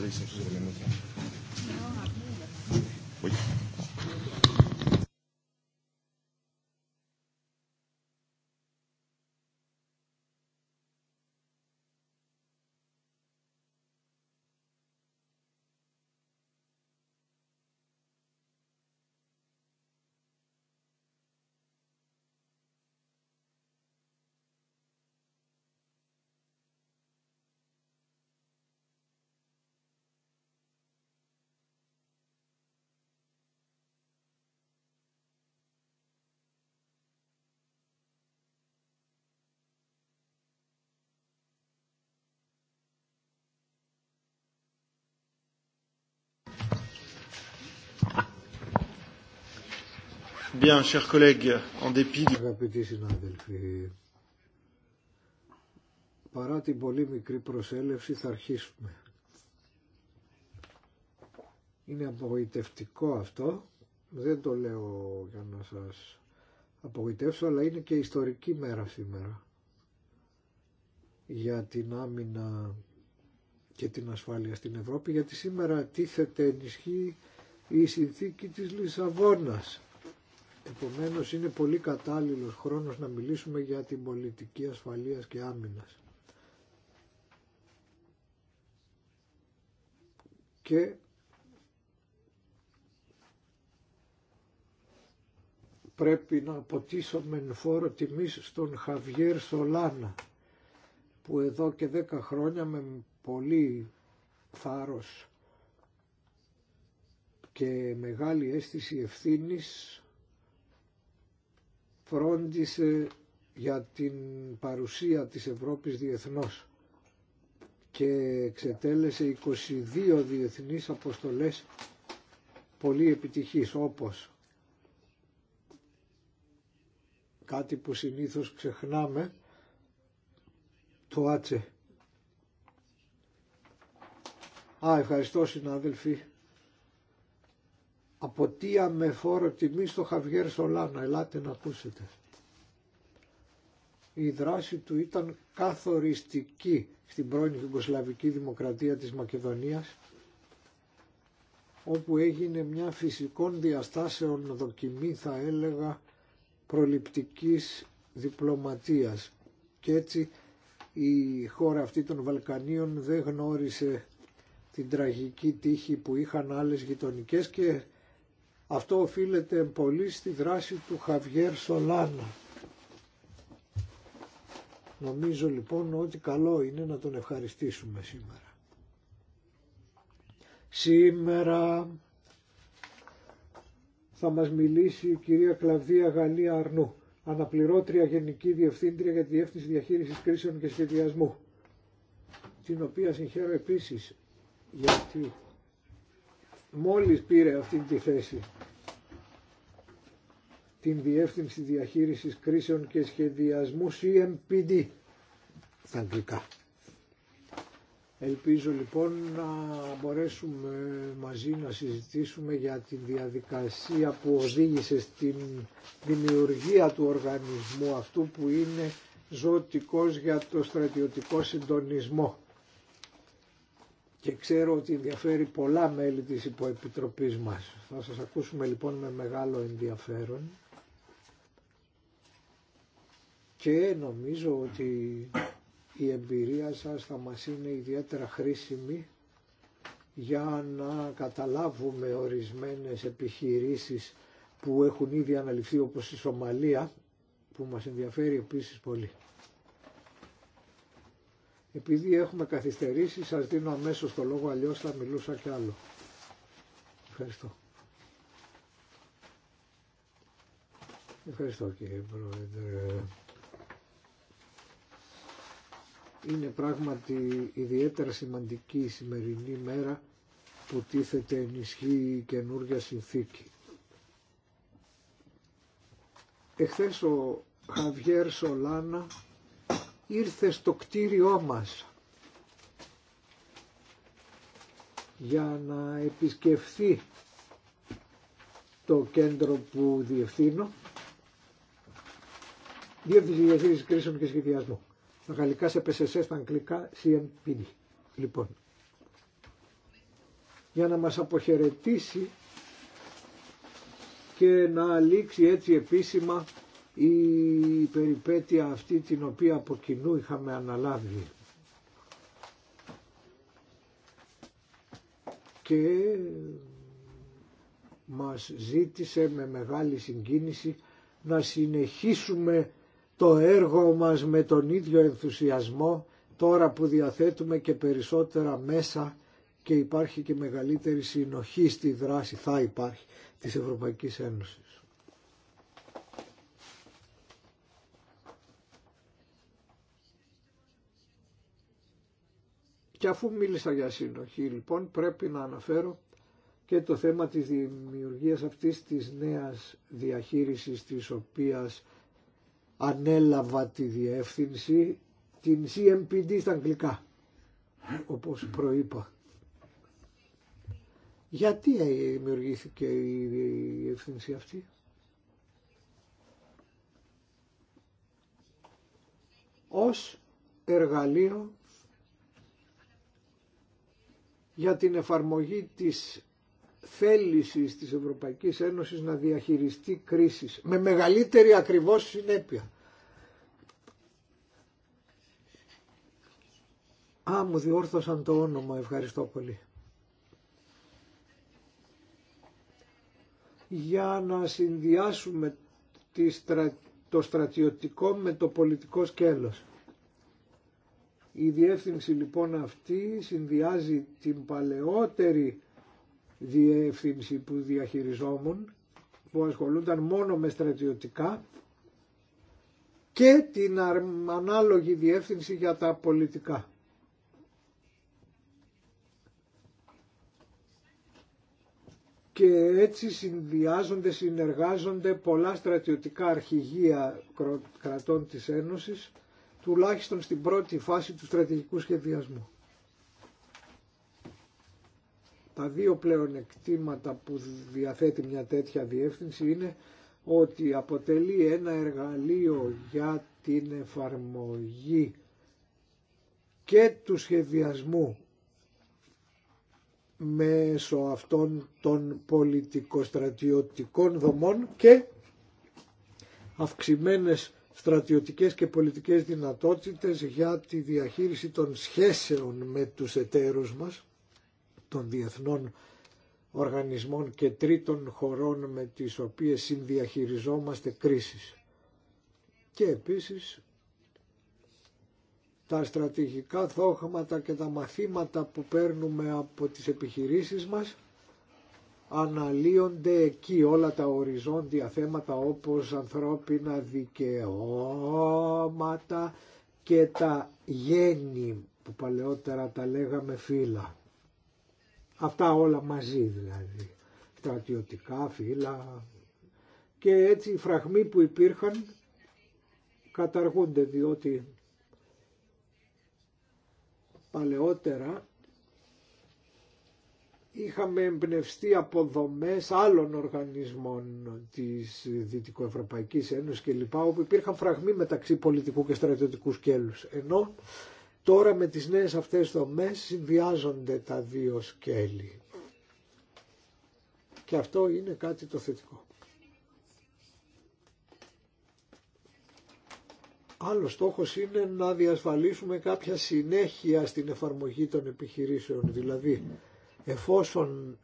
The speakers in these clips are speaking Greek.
ζωή σε αυτού Bien, chers collègues, en dépit Αγαπητοί συνάδελφοι, παρά την πολύ μικρή προσέλευση θα αρχίσουμε. Είναι απογοητευτικό αυτό, δεν το λέω για να σας απογοητεύσω, αλλά είναι και ιστορική μέρα σήμερα για την άμυνα και την ασφάλεια στην Ευρώπη, γιατί σήμερα τίθεται ενισχύει η συνθήκη της Λισαβόνας Επομένως είναι πολύ κατάλληλος χρόνος να μιλήσουμε για την πολιτική ασφαλείας και άμυνας. Και πρέπει να αποτίσω μεν φόρο τιμής στον Χαβιέρ Σολάνα που εδώ και δέκα χρόνια με πολύ θάρρος και μεγάλη αίσθηση ευθύνης φρόντισε για την παρουσία της Ευρώπης διεθνώς και εξετέλεσε 22 διεθνείς αποστολές πολύ επιτυχής όπως κάτι που συνήθως ξεχνάμε το άτσε. Α, ευχαριστώ συνάδελφοι. Από με αμεφόρο τιμή στο Χαβιέρ Σολάνα. Ελάτε να ακούσετε. Η δράση του ήταν καθοριστική στην πρώην Ιουγκοσλαβική Δημοκρατία της Μακεδονίας όπου έγινε μια φυσικών διαστάσεων δοκιμή θα έλεγα προληπτικής διπλωματίας και έτσι η χώρα αυτή των Βαλκανίων δεν γνώρισε την τραγική τύχη που είχαν άλλες γειτονικές και αυτό οφείλεται πολύ στη δράση του Χαβιέρ Σολάνα. Νομίζω λοιπόν ότι καλό είναι να τον ευχαριστήσουμε σήμερα. Σήμερα θα μας μιλήσει η κυρία Κλαβδία Γαλλία Αρνού, αναπληρώτρια Γενική Διευθύντρια για τη Διεύθυνση Διαχείρισης Κρίσεων και Σχεδιασμού, την οποία συγχαίρω επίσης γιατί μόλις πήρε αυτή τη θέση την Διεύθυνση Διαχείρισης Κρίσεων και Σχεδιασμού CMPD στα αγγλικά. Ελπίζω λοιπόν να μπορέσουμε μαζί να συζητήσουμε για τη διαδικασία που οδήγησε στην δημιουργία του οργανισμού αυτού που είναι ζωτικός για το στρατιωτικό συντονισμό και ξέρω ότι ενδιαφέρει πολλά μέλη της υποεπιτροπής μας. Θα σας ακούσουμε λοιπόν με μεγάλο ενδιαφέρον και νομίζω ότι η εμπειρία σας θα μας είναι ιδιαίτερα χρήσιμη για να καταλάβουμε ορισμένες επιχειρήσεις που έχουν ήδη αναλυθεί όπως η Σομαλία που μας ενδιαφέρει επίσης πολύ. Επειδή έχουμε καθυστερήσει, σας δίνω αμέσως το λόγο, αλλιώς θα μιλούσα κι άλλο. Ευχαριστώ. Ευχαριστώ κύριε Πρόεδρε. Είναι πράγματι ιδιαίτερα σημαντική η σημερινή μέρα που τίθεται ενισχύει η καινούργια συνθήκη. Εχθές ο Χαβιέρ Σολάνα ήρθε στο κτίριό μας για να επισκεφθεί το κέντρο που διευθύνω Διεύθυνση Διαχείριση Κρίσεων και Σχεδιασμού. Τα γαλλικά σε PSS, στα αγγλικά CNPD. Λοιπόν, για να μας αποχαιρετήσει και να λήξει έτσι επίσημα η περιπέτεια αυτή την οποία από κοινού είχαμε αναλάβει. Και μας ζήτησε με μεγάλη συγκίνηση να συνεχίσουμε το έργο μας με τον ίδιο ενθουσιασμό τώρα που διαθέτουμε και περισσότερα μέσα και υπάρχει και μεγαλύτερη συνοχή στη δράση, θα υπάρχει, της Ευρωπαϊκής Ένωσης. Και αφού μίλησα για συνοχή λοιπόν πρέπει να αναφέρω και το θέμα της δημιουργίας αυτής της νέας διαχείρισης της οποίας ανέλαβα τη διεύθυνση την CMPD στα αγγλικά όπως προείπα. Γιατί δημιουργήθηκε η διεύθυνση αυτή. Ως εργαλείο για την εφαρμογή της θέλησης της Ευρωπαϊκής Ένωσης να διαχειριστεί κρίσεις με μεγαλύτερη ακριβώς συνέπεια. Α, μου διόρθωσαν το όνομα, ευχαριστώ πολύ. Για να συνδυάσουμε το στρατιωτικό με το πολιτικό σκέλος. Η διεύθυνση λοιπόν αυτή συνδυάζει την παλαιότερη διεύθυνση που διαχειριζόμουν που ασχολούνταν μόνο με στρατιωτικά και την ανάλογη διεύθυνση για τα πολιτικά. και έτσι συνδυάζονται, συνεργάζονται πολλά στρατιωτικά αρχηγεία κρατών της Ένωσης τουλάχιστον στην πρώτη φάση του στρατηγικού σχεδιασμού. Τα δύο πλέον εκτήματα που διαθέτει μια τέτοια διεύθυνση είναι ότι αποτελεί ένα εργαλείο για την εφαρμογή και του σχεδιασμού μέσω αυτών των πολιτικοστρατιωτικών δομών και αυξημένες στρατιωτικές και πολιτικές δυνατότητες για τη διαχείριση των σχέσεων με τους εταίρους μας, των διεθνών οργανισμών και τρίτων χωρών με τις οποίες συνδιαχειριζόμαστε κρίσεις. Και επίσης τα στρατηγικά θόχματα και τα μαθήματα που παίρνουμε από τις επιχειρήσεις μας αναλύονται εκεί όλα τα οριζόντια θέματα όπως ανθρώπινα δικαιώματα και τα γέννη που παλαιότερα τα λέγαμε φύλλα. Αυτά όλα μαζί δηλαδή. Στρατιωτικά φύλλα. Και έτσι οι φραγμοί που υπήρχαν καταργούνται διότι παλαιότερα είχαμε εμπνευστεί από δομές άλλων οργανισμών της Δυτικοευρωπαϊκής Ένωσης και λοιπά, όπου υπήρχαν φραγμοί μεταξύ πολιτικού και στρατιωτικού σκέλους. Ενώ τώρα με τις νέες αυτές δομές συνδυάζονται τα δύο σκέλη. Και αυτό είναι κάτι το θετικό. Άλλο στόχος είναι να διασφαλίσουμε κάποια συνέχεια στην εφαρμογή των επιχειρήσεων, δηλαδή Εφόσον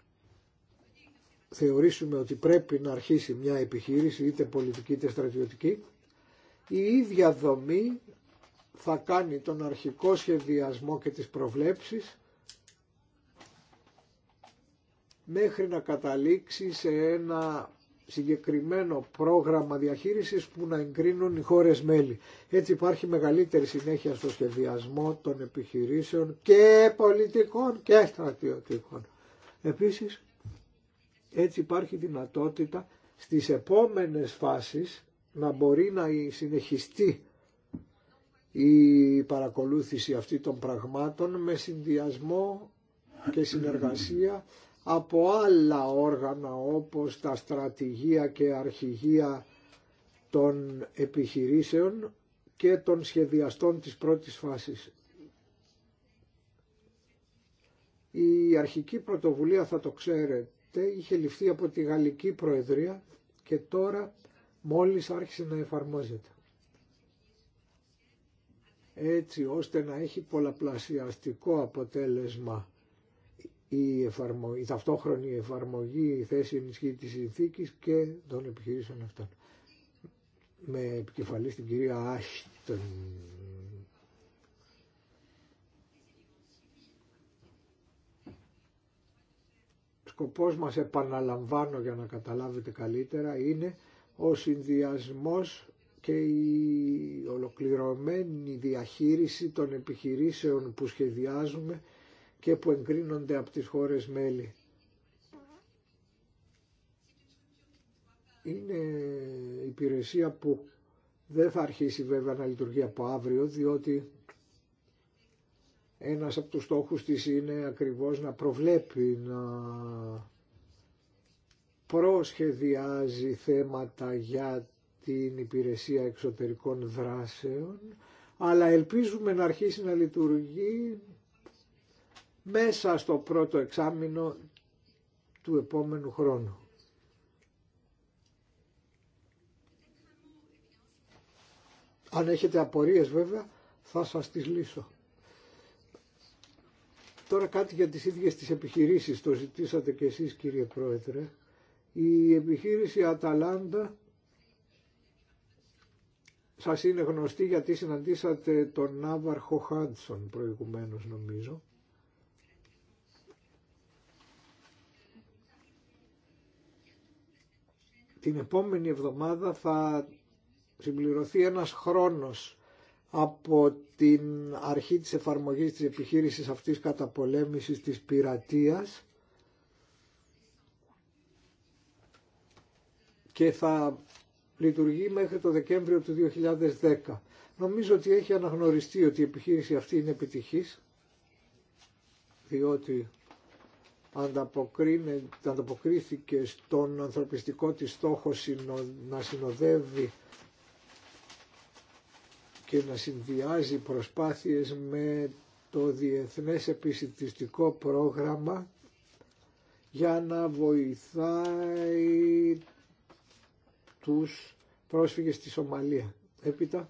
θεωρήσουμε ότι πρέπει να αρχίσει μια επιχείρηση είτε πολιτική είτε στρατιωτική, η ίδια δομή θα κάνει τον αρχικό σχεδιασμό και τις προβλέψεις μέχρι να καταλήξει σε ένα συγκεκριμένο πρόγραμμα διαχείρισης που να εγκρίνουν οι χώρες μέλη. Έτσι υπάρχει μεγαλύτερη συνέχεια στο σχεδιασμό των επιχειρήσεων και πολιτικών και στρατιωτικών. Επίσης, έτσι υπάρχει δυνατότητα στις επόμενες φάσεις να μπορεί να συνεχιστεί η παρακολούθηση αυτή των πραγμάτων με συνδυασμό και συνεργασία από άλλα όργανα όπως τα στρατηγία και αρχηγία των επιχειρήσεων και των σχεδιαστών της πρώτης φάσης. Η αρχική πρωτοβουλία θα το ξέρετε είχε ληφθεί από τη Γαλλική Προεδρία και τώρα μόλις άρχισε να εφαρμόζεται. Έτσι ώστε να έχει πολλαπλασιαστικό αποτέλεσμα η, εφαρμογή, η ταυτόχρονη εφαρμογή, η θέση ενισχύ της συνθήκης και των επιχειρήσεων αυτών. Με επικεφαλή στην κυρία Άστον. Σκοπός μας, επαναλαμβάνω για να καταλάβετε καλύτερα, είναι ο συνδυασμός και η ολοκληρωμένη διαχείριση των επιχειρήσεων που σχεδιάζουμε και που εγκρίνονται από τις χώρες μέλη. Είναι υπηρεσία που δεν θα αρχίσει βέβαια να λειτουργεί από αύριο, διότι ένας από τους στόχους της είναι ακριβώς να προβλέπει, να προσχεδιάζει θέματα για την υπηρεσία εξωτερικών δράσεων, αλλά ελπίζουμε να αρχίσει να λειτουργεί μέσα στο πρώτο εξάμεινο του επόμενου χρόνου. Αν έχετε απορίες βέβαια θα σας τις λύσω. Τώρα κάτι για τις ίδιες τις επιχειρήσεις, το ζητήσατε και εσείς κύριε Πρόεδρε. Η επιχείρηση Αταλάντα σας είναι γνωστή γιατί συναντήσατε τον Ναύαρχο Χάντσον προηγουμένως νομίζω. την επόμενη εβδομάδα θα συμπληρωθεί ένας χρόνος από την αρχή της εφαρμογής της επιχείρησης αυτής καταπολέμησης της πειρατείας και θα λειτουργεί μέχρι το Δεκέμβριο του 2010. Νομίζω ότι έχει αναγνωριστεί ότι η επιχείρηση αυτή είναι επιτυχής, διότι ανταποκρίθηκε στον ανθρωπιστικό της στόχο να συνοδεύει και να συνδυάζει προσπάθειες με το Διεθνές Επισητιστικό Πρόγραμμα για να βοηθάει τους πρόσφυγες στη Σομαλία. Έπειτα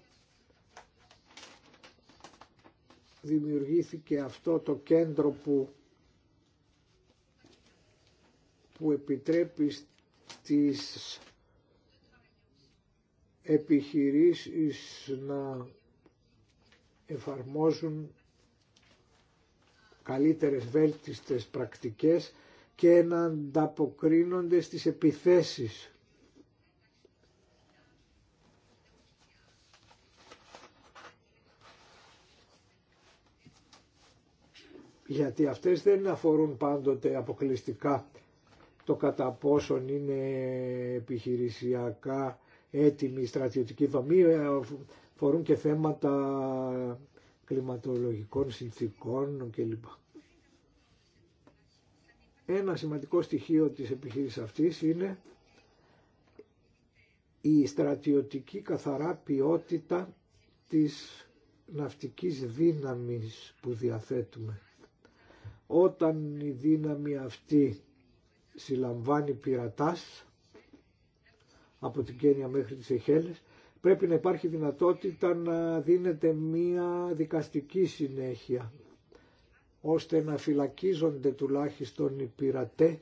δημιουργήθηκε αυτό το κέντρο που που επιτρέπει στις επιχειρήσεις να εφαρμόζουν καλύτερες βέλτιστες πρακτικές και να ανταποκρίνονται στις επιθέσεις. Γιατί αυτές δεν αφορούν πάντοτε αποκλειστικά το κατά πόσον είναι επιχειρησιακά έτοιμη η στρατιωτική δομή, ε, φορούν και θέματα κλιματολογικών συνθήκων κλπ. Ένα σημαντικό στοιχείο της επιχείρησης αυτής είναι η στρατιωτική καθαρά ποιότητα της ναυτικής δύναμης που διαθέτουμε. Όταν η δύναμη αυτή συλλαμβάνει πειρατάς από την Κένια μέχρι τις Εχέλες πρέπει να υπάρχει δυνατότητα να δίνεται μία δικαστική συνέχεια ώστε να φυλακίζονται τουλάχιστον οι πειρατέ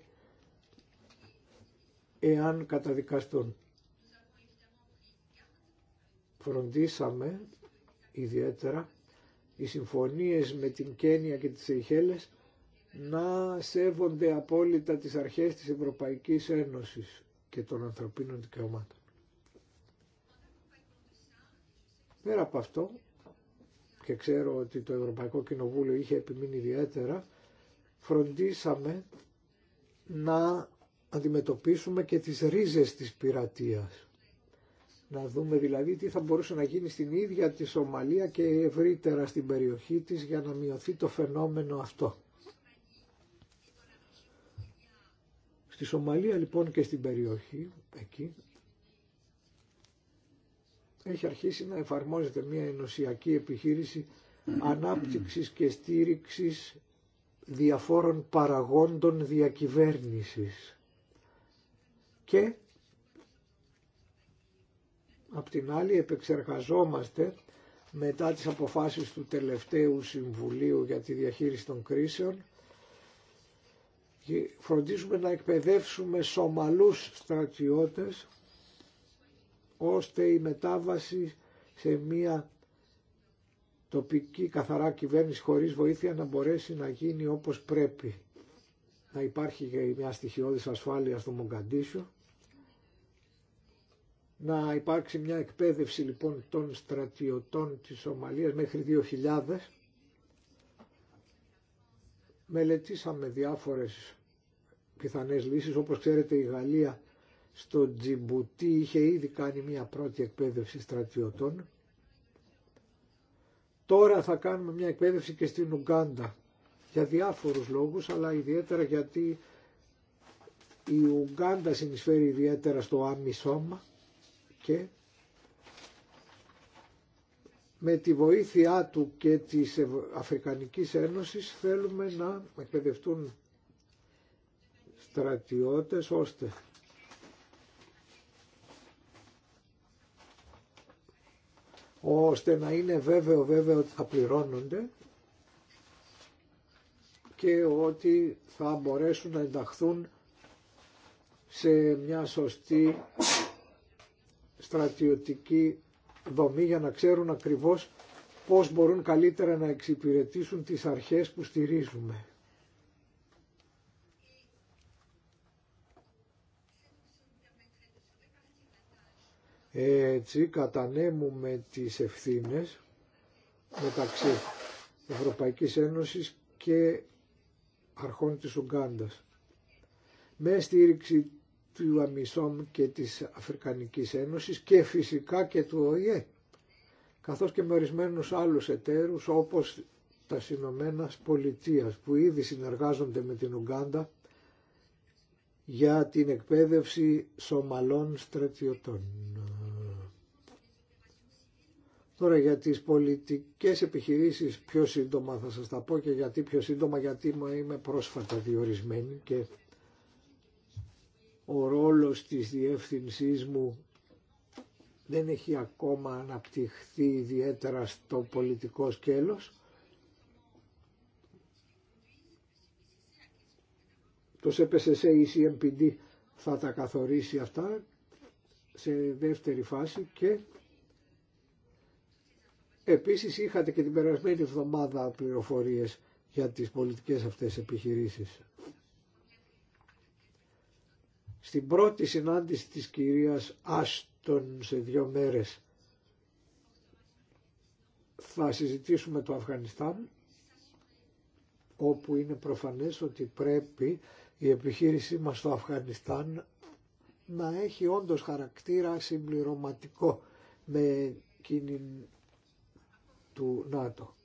εάν καταδικαστούν. Φροντίσαμε ιδιαίτερα οι συμφωνίες με την Κένια και τις Ειχέλες να σέβονται απόλυτα τις αρχές της Ευρωπαϊκής Ένωσης και των ανθρωπίνων δικαιωμάτων. Πέρα από αυτό, και ξέρω ότι το Ευρωπαϊκό Κοινοβούλιο είχε επιμείνει ιδιαίτερα, φροντίσαμε να αντιμετωπίσουμε και τις ρίζες της πειρατείας. Να δούμε δηλαδή τι θα μπορούσε να γίνει στην ίδια τη Σομαλία και ευρύτερα στην περιοχή της για να μειωθεί το φαινόμενο αυτό. Στη Σομαλία λοιπόν και στην περιοχή εκεί έχει αρχίσει να εφαρμόζεται μια ενωσιακή επιχείρηση ανάπτυξης και στήριξης διαφόρων παραγόντων διακυβέρνησης και απ' την άλλη επεξεργαζόμαστε μετά τις αποφάσεις του τελευταίου Συμβουλίου για τη διαχείριση των κρίσεων φροντίζουμε να εκπαιδεύσουμε Σομαλούς στρατιώτες ώστε η μετάβαση σε μια τοπική καθαρά κυβέρνηση χωρίς βοήθεια να μπορέσει να γίνει όπως πρέπει. Να υπάρχει και μια στοιχειώδης ασφάλεια στο Μογκαντήσιο. Να υπάρξει μια εκπαίδευση λοιπόν των στρατιωτών της Σομαλίας μέχρι 2.000 Μελετήσαμε διάφορες πιθανές λύσεις. Όπως ξέρετε η Γαλλία στο Τζιμπουτί είχε ήδη κάνει μια πρώτη εκπαίδευση στρατιωτών. Τώρα θα κάνουμε μια εκπαίδευση και στην Ουγκάντα για διάφορους λόγους αλλά ιδιαίτερα γιατί η Ουγκάντα συνεισφέρει ιδιαίτερα στο άμισόμα και με τη βοήθειά του και της Αφρικανικής Ένωσης θέλουμε να εκπαιδευτούν στρατιώτες ώστε ώστε να είναι βέβαιο βέβαιο ότι θα πληρώνονται και ότι θα μπορέσουν να ενταχθούν σε μια σωστή στρατιωτική δομή για να ξέρουν ακριβώς πώς μπορούν καλύτερα να εξυπηρετήσουν τις αρχές που στηρίζουμε. Έτσι κατανέμουμε τις ευθύνες μεταξύ Ευρωπαϊκής Ένωσης και αρχών της Ουγκάντας. Με στήριξη του Αμισόμ και της Αφρικανικής Ένωσης και φυσικά και του ΟΗΕ, καθώς και με ορισμένους άλλους εταίρους όπως τα Συνωμένα Πολιτεία που ήδη συνεργάζονται με την Ουγκάντα για την εκπαίδευση Σομαλών στρατιωτών. Τώρα για τις πολιτικές επιχειρήσεις πιο σύντομα θα σας τα πω και γιατί πιο σύντομα γιατί είμαι πρόσφατα διορισμένη και ο ρόλος της διεύθυνσής μου δεν έχει ακόμα αναπτυχθεί ιδιαίτερα στο πολιτικό σκέλος. Το ΣΕΠΣΕΣΕ η θα τα καθορίσει αυτά σε δεύτερη φάση και επίσης είχατε και την περασμένη εβδομάδα πληροφορίες για τις πολιτικές αυτές επιχειρήσεις στην πρώτη συνάντηση της κυρίας Άστον σε δύο μέρες θα συζητήσουμε το Αφγανιστάν όπου είναι προφανές ότι πρέπει η επιχείρησή μας στο Αφγανιστάν να έχει όντως χαρακτήρα συμπληρωματικό με εκείνη του ΝΑΤΟ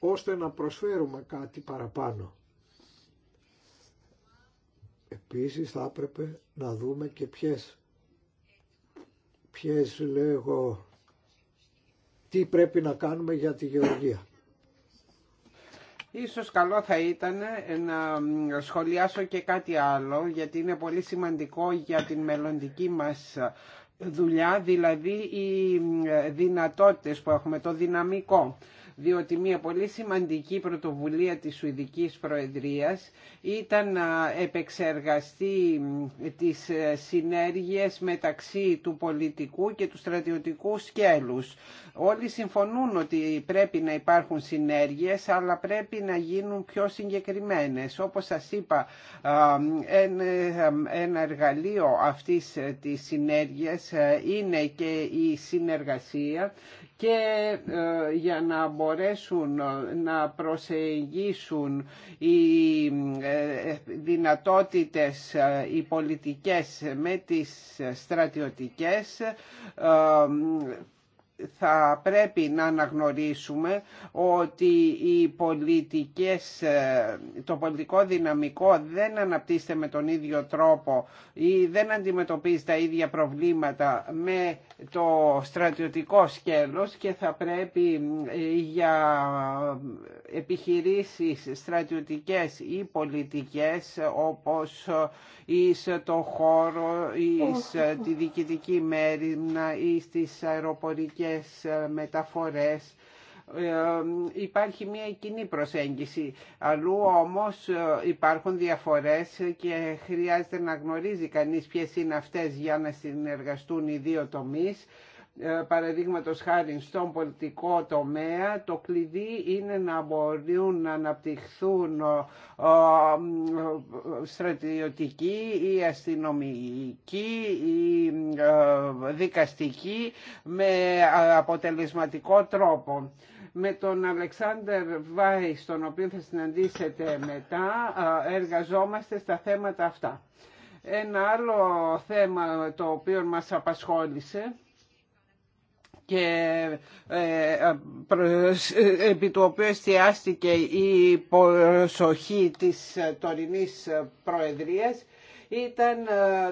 ώστε να προσφέρουμε κάτι παραπάνω. Επίσης θα έπρεπε να δούμε και ποιες, ποιες λέγω, τι πρέπει να κάνουμε για τη γεωργία. Ίσως καλό θα ήταν ε, να σχολιάσω και κάτι άλλο, γιατί είναι πολύ σημαντικό για την μελλοντική μας δουλειά, δηλαδή οι ε, δυνατότητες που έχουμε, το δυναμικό διότι μια πολύ σημαντική πρωτοβουλία της Σουηδικής Προεδρίας ήταν να επεξεργαστεί ε, τις ε, συνέργειες μεταξύ του πολιτικού και του στρατιωτικού σκέλους. Όλοι συμφωνούν ότι πρέπει να υπάρχουν συνέργειες, αλλά πρέπει να γίνουν πιο συγκεκριμένες. Όπως σας είπα, ε, ένα εργαλείο αυτής της συνέργειας είναι και η συνεργασία και ε, για να μπορέσουν ε, να προσεγγίσουν οι ε, δυνατότητες οι πολιτικές με τις στρατιωτικές θα πρέπει να αναγνωρίσουμε ότι οι πολιτικές, ε, το πολιτικό δυναμικό δεν αναπτύσσεται με τον ίδιο τρόπο ή δεν αντιμετωπίζει τα ίδια προβλήματα με το στρατιωτικό σκέλος και θα πρέπει ε, για επιχειρήσεις στρατιωτικές ή πολιτικές όπως σε το χώρο, εις τη διοικητική μέρη, η στις αεροπορικές ε, μεταφορές, ε, ε, υπάρχει μια κοινή προσέγγιση. Αλλού όμως υπάρχουν διαφορές και χρειάζεται να γνωρίζει κανείς ποιες είναι αυτές για να συνεργαστούν οι δύο τομείς ε, παραδείγματος χάρη στον πολιτικό τομέα το κλειδί είναι να μπορούν να αναπτυχθούν ε, ε, στρατιωτικοί ή αστυνομικοί ή δικαστικοί με αποτελεσματικό τρόπο. Με τον Αλεξάνδερ Βάη, τον οποίο θα συναντήσετε μετά, εργαζόμαστε στα θέματα αυτά. Ένα άλλο θέμα το οποίο μας απασχόλησε και ε, ε, ε, επί του οποίου εστιάστηκε η προσοχή της τωρινής προεδρίας ήταν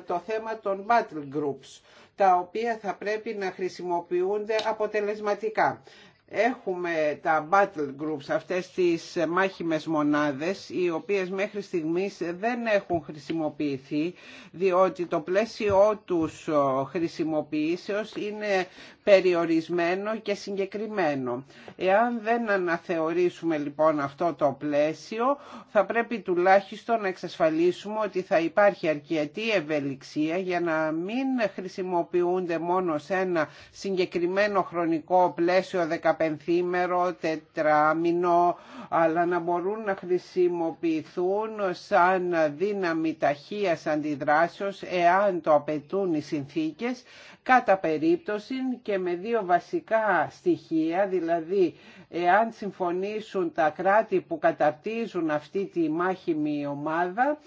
το θέμα των battle groups τα οποία θα πρέπει να χρησιμοποιούνται αποτελεσματικά έχουμε τα battle groups, αυτές τις μάχημες μονάδες, οι οποίες μέχρι στιγμής δεν έχουν χρησιμοποιηθεί, διότι το πλαίσιο τους χρησιμοποιήσεως είναι περιορισμένο και συγκεκριμένο. Εάν δεν αναθεωρήσουμε λοιπόν αυτό το πλαίσιο, θα πρέπει τουλάχιστον να εξασφαλίσουμε ότι θα υπάρχει αρκετή ευελιξία για να μην χρησιμοποιούνται μόνο σε ένα συγκεκριμένο χρονικό πλαίσιο πενθήμερο τετράμινο, αλλά να μπορούν να χρησιμοποιηθούν σαν δύναμη ταχείας αντιδράσεως εάν το απαιτούν οι συνθήκες, κατά περίπτωση και με δύο βασικά στοιχεία, δηλαδή εάν συμφωνήσουν τα κράτη που καταρτίζουν αυτή τη μάχημη ομάδα,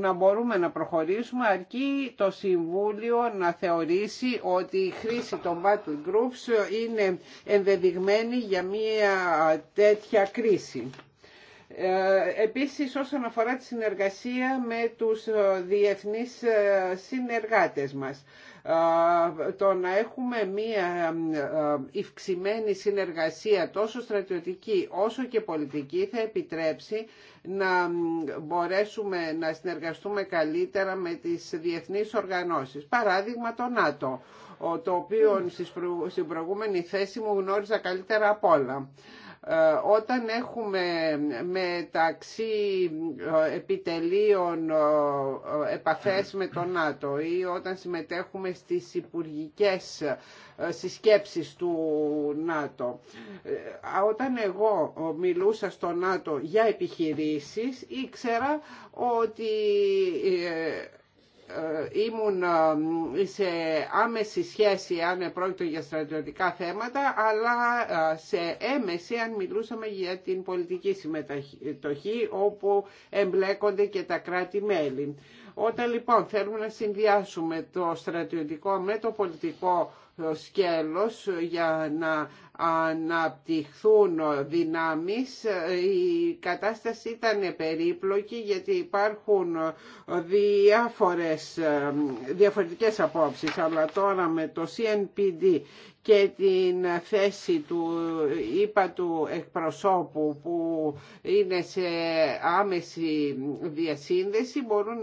να μπορούμε να προχωρήσουμε αρκεί το Συμβούλιο να θεωρήσει ότι η χρήση των battle groups είναι ενδεδειγμένη για μια τέτοια κρίση. Ε, επίσης όσον αφορά τη συνεργασία με τους ε, διεθνείς ε, συνεργάτες μας το να έχουμε μία ευξημένη συνεργασία τόσο στρατιωτική όσο και πολιτική θα επιτρέψει να μπορέσουμε να συνεργαστούμε καλύτερα με τις διεθνείς οργανώσεις. Παράδειγμα το ΝΑΤΟ, το οποίο στην προηγούμενη θέση μου γνώριζα καλύτερα από όλα. Ε, όταν έχουμε μεταξύ ε, επιτελείων ε, επαφές με τον ΝΑΤΟ ή όταν συμμετέχουμε στις υπουργικές συσκέψεις του ΝΑΤΟ. Όταν εγώ μιλούσα στο ΝΑΤΟ για επιχειρήσεις ήξερα ότι ε, ήμουν ε, σε άμεση σχέση αν πρόκειται για στρατιωτικά θέματα αλλά ε, σε έμεση αν μιλούσαμε για την πολιτική συμμετοχή όπου εμπλέκονται και τα κράτη-μέλη. Όταν λοιπόν θέλουμε να συνδυάσουμε το στρατιωτικό με το πολιτικό σκέλος για να αναπτυχθούν δυνάμεις η κατάσταση ήταν περίπλοκη γιατί υπάρχουν διάφορες, διαφορετικές απόψεις αλλά τώρα με το CNPD και την θέση του είπα του εκπροσώπου που είναι σε άμεση διασύνδεση μπορούν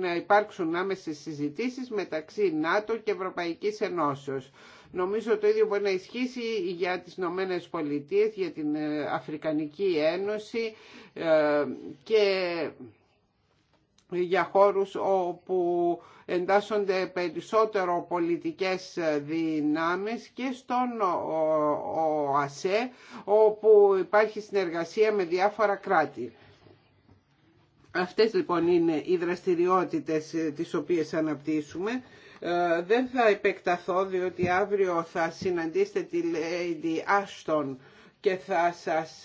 να υπάρξουν άμεσες συζητήσεις μεταξύ ΝΑΤΟ και Ευρωπαϊκής Ενώσεως. Νομίζω το ίδιο μπορεί να ισχύσει για τις Ηνωμένε Πολιτείε, για την ε, Αφρικανική Ένωση ε, και για χώρους όπου εντάσσονται περισσότερο πολιτικές δυνάμεις και στον ΟΑΣΕ όπου υπάρχει συνεργασία με διάφορα κράτη. Αυτές λοιπόν είναι οι δραστηριότητες ε, τις οποίες αναπτύσσουμε ε, δεν θα επεκταθώ διότι αύριο θα συναντήσετε τη Lady Ashton και θα σας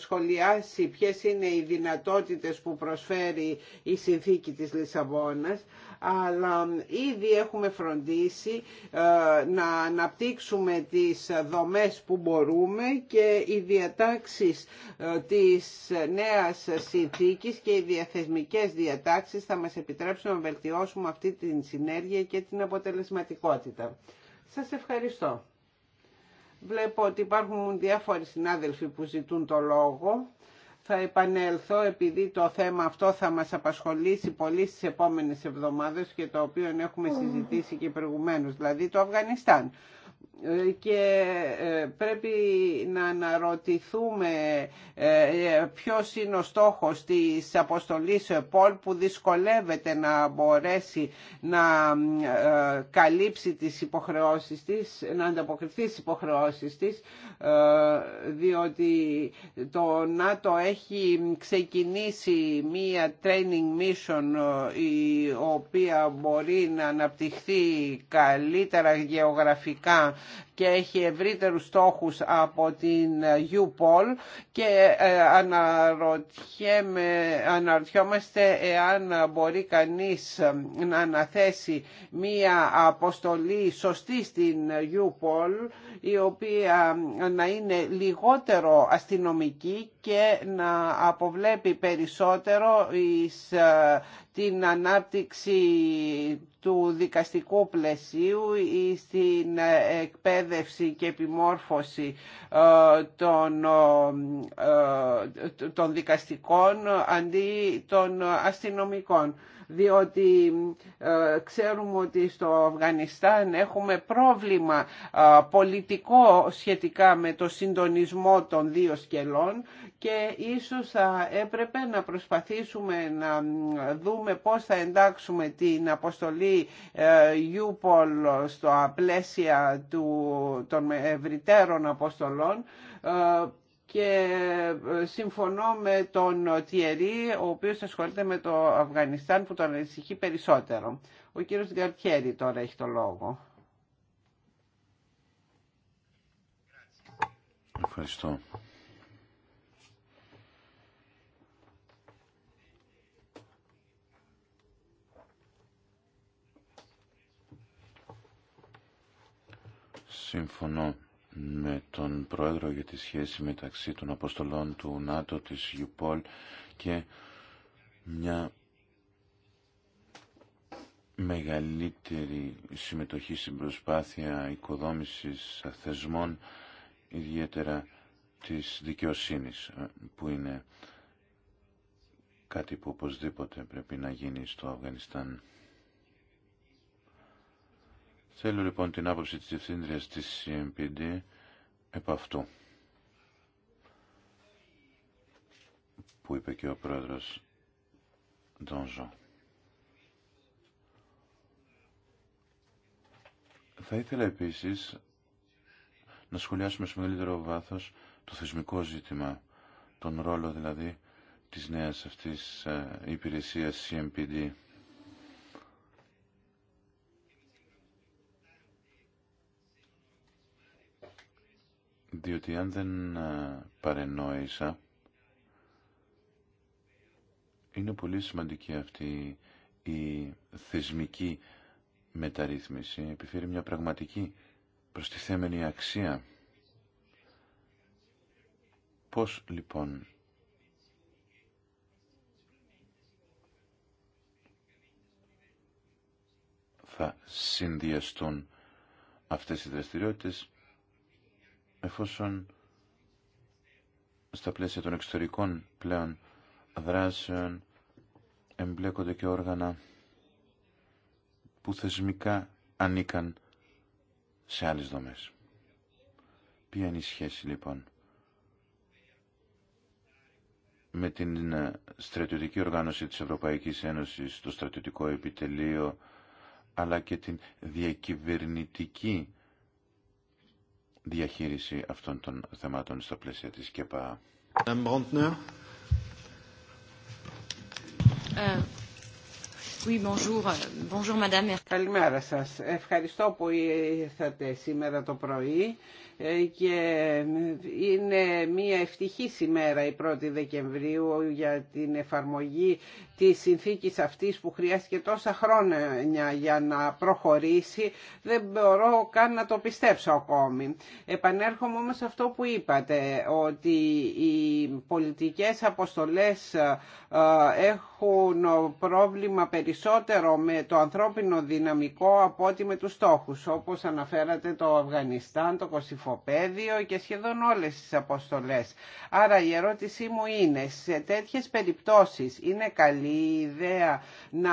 σχολιάσει ποιες είναι οι δυνατότητες που προσφέρει η συνθήκη της Λισαβόνας αλλά ήδη έχουμε φροντίσει ε, να αναπτύξουμε τις δομές που μπορούμε και οι διατάξεις ε, της νέας συνθήκης και οι διαθεσμικές διατάξεις θα μας επιτρέψουν να βελτιώσουμε αυτή την συνέργεια και την αποτελεσματικότητα. Σας ευχαριστώ. Βλέπω ότι υπάρχουν διάφοροι συνάδελφοι που ζητούν το λόγο θα επανέλθω επειδή το θέμα αυτό θα μας απασχολήσει πολύ στις επόμενες εβδομάδες και το οποίο έχουμε συζητήσει και προηγουμένως, δηλαδή το Αφγανιστάν και ε, πρέπει να αναρωτηθούμε ε, ποιος είναι ο στόχος της αποστολής ΕΠΟΛ που δυσκολεύεται να μπορέσει να ε, καλύψει τις υποχρεώσεις της, να ανταποκριθεί στις υποχρεώσεις της διότι το ΝΑΤΟ έχει ξεκινήσει μία training mission η οποία μπορεί να αναπτυχθεί καλύτερα γεωγραφικά και έχει ευρύτερους στόχους από την UPOL και ε, αναρωτιόμαστε εάν μπορεί κανείς να αναθέσει μία αποστολή σωστή στην UPOL η οποία να είναι λιγότερο αστυνομική και να αποβλέπει περισσότερο ε, την ανάπτυξη του δικαστικού πλαισίου ή στην εκπαίδευση και επιμόρφωση ε, των, ε, ε, των δικαστικών αντί των αστυνομικών διότι ε, ξέρουμε ότι στο Αφγανιστάν έχουμε πρόβλημα ε, πολιτικό σχετικά με το συντονισμό των δύο σκελών και ίσως θα έπρεπε να προσπαθήσουμε να δούμε πώς θα εντάξουμε την αποστολή ε, Ιούπολ στο πλαίσια του, των ευρυτέρων αποστολών και ε, συμφωνώ με τον Τιερή, ο οποίος ασχολείται με το Αφγανιστάν που τον ανησυχεί περισσότερο. Ο κύριος Γκαρτιέρη τώρα έχει το λόγο. Ευχαριστώ. Συμφωνώ με τον Πρόεδρο για τη σχέση μεταξύ των αποστολών του ΝΑΤΟ, της Πολ και μια μεγαλύτερη συμμετοχή στην προσπάθεια οικοδόμησης θεσμών, ιδιαίτερα της δικαιοσύνης, ε, που είναι κάτι που οπωσδήποτε πρέπει να γίνει στο Αφγανιστάν. Θέλω λοιπόν την άποψη της ευθύντριας της CMPD επ' αυτού. Που είπε και ο πρόεδρος Ντόνζο. Θα ήθελα επίσης να σχολιάσουμε σε μεγαλύτερο βάθος το θεσμικό ζήτημα, τον ρόλο δηλαδή της νέας αυτής ε, υπηρεσίας CMPD. διότι αν δεν ε, παρενόησα, είναι πολύ σημαντική αυτή η θεσμική μεταρρύθμιση, επιφέρει μια πραγματική προστιθέμενη αξία. Πώς λοιπόν θα συνδυαστούν αυτές οι δραστηριότητες εφόσον στα πλαίσια των εξωτερικών πλέον δράσεων εμπλέκονται και όργανα που θεσμικά ανήκαν σε άλλες δομές. Ποια είναι η σχέση λοιπόν με την ε, στρατιωτική οργάνωση της Ευρωπαϊκής Ένωσης, το στρατιωτικό επιτελείο, αλλά και την διακυβερνητική διαχείριση αυτών των θεμάτων στο πλαίσιο της ΚΕΠΑ. Ε, oui, bonjour. Καλημέρα σας. Ευχαριστώ που ήρθατε σήμερα το πρωί ε, και είναι μια ευτυχή ημέρα η 1η Δεκεμβρίου για την εφαρμογή της συνθήκης αυτής που χρειάστηκε τόσα χρόνια για να προχωρήσει δεν μπορώ καν να το πιστέψω ακόμη. Επανέρχομαι όμως σε αυτό που είπατε ότι οι πολιτικές αποστολές ε, έχουν πρόβλημα περισσότερο με το ανθρώπινο δυναμικό από ότι με τους στόχους όπως αναφέρατε το Αφγανιστάν, το Κωσιφόρ και σχεδόν όλες τις αποστολές. Άρα η ερώτησή μου είναι, σε τέτοιες περιπτώσεις είναι καλή ιδέα να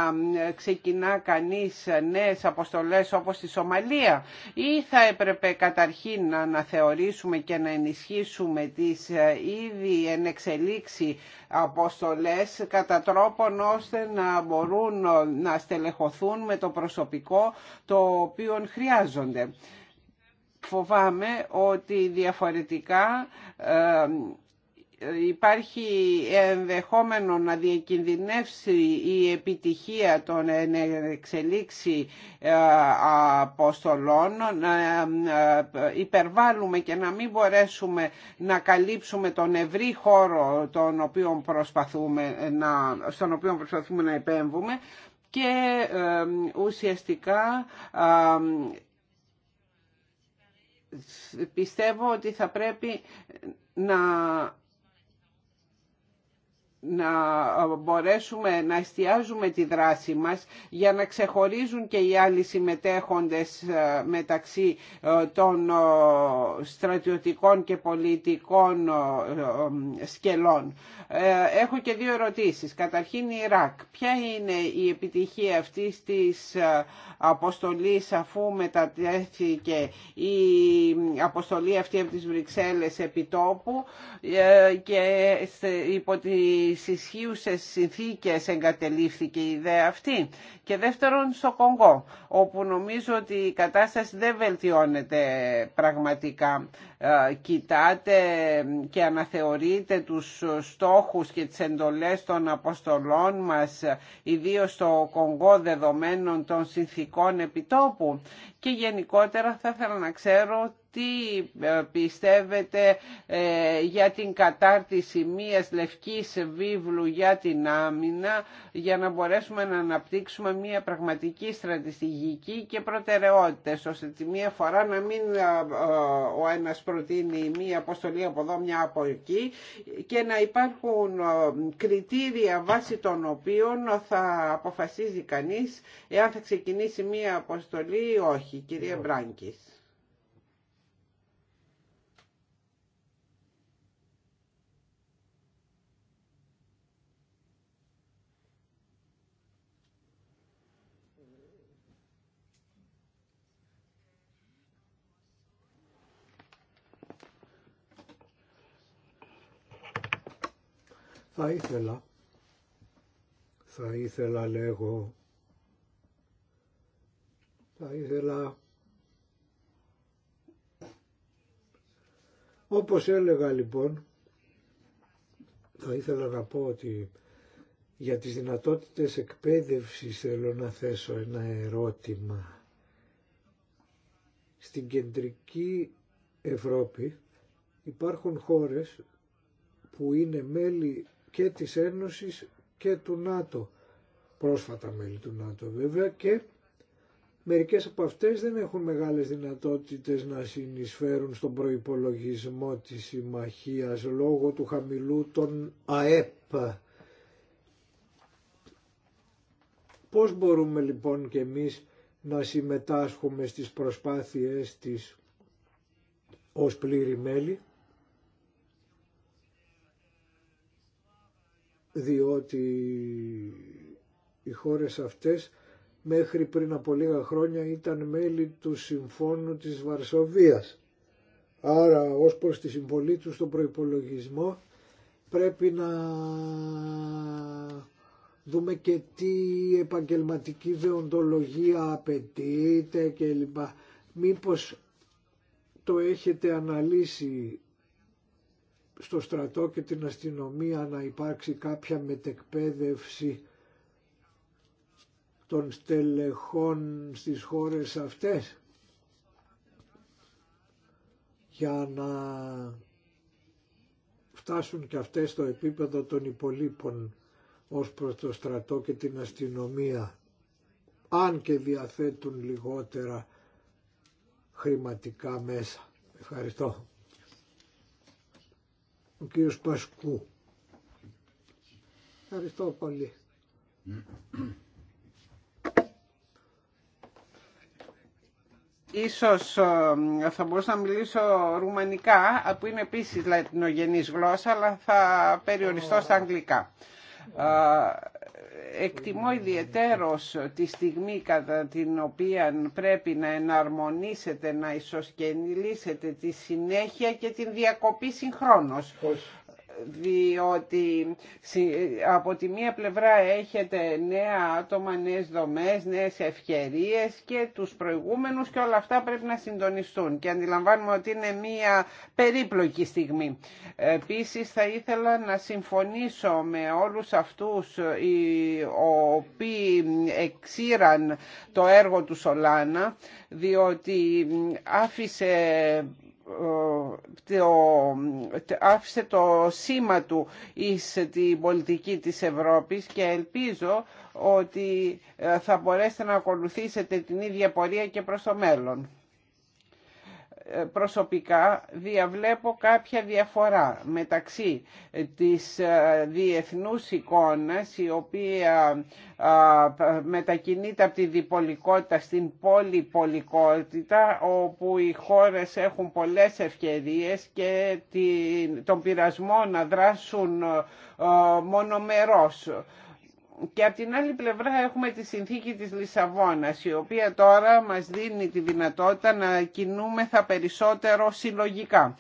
ξεκινά κανείς νέες αποστολές όπως στη Σομαλία ή θα έπρεπε καταρχήν να αναθεωρήσουμε και να ενισχύσουμε τις ε, ήδη ενεξελίξει αποστολές κατά τρόπον ώστε να μπορούν να στελεχωθούν με το προσωπικό το οποίο χρειάζονται. Φοβάμαι ότι διαφορετικά ε, υπάρχει ενδεχόμενο να διακινδυνεύσει η επιτυχία των εξελίξη ε, αποστολών, να ε, υπερβάλλουμε και να μην μπορέσουμε να καλύψουμε τον ευρύ χώρο τον οποίο προσπαθούμε να, στον οποίο προσπαθούμε να επέμβουμε και ουσιαστικά πιστεύω ότι θα πρέπει να να ε, μπορέσουμε να εστιάζουμε τη δράση μας για να ξεχωρίζουν και οι άλλοι συμμετέχοντες ε, μεταξύ ε, των στρατιωτικών και πολιτικών σκελών. Έχω και δύο ερωτήσεις. Καταρχήν η Ιράκ. Ποια είναι η επιτυχία αυτής της αποστολής αφού μετατέθηκε η αποστολή αυτή από τις Βρυξέλλες επιτόπου και υπό τη στις ισχύουσες συνθήκες εγκατελείφθηκε η ιδέα αυτή. Και δεύτερον στο Κονγκό, όπου νομίζω ότι η κατάσταση δεν βελτιώνεται πραγματικά. Ε, κοιτάτε και αναθεωρείτε τους στόχους και τις εντολές των αποστολών μας, ιδίω στο Κονγκό δεδομένων των συνθήκων επιτόπου. Και γενικότερα θα ήθελα να ξέρω τι ε, πιστεύετε ε, για την κατάρτιση μίας λευκής βίβλου για την άμυνα για να μπορέσουμε να αναπτύξουμε μια πραγματική στρατηγική και προτεραιότητες ώστε τη μία φορά να μην ε, ο ένας προτείνει μία αποστολή από εδώ μια από εκεί και να υπάρχουν κριτήρια βάσει των οποίων θα αποφασίζει κανείς εάν θα ξεκινήσει μία αποστολή ή όχι, κυρία Μπράγκης. Θα ήθελα, θα ήθελα λέγω, θα ήθελα, όπως έλεγα λοιπόν, θα ήθελα να πω ότι για τις δυνατότητες εκπαίδευσης θέλω να θέσω ένα ερώτημα. Στην κεντρική Ευρώπη υπάρχουν χώρες που είναι μέλη και της Ένωσης και του ΝΑΤΟ, πρόσφατα μέλη του ΝΑΤΟ βέβαια και μερικές από αυτές δεν έχουν μεγάλες δυνατότητες να συνεισφέρουν στον προϋπολογισμό της συμμαχίας λόγω του χαμηλού των ΑΕΠ. Πώς μπορούμε λοιπόν και εμείς να συμμετάσχουμε στις προσπάθειες της ως πλήρη μέλη διότι οι χώρες αυτές μέχρι πριν από λίγα χρόνια ήταν μέλη του Συμφώνου της Βαρσοβίας. Άρα ως προς τη συμβολή του στον προϋπολογισμό πρέπει να δούμε και τι επαγγελματική δεοντολογία απαιτείται λοιπά, Μήπως το έχετε αναλύσει στο στρατό και την αστυνομία να υπάρξει κάποια μετεκπαίδευση των στελεχών στις χώρες αυτές για να φτάσουν και αυτές στο επίπεδο των υπολείπων ως προς το στρατό και την αστυνομία αν και διαθέτουν λιγότερα χρηματικά μέσα. Ευχαριστώ ο κύριος Πασκού. Ευχαριστώ πολύ. Ίσως ε, θα μπορούσα να μιλήσω ρουμανικά, που είναι επίσης λατινογενής γλώσσα, αλλά θα περιοριστώ στα αγγλικά. Ε, εκτιμώ ιδιαιτέρως τη στιγμή κατά την οποία πρέπει να εναρμονίσετε, να ισοσκενιλήσετε τη συνέχεια και την διακοπή συγχρόνως διότι από τη μία πλευρά έχετε νέα άτομα, νέες δομές, νέες ευκαιρίες και τους προηγούμενους και όλα αυτά πρέπει να συντονιστούν και αντιλαμβάνουμε ότι είναι μία περίπλοκη στιγμή. Επίσης θα ήθελα να συμφωνήσω με όλους αυτούς οι οποίοι εξήραν το έργο του Σολάνα διότι άφησε το, ε, άφησε το σήμα του εις την πολιτική της Ευρώπης και ελπίζω ότι ε, θα μπορέσετε να ακολουθήσετε την ίδια πορεία και προς το μέλλον. Ε, προσωπικά διαβλέπω κάποια διαφορά μεταξύ της ε, διεθνούς εικόνας η οποία μετακινείται από τη διπολικότητα στην πολυπολικότητα όπου οι χώρες έχουν πολλές ευκαιρίες και τον πειρασμό να δράσουν ε, μονομερός και από την άλλη πλευρά έχουμε τη συνθήκη της Λισαβόνας η οποία τώρα μας δίνει τη δυνατότητα να κινούμεθα περισσότερο συλλογικά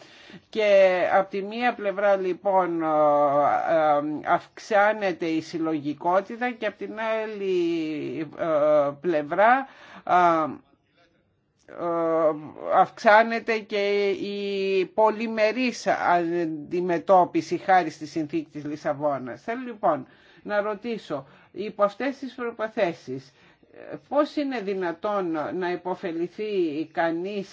και από τη μία πλευρά λοιπόν ε, ε, αυξάνεται η συλλογικότητα και από την άλλη ε, πλευρά αυξάνεται και η πολυμερής αντιμετώπιση χάρη στη συνθήκη της Λισαβόνας. Θέλω λοιπόν να ρωτήσω υπό αυτές τις προποθέσεις πώς είναι δυνατόν να υποφεληθεί κανείς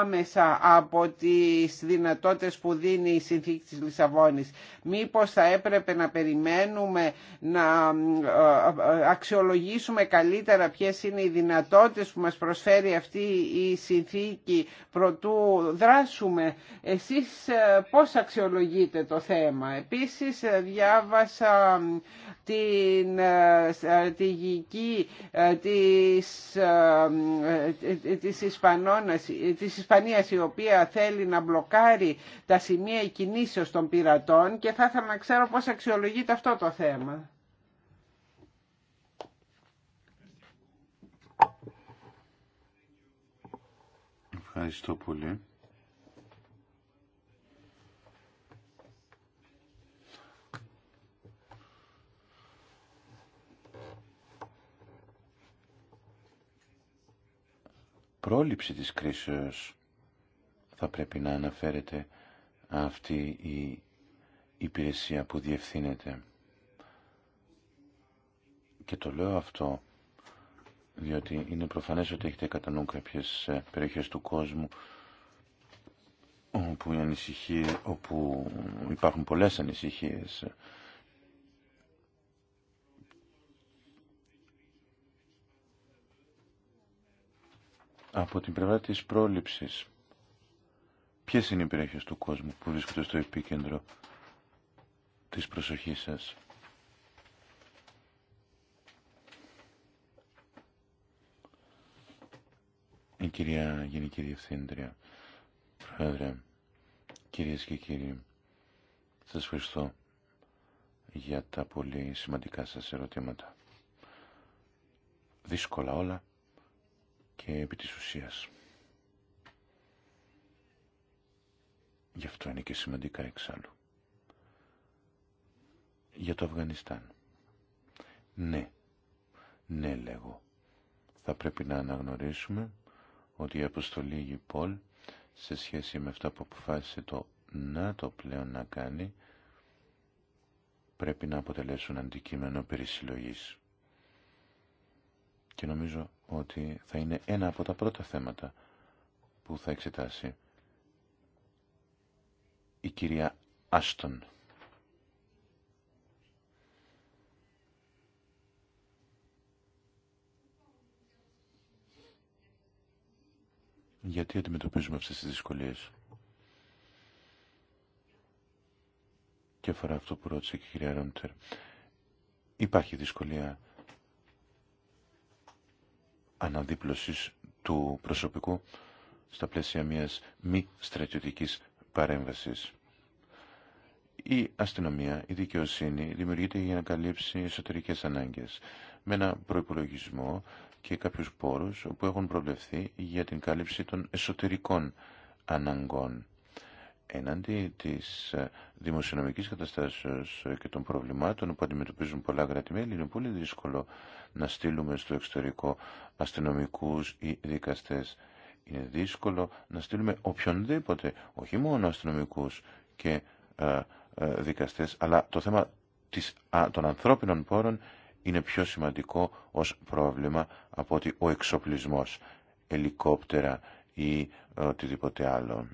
άμεσα από τις δυνατότητες που δίνει η συνθήκη της Λισαβόνης. Μήπως θα έπρεπε να περιμένουμε να ε, ε, αξιολογήσουμε καλύτερα ποιες είναι οι δυνατότητες που μας προσφέρει αυτή η συνθήκη προτού δράσουμε. Εσείς ε, πώς αξιολογείτε το θέμα. Επίσης διάβασα την στρατηγική της, ε, της, της Ισπανίας η οποία θέλει να μπλοκάρει τα σημεία κινήσεως των πειρατών και θα ήθελα να ξέρω πώς αξιολογείται αυτό το θέμα. Ευχαριστώ πολύ. πρόληψη της κρίσεως θα πρέπει να αναφέρεται αυτή η υπηρεσία που διευθύνεται. Και το λέω αυτό διότι είναι προφανές ότι έχετε κατά νου κάποιες ε, περιοχές του κόσμου όπου, όπου υπάρχουν πολλές ανησυχίες Από την πλευρά της πρόληψης, ποιες είναι οι περιοχές του κόσμου που βρίσκονται στο επίκεντρο της προσοχής σας. Η κυρία Γενική Διευθύντρια, Πρόεδρε, κυρίες και κύριοι, σας ευχαριστώ για τα πολύ σημαντικά σας ερωτήματα. Δύσκολα όλα, και επί της ουσίας. Γι' αυτό είναι και σημαντικά εξάλλου. Για το Αφγανιστάν. Ναι, ναι λέγω. Θα πρέπει να αναγνωρίσουμε ότι η αποστολή Γιπόλ σε σχέση με αυτά που αποφάσισε το να το πλέον να κάνει πρέπει να αποτελέσουν αντικείμενο περισυλλογής και νομίζω ότι θα είναι ένα από τα πρώτα θέματα που θα εξετάσει η κυρία Άστον. Γιατί αντιμετωπίζουμε αυτές τις δυσκολίες. Και αφορά αυτό που ρώτησε και η κυρία Ρόντερ. Υπάρχει δυσκολία αναδίπλωσης του προσωπικού στα πλαίσια μιας μη στρατιωτικής παρέμβασης. Η αστυνομία, η δικαιοσύνη δημιουργείται για να καλύψει εσωτερικές ανάγκες με ένα προϋπολογισμό και κάποιους πόρους που έχουν προβλεφθεί για την κάλυψη των εσωτερικών αναγκών Έναντι της ε, δημοσιονομικής καταστάσεως ε, και των προβλημάτων που αντιμετωπίζουν πολλά είναι πολύ δύσκολο να στείλουμε στο εξωτερικό αστυνομικούς ή δικαστές. Είναι δύσκολο να στείλουμε οποιονδήποτε, όχι μόνο αστυνομικούς και ε, δικαστές, αλλά το θέμα της, των ανθρώπινων πόρων είναι πιο σημαντικό ως πρόβλημα από ότι ο εξοπλισμός, ελικόπτερα ή οτιδήποτε άλλο.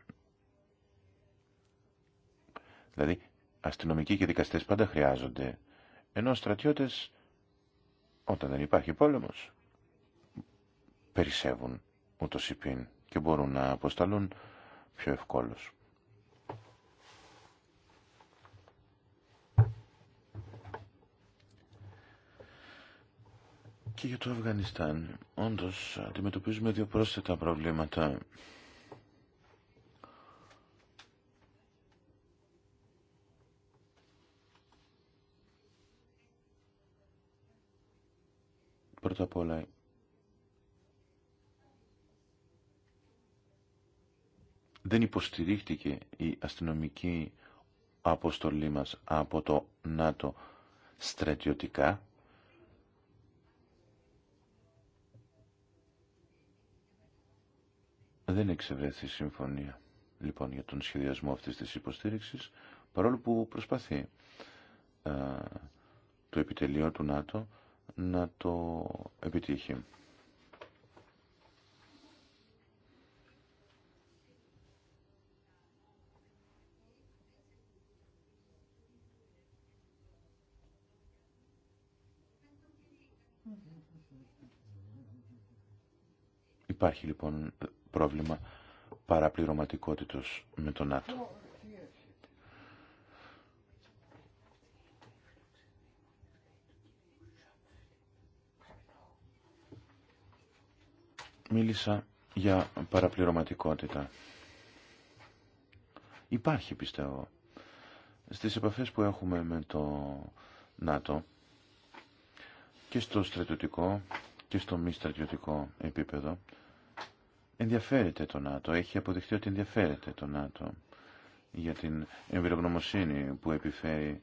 Δηλαδή, αστυνομικοί και δικαστές πάντα χρειάζονται, ενώ στρατιώτες, όταν δεν υπάρχει πόλεμος, περισσεύουν ούτως υπήν και μπορούν να αποσταλούν πιο ευκόλως. Και για το Αφγανιστάν, όντως αντιμετωπίζουμε δύο πρόσθετα προβλήματα Πρώτα απ' δεν υποστηρίχτηκε η αστυνομική αποστολή μας από το ΝΑΤΟ στρατιωτικά. Δεν εξευρέθη συμφωνία λοιπόν για τον σχεδιασμό αυτής της υποστήριξης παρόλο που προσπαθεί ε, το επιτελείο του ΝΑΤΟ να το επιτύχει. Υπάρχει λοιπόν πρόβλημα παραπληρωματικότητος με τον ΝΑΤΟ. Μίλησα για παραπληρωματικότητα. Υπάρχει, πιστεύω. Στις επαφές που έχουμε με το ΝΑΤΟ και στο στρατιωτικό και στο μη στρατιωτικό επίπεδο ενδιαφέρεται το ΝΑΤΟ. Έχει αποδειχθεί ότι ενδιαφέρεται το ΝΑΤΟ για την εμπειρογνωμοσύνη που επιφέρει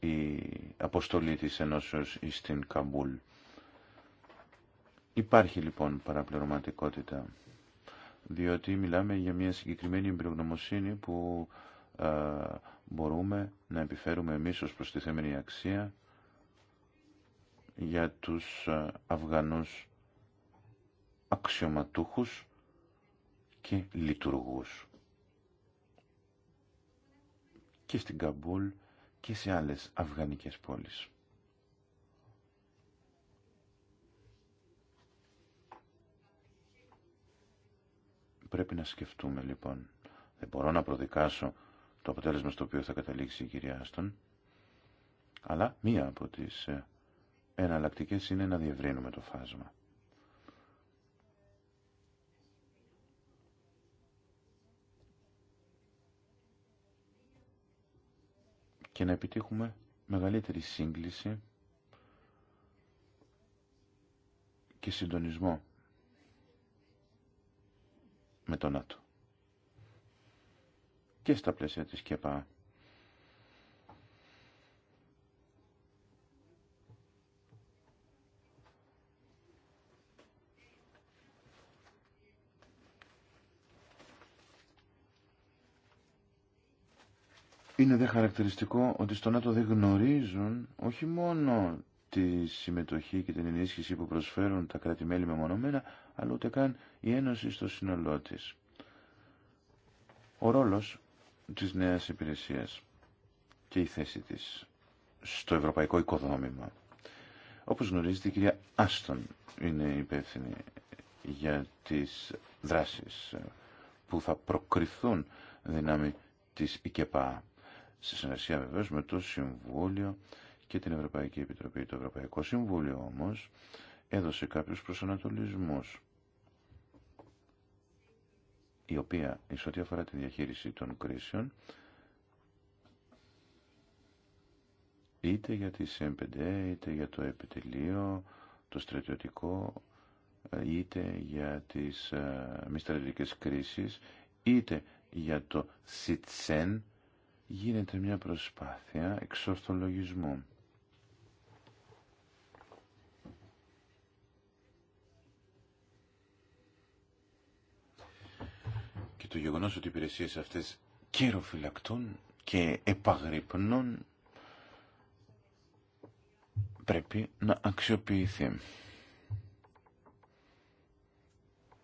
η αποστολή της ενώσεως στην Καμπούλ. Υπάρχει λοιπόν παραπληρωματικότητα, διότι μιλάμε για μια συγκεκριμένη εμπειρογνωμοσύνη που ε, μπορούμε να επιφέρουμε εμείς ως προστιθέμενη αξία για τους ε, Αφγανούς αξιωματούχους και λειτουργούς. Και στην Καμπούλ και σε άλλες αφγανικές πόλεις. πρέπει να σκεφτούμε λοιπόν. Δεν μπορώ να προδικάσω το αποτέλεσμα στο οποίο θα καταλήξει η κυρία Άστον, αλλά μία από τις ε, εναλλακτικέ είναι να διευρύνουμε το φάσμα. και να επιτύχουμε μεγαλύτερη σύγκληση και συντονισμό με τον ΝΑΤΟ και στα πλαίσια της ΚΕΠΑ. Είναι δε χαρακτηριστικό ότι στον ΝΑΤΟ δεν γνωρίζουν όχι μόνο τη συμμετοχή και την ενίσχυση που προσφέρουν τα κράτη-μέλη μεμονωμένα, αλλά ούτε καν η Ένωση στο σύνολό τη. Ο ρόλος της νέας υπηρεσίας και η θέση της στο ευρωπαϊκό οικοδόμημα. Όπως γνωρίζετε, η κυρία Άστον είναι υπεύθυνη για τις δράσεις που θα προκριθούν δυνάμει της ΙΚΕΠΑ. Σε συνεργασία βεβαίως με το Συμβούλιο και την Ευρωπαϊκή Επιτροπή. Το Ευρωπαϊκό Συμβούλιο όμως έδωσε κάποιους προσανατολισμούς η οποία εις ό,τι αφορά τη διαχείριση των κρίσεων είτε για τη ΣΕΜΠΕΝΤΕ, είτε για το επιτελείο, το στρατιωτικό, είτε για τις ε, μη στρατιωτικές κρίσεις, είτε για το ΣΙΤΣΕΝ, γίνεται μια προσπάθεια εξορθολογισμού. το γεγονός ότι οι υπηρεσίες αυτές καιροφυλακτούν και επαγρυπνούν πρέπει να αξιοποιηθεί.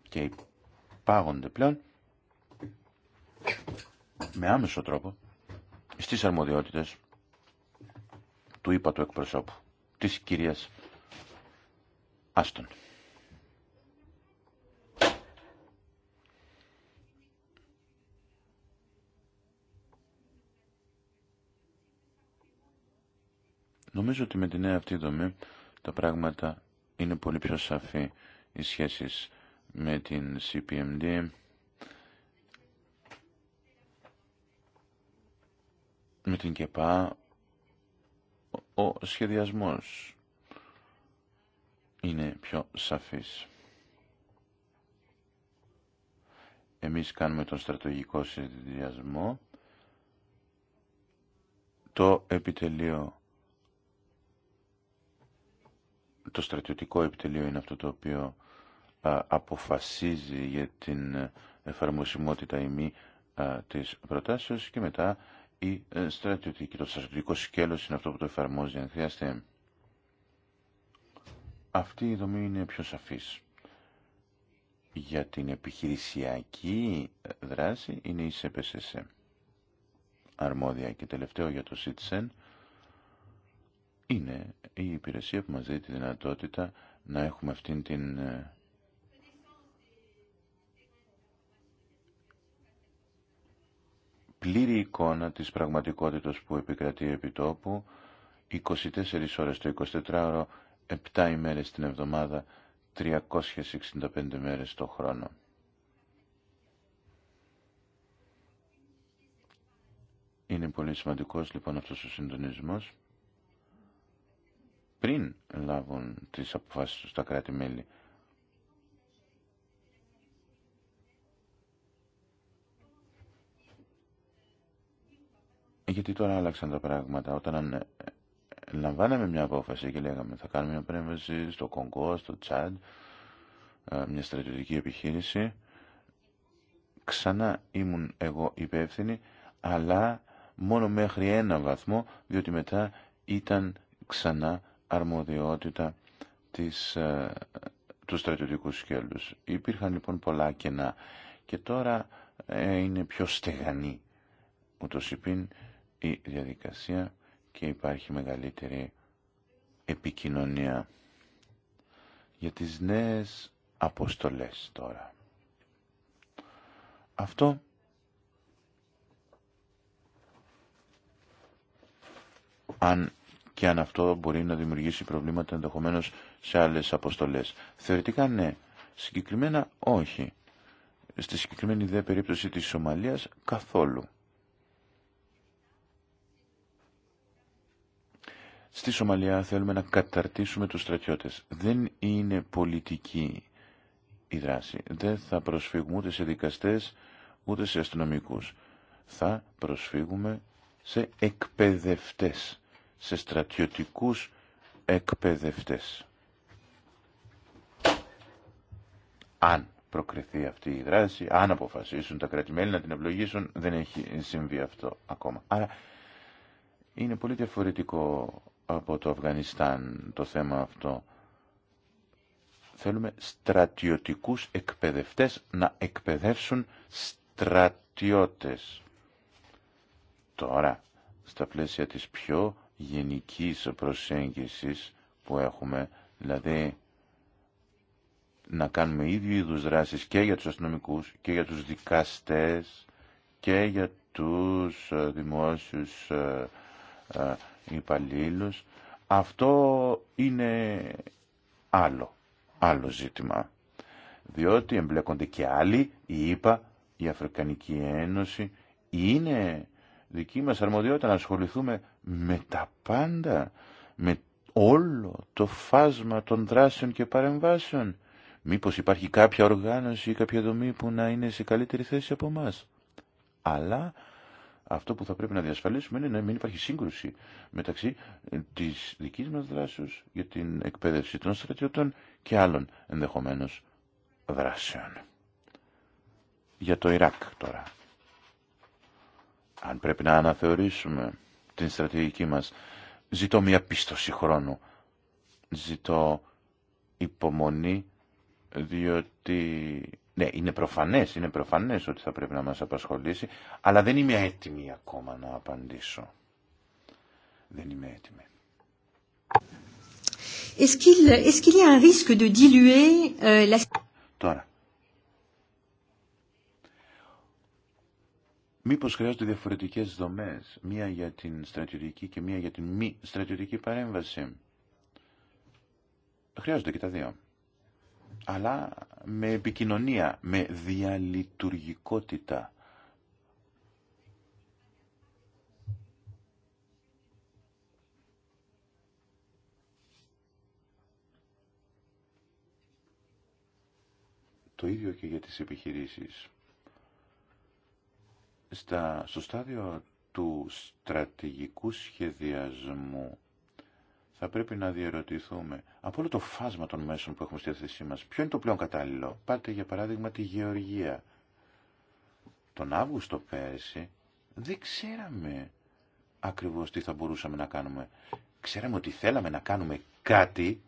Και υπάγονται πλέον με άμεσο τρόπο στις αρμοδιότητες του του εκπροσώπου, της κυρίας Άστον. Νομίζω ότι με την νέα αυτή δομή τα πράγματα είναι πολύ πιο σαφή οι σχέσεις με την CPMD. με την ΚΕΠΑ ο σχεδιασμός είναι πιο σαφής. Εμείς κάνουμε τον στρατογικό σχεδιασμό, το επιτελείο το στρατιωτικό επιτελείο είναι αυτό το οποίο αποφασίζει για την εφαρμοσιμότητα ή μη της προτάσεως και μετά η ε, στρατιωτική, το στρατιωτικό σκέλος είναι αυτό που το εφαρμόζει αν χρειάζεται. Αυτή η δομή είναι πιο σαφής. Για την επιχειρησιακή ε, δράση είναι η ΣΕΠΕΣΕΣΕ αρμόδια και τελευταίο για το ΣΥΤΣΕΝ είναι η υπηρεσία που μας δίνει τη δυνατότητα να έχουμε αυτήν την ε, πλήρη εικόνα της πραγματικότητας που επικρατεί επί τόπου 24 ώρες το 24ωρο, 7 ημέρες την εβδομάδα, 365 μέρες το χρόνο. Είναι πολύ σημαντικός λοιπόν αυτός ο συντονισμός πριν λάβουν τις αποφάσεις του τα κράτη-μέλη. Γιατί τώρα άλλαξαν τα πράγματα. Όταν ε, λαμβάναμε μια απόφαση και λέγαμε θα κάνουμε μια πρέμβαση στο Κονγκό, στο Τσάντ, ε, μια στρατιωτική επιχείρηση, ξανά ήμουν εγώ υπεύθυνη, αλλά μόνο μέχρι ένα βαθμό, διότι μετά ήταν ξανά αρμοδιότητα της, ε, του στρατιωτικού σκέλους. Υπήρχαν λοιπόν πολλά κενά και τώρα ε, είναι πιο στεγανή ούτως υπήν η διαδικασία και υπάρχει μεγαλύτερη επικοινωνία για τις νέες αποστολές τώρα. Αυτό αν και αν αυτό μπορεί να δημιουργήσει προβλήματα ενδεχομένω σε άλλε αποστολέ. Θεωρητικά ναι, συγκεκριμένα όχι. Στη συγκεκριμένη δε περίπτωση της Σομαλίας καθόλου. Στη Σομαλία θέλουμε να καταρτήσουμε τους στρατιώτες. Δεν είναι πολιτική η δράση. Δεν θα προσφύγουμε ούτε σε δικαστές, ούτε σε αστυνομικούς. Θα προσφύγουμε σε εκπαιδευτές σε στρατιωτικούς εκπαιδευτές. Αν προκριθεί αυτή η δράση, αν αποφασίσουν τα κρατημέλη να την ευλογήσουν, δεν έχει συμβεί αυτό ακόμα. Άρα είναι πολύ διαφορετικό από το Αφγανιστάν το θέμα αυτό. Θέλουμε στρατιωτικούς εκπαιδευτές να εκπαιδεύσουν στρατιώτες. Τώρα, στα πλαίσια της πιο γενικής προσέγγιση που έχουμε, δηλαδή να κάνουμε ίδιου είδους δράσεις και για τους αστυνομικούς και για τους δικαστές και για τους ε, δημόσιους ε, ε, υπαλλήλου. Αυτό είναι άλλο, άλλο ζήτημα. Διότι εμπλέκονται και άλλοι, η ΕΠΑ, η Αφρικανική Ένωση, είναι δική μας αρμοδιότητα να ασχοληθούμε με τα πάντα, με όλο το φάσμα των δράσεων και παρεμβάσεων. Μήπως υπάρχει κάποια οργάνωση ή κάποια δομή που να είναι σε καλύτερη θέση από εμά. Αλλά αυτό που θα πρέπει να διασφαλίσουμε είναι να μην υπάρχει σύγκρουση μεταξύ ε, της δικής μας δράσεως για την εκπαίδευση των στρατιωτών και άλλων ενδεχομένως δράσεων. Για το Ιράκ τώρα. Αν πρέπει να αναθεωρήσουμε την στρατηγική μας. Ζητώ μια πίστοση χρόνου. Ζητώ υπομονή, διότι... Ναι, είναι προφανές, είναι προφανές ότι θα πρέπει να μας απασχολήσει, αλλά δεν είμαι έτοιμη ακόμα να απαντήσω. Δεν είμαι έτοιμη. Est-ce qu'il est qu y a euh, Τώρα, Μήπως χρειάζονται διαφορετικές δομές, μία για την στρατιωτική και μία για την μη στρατιωτική παρέμβαση. Χρειάζονται και τα δύο. Αλλά με επικοινωνία, με διαλειτουργικότητα. Το ίδιο και για τις επιχειρήσεις. Στα, στο στάδιο του στρατηγικού σχεδιασμού θα πρέπει να διαρωτηθούμε από όλο το φάσμα των μέσων που έχουμε στη θέση μας ποιο είναι το πλέον κατάλληλο. Πάτε για παράδειγμα τη γεωργία. Τον Αύγουστο πέρσι δεν ξέραμε ακριβώς τι θα μπορούσαμε να κάνουμε. Ξέραμε ότι θέλαμε να κάνουμε κάτι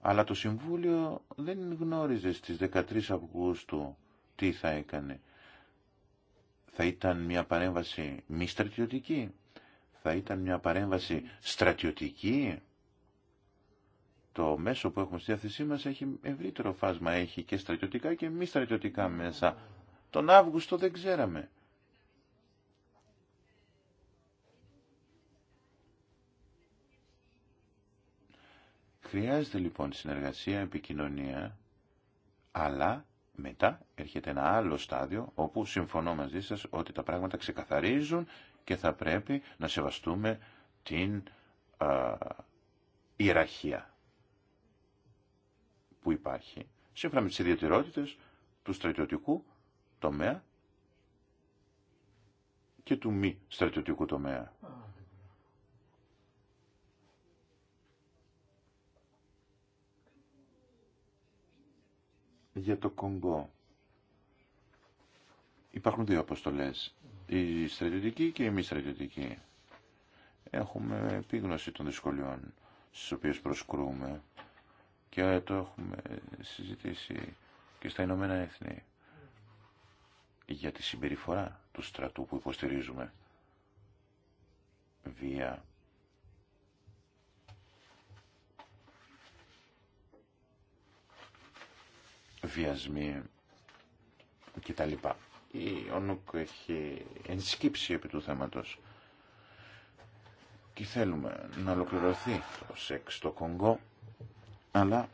αλλά το Συμβούλιο δεν γνώριζε στις 13 Αυγούστου τι θα έκανε. Θα ήταν μια παρέμβαση μη στρατιωτική. Θα ήταν μια παρέμβαση στρατιωτική. Το μέσο που έχουμε στη διάθεσή μας έχει ευρύτερο φάσμα. Έχει και στρατιωτικά και μη στρατιωτικά μέσα. Τον Αύγουστο δεν ξέραμε. Χρειάζεται λοιπόν συνεργασία, επικοινωνία, αλλά μετά έρχεται ένα άλλο στάδιο όπου συμφωνώ μαζί σας ότι τα πράγματα ξεκαθαρίζουν και θα πρέπει να σεβαστούμε την α, ιεραρχία που υπάρχει σύμφωνα με τις ιδιαιτερότητες του στρατιωτικού τομέα και του μη στρατιωτικού τομέα. για το Κονγκό. Υπάρχουν δύο αποστολές, η στρατιωτική και η μη στρατιωτική. Έχουμε επίγνωση των δυσκολιών στις οποίες προσκρούμε και το έχουμε συζητήσει και στα Ηνωμένα Έθνη για τη συμπεριφορά του στρατού που υποστηρίζουμε. Βία, βιασμοί κτλ. Η ΟΝΟΚ έχει ενσκύψει επί του θέματος και θέλουμε να ολοκληρωθεί το σεξ στο Κονγκό αλλά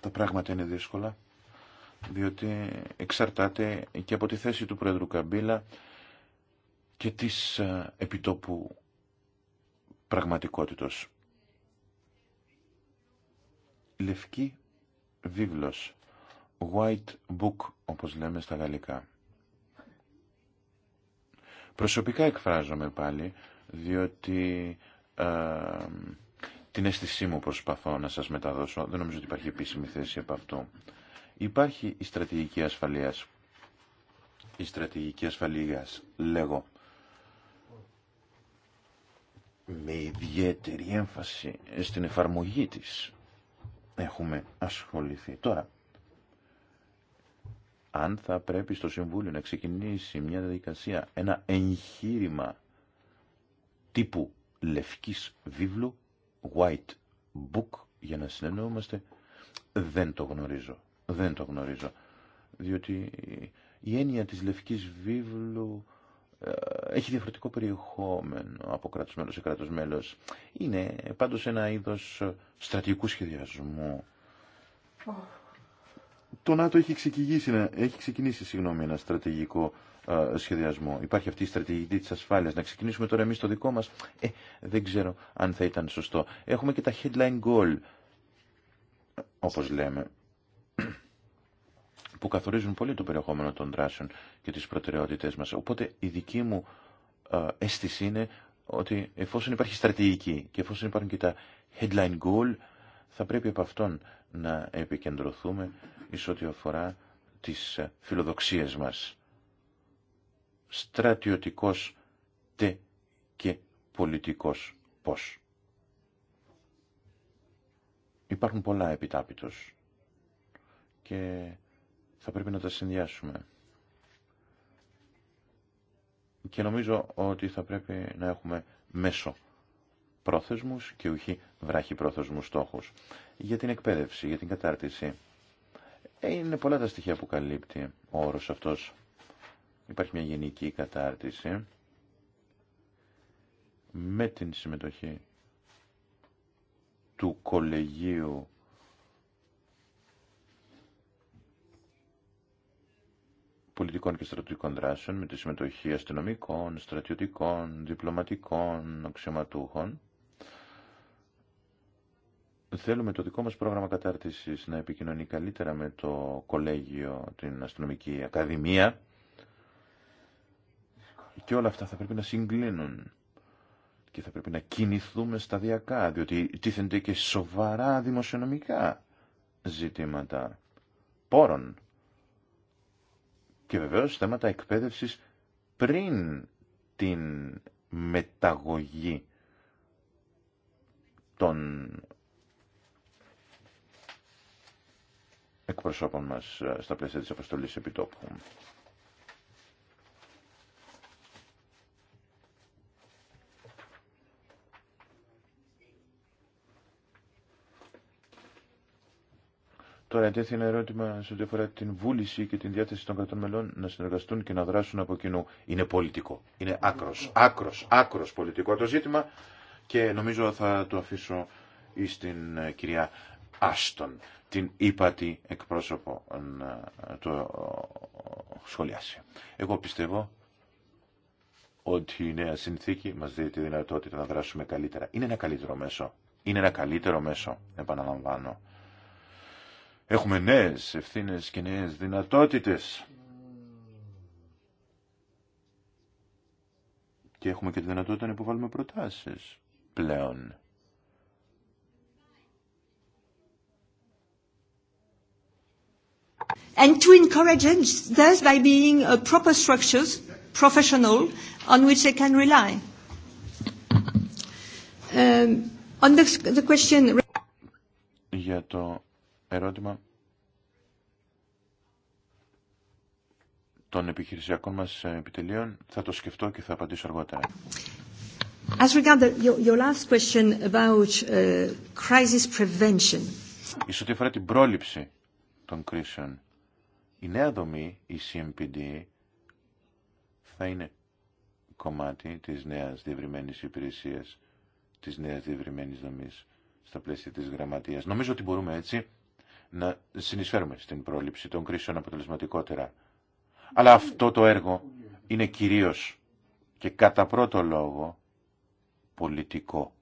τα πράγματα είναι δύσκολα διότι εξαρτάται και από τη θέση του Πρόεδρου Καμπίλα και της επιτόπου πραγματικότητος. Λευκή βίβλος white book όπως λέμε στα γαλλικά. Προσωπικά εκφράζομαι πάλι διότι ε, την αίσθησή μου προσπαθώ να σας μεταδώσω. Δεν νομίζω ότι υπάρχει επίσημη θέση από αυτό. Υπάρχει η στρατηγική ασφαλείας. Η στρατηγική ασφαλείας, λέγω, με ιδιαίτερη έμφαση στην εφαρμογή της έχουμε ασχοληθεί. Τώρα, αν θα πρέπει στο Συμβούλιο να ξεκινήσει μια διαδικασία, ένα εγχείρημα τύπου λευκής βίβλου, white book, για να συνεννοούμαστε, δεν το γνωρίζω. Δεν το γνωρίζω. Διότι η έννοια της λευκής βίβλου ε, έχει διαφορετικό περιεχόμενο από κράτος μέλος σε κράτος μέλος. Είναι πάντως ένα είδος στρατηγικού σχεδιασμού το ΝΑΤΟ έχει ξεκινήσει, έχει ξεκινήσει συγγνώμη, ένα στρατηγικό σχεδιασμό. Υπάρχει αυτή η στρατηγική της ασφάλειας. Να ξεκινήσουμε τώρα εμείς το δικό μας. Ε, δεν ξέρω αν θα ήταν σωστό. Έχουμε και τα headline goal, όπως λέμε, που καθορίζουν πολύ το περιεχόμενο των δράσεων και τις προτεραιότητές μας. Οπότε η δική μου ε, αίσθηση είναι ότι εφόσον υπάρχει στρατηγική και εφόσον υπάρχουν και τα headline goal, θα πρέπει από αυτόν να επικεντρωθούμε εις ό,τι αφορά τις ε, φιλοδοξίες μας. Στρατιωτικός τε και πολιτικός πώς. Υπάρχουν πολλά επιτάπητος και θα πρέπει να τα συνδυάσουμε. Και νομίζω ότι θα πρέπει να έχουμε μέσο πρόθεσμους και όχι βράχη πρόθεσμους στόχους. Για την εκπαίδευση, για την κατάρτιση. Ε, είναι πολλά τα στοιχεία που καλύπτει ο όρος αυτός. Υπάρχει μια γενική κατάρτιση με την συμμετοχή του κολεγίου πολιτικών και στρατιωτικών δράσεων με τη συμμετοχή αστυνομικών, στρατιωτικών, διπλωματικών, αξιωματούχων Θέλουμε το δικό μας πρόγραμμα κατάρτισης να επικοινωνεί καλύτερα με το κολέγιο, την αστυνομική ακαδημία και όλα αυτά θα πρέπει να συγκλίνουν και θα πρέπει να κινηθούμε σταδιακά, διότι τίθενται και σοβαρά δημοσιονομικά ζητήματα πόρων και βεβαίως θέματα εκπαίδευσης πριν την μεταγωγή των εκπροσώπων μας ε, στα πλαίσια της αποστολής επιτόπου. Τώρα εντέθη ένα ερώτημα σε ό,τι αφορά την βούληση και την διάθεση των κρατών μελών να συνεργαστούν και να δράσουν από κοινού. Είναι πολιτικό. Είναι άκρος, άκρος, άκρος πολιτικό το ζήτημα και νομίζω θα το αφήσω στην ε, κυρία Άστον, την ύπατη εκπρόσωπο να ε, το σχολιάσει. Εγώ πιστεύω ότι η νέα συνθήκη μας δίνει τη δυνατότητα να δράσουμε καλύτερα. Είναι ένα καλύτερο μέσο. Είναι ένα καλύτερο μέσο, επαναλαμβάνω. Έχουμε νέες ευθύνες και νέες δυνατότητες. Και έχουμε και τη δυνατότητα να υποβάλουμε προτάσεις πλέον. and to encourage them thus by being a proper structures, professional, on which they can rely. Um, On the the question... Για το ερώτημα των επιχειρησιακών μας επιτελείων θα το σκεφτώ και θα απαντήσω αργότερα. As regard the, your, your last question about uh, crisis prevention. ό,τι αφορά την πρόληψη των κρίσεων. Η νέα δομή, η CMPD, θα είναι κομμάτι της νέας διευρυμένης υπηρεσίας, της νέας διευρυμένης δομής στα πλαίσια της γραμματείας. Νομίζω ότι μπορούμε έτσι να συνεισφέρουμε στην πρόληψη των κρίσεων αποτελεσματικότερα. Αλλά αυτό το έργο είναι κυρίως και κατά πρώτο λόγο πολιτικό.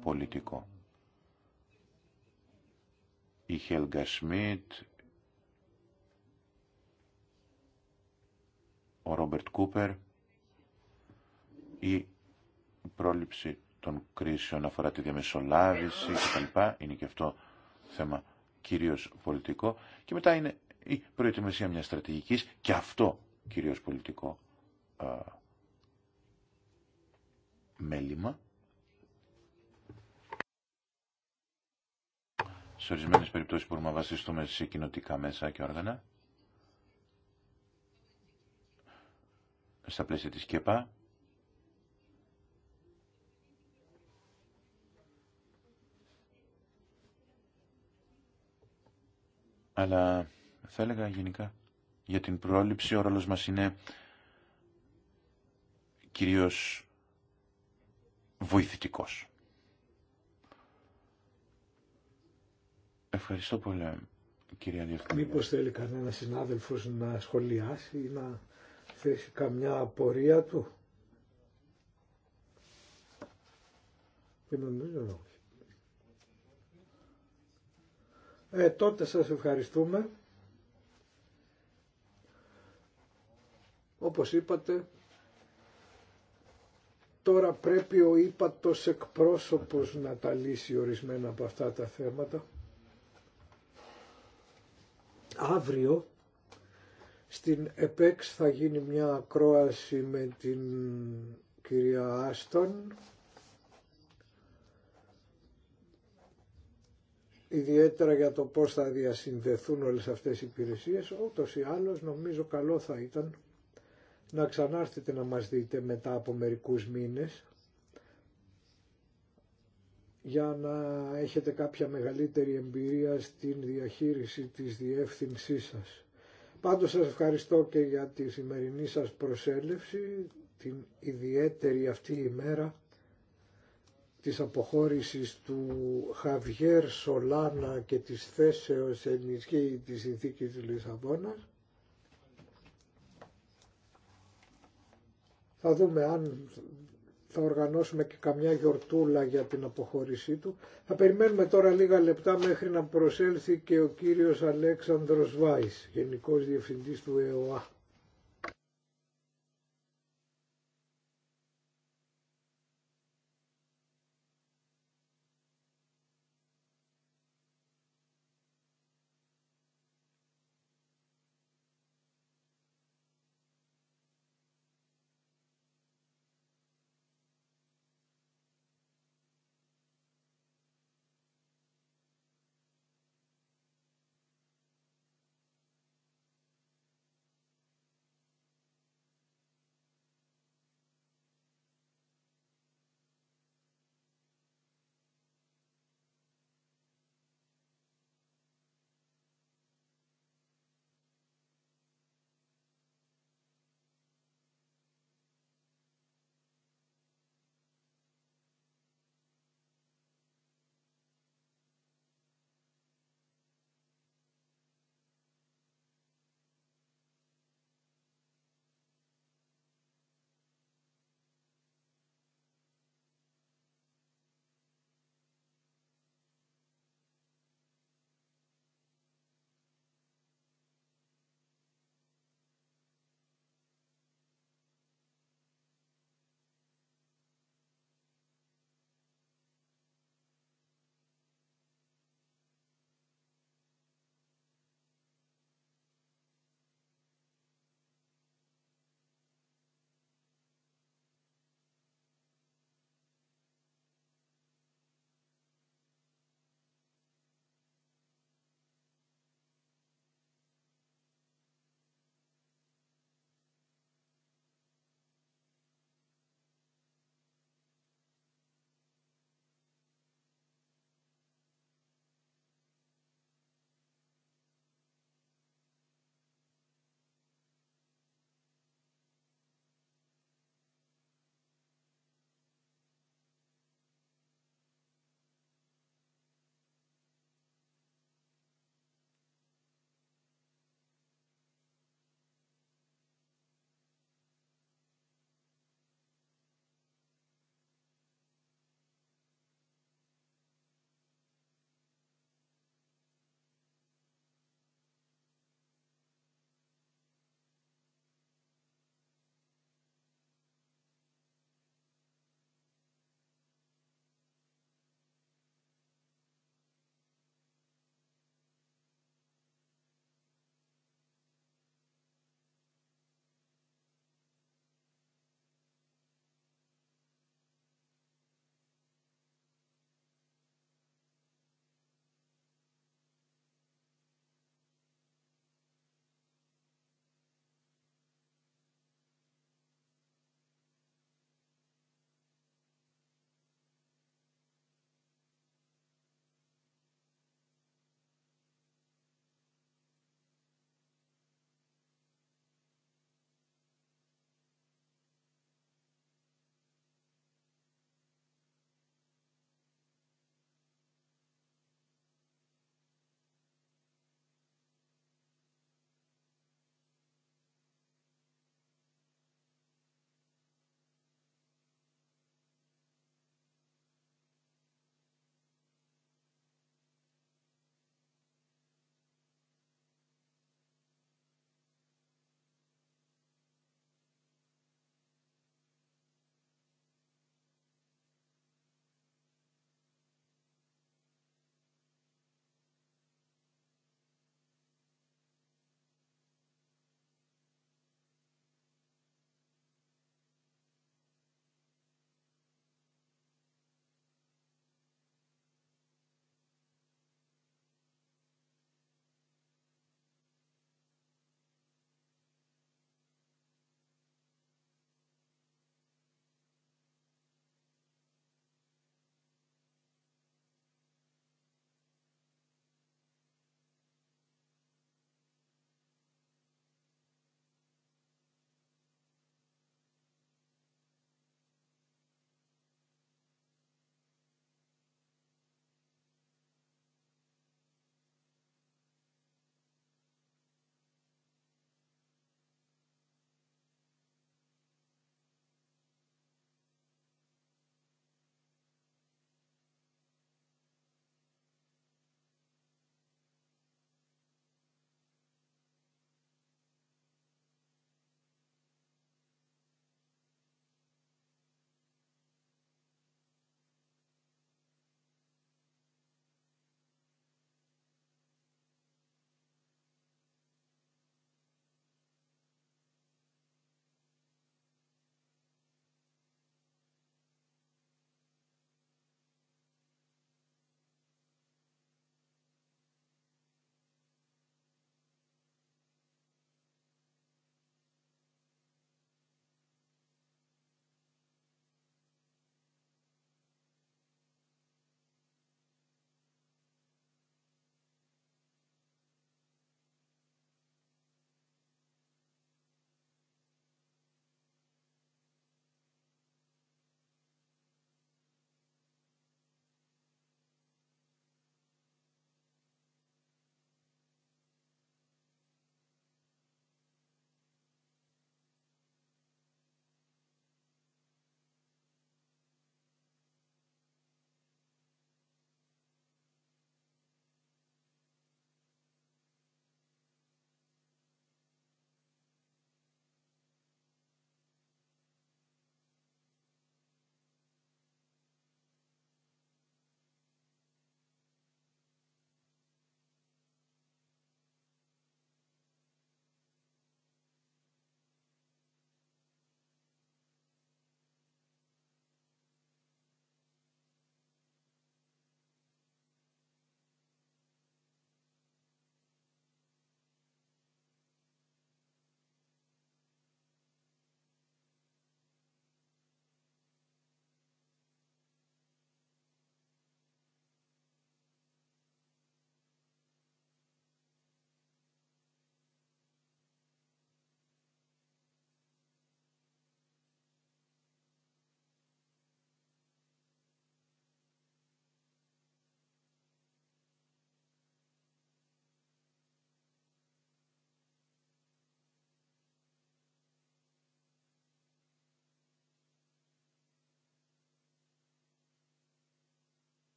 Πολιτικό. Η Χέλγα Σμιτ, ο Ρόμπερτ Κούπερ, η πρόληψη των κρίσεων αφορά τη διαμεσολάβηση κτλ. Είναι και αυτό θέμα κυρίως πολιτικό. Και μετά είναι η προετοιμασία μιας στρατηγικής και αυτό κυρίως πολιτικό μέλημα. Σε ορισμένε περιπτώσει μπορούμε να βασιστούμε σε κοινοτικά μέσα και όργανα. στα πλαίσια της ΚΕΠΑ. Αλλά θα έλεγα γενικά για την πρόληψη ο ρόλος μας είναι κυρίως βοηθητικός. Ευχαριστώ πολύ κυρία Διευθυντή. Μήπως θέλει κανένα συνάδελφος να σχολιάσει ή να θέσει καμιά απορία του. Ε, τότε σας ευχαριστούμε. Όπως είπατε, τώρα πρέπει ο ύπατος εκπρόσωπος να τα λύσει ορισμένα από αυτά τα θέματα. Αύριο στην ΕΠΕΞ θα γίνει μια ακρόαση με την κυρία Άστον. Ιδιαίτερα για το πώς θα διασυνδεθούν όλες αυτές οι υπηρεσίες, ούτως ή άλλως νομίζω καλό θα ήταν να ξανάρθετε να μας δείτε μετά από μερικούς μήνες για να έχετε κάποια μεγαλύτερη εμπειρία στην διαχείριση της διεύθυνσής σας. Πάντως σας ευχαριστώ και για τη σημερινή σας προσέλευση, την ιδιαίτερη αυτή ημέρα της αποχώρησης του Χαβιέρ Σολάνα και της θέσεως ενισχύει της συνθήκης της Λισαβόνας. Θα δούμε αν θα οργανώσουμε και καμιά γιορτούλα για την αποχώρησή του. Θα περιμένουμε τώρα λίγα λεπτά μέχρι να προσέλθει και ο κύριος Αλέξανδρος Βάης, Γενικός Διευθυντής του ΕΟΑ.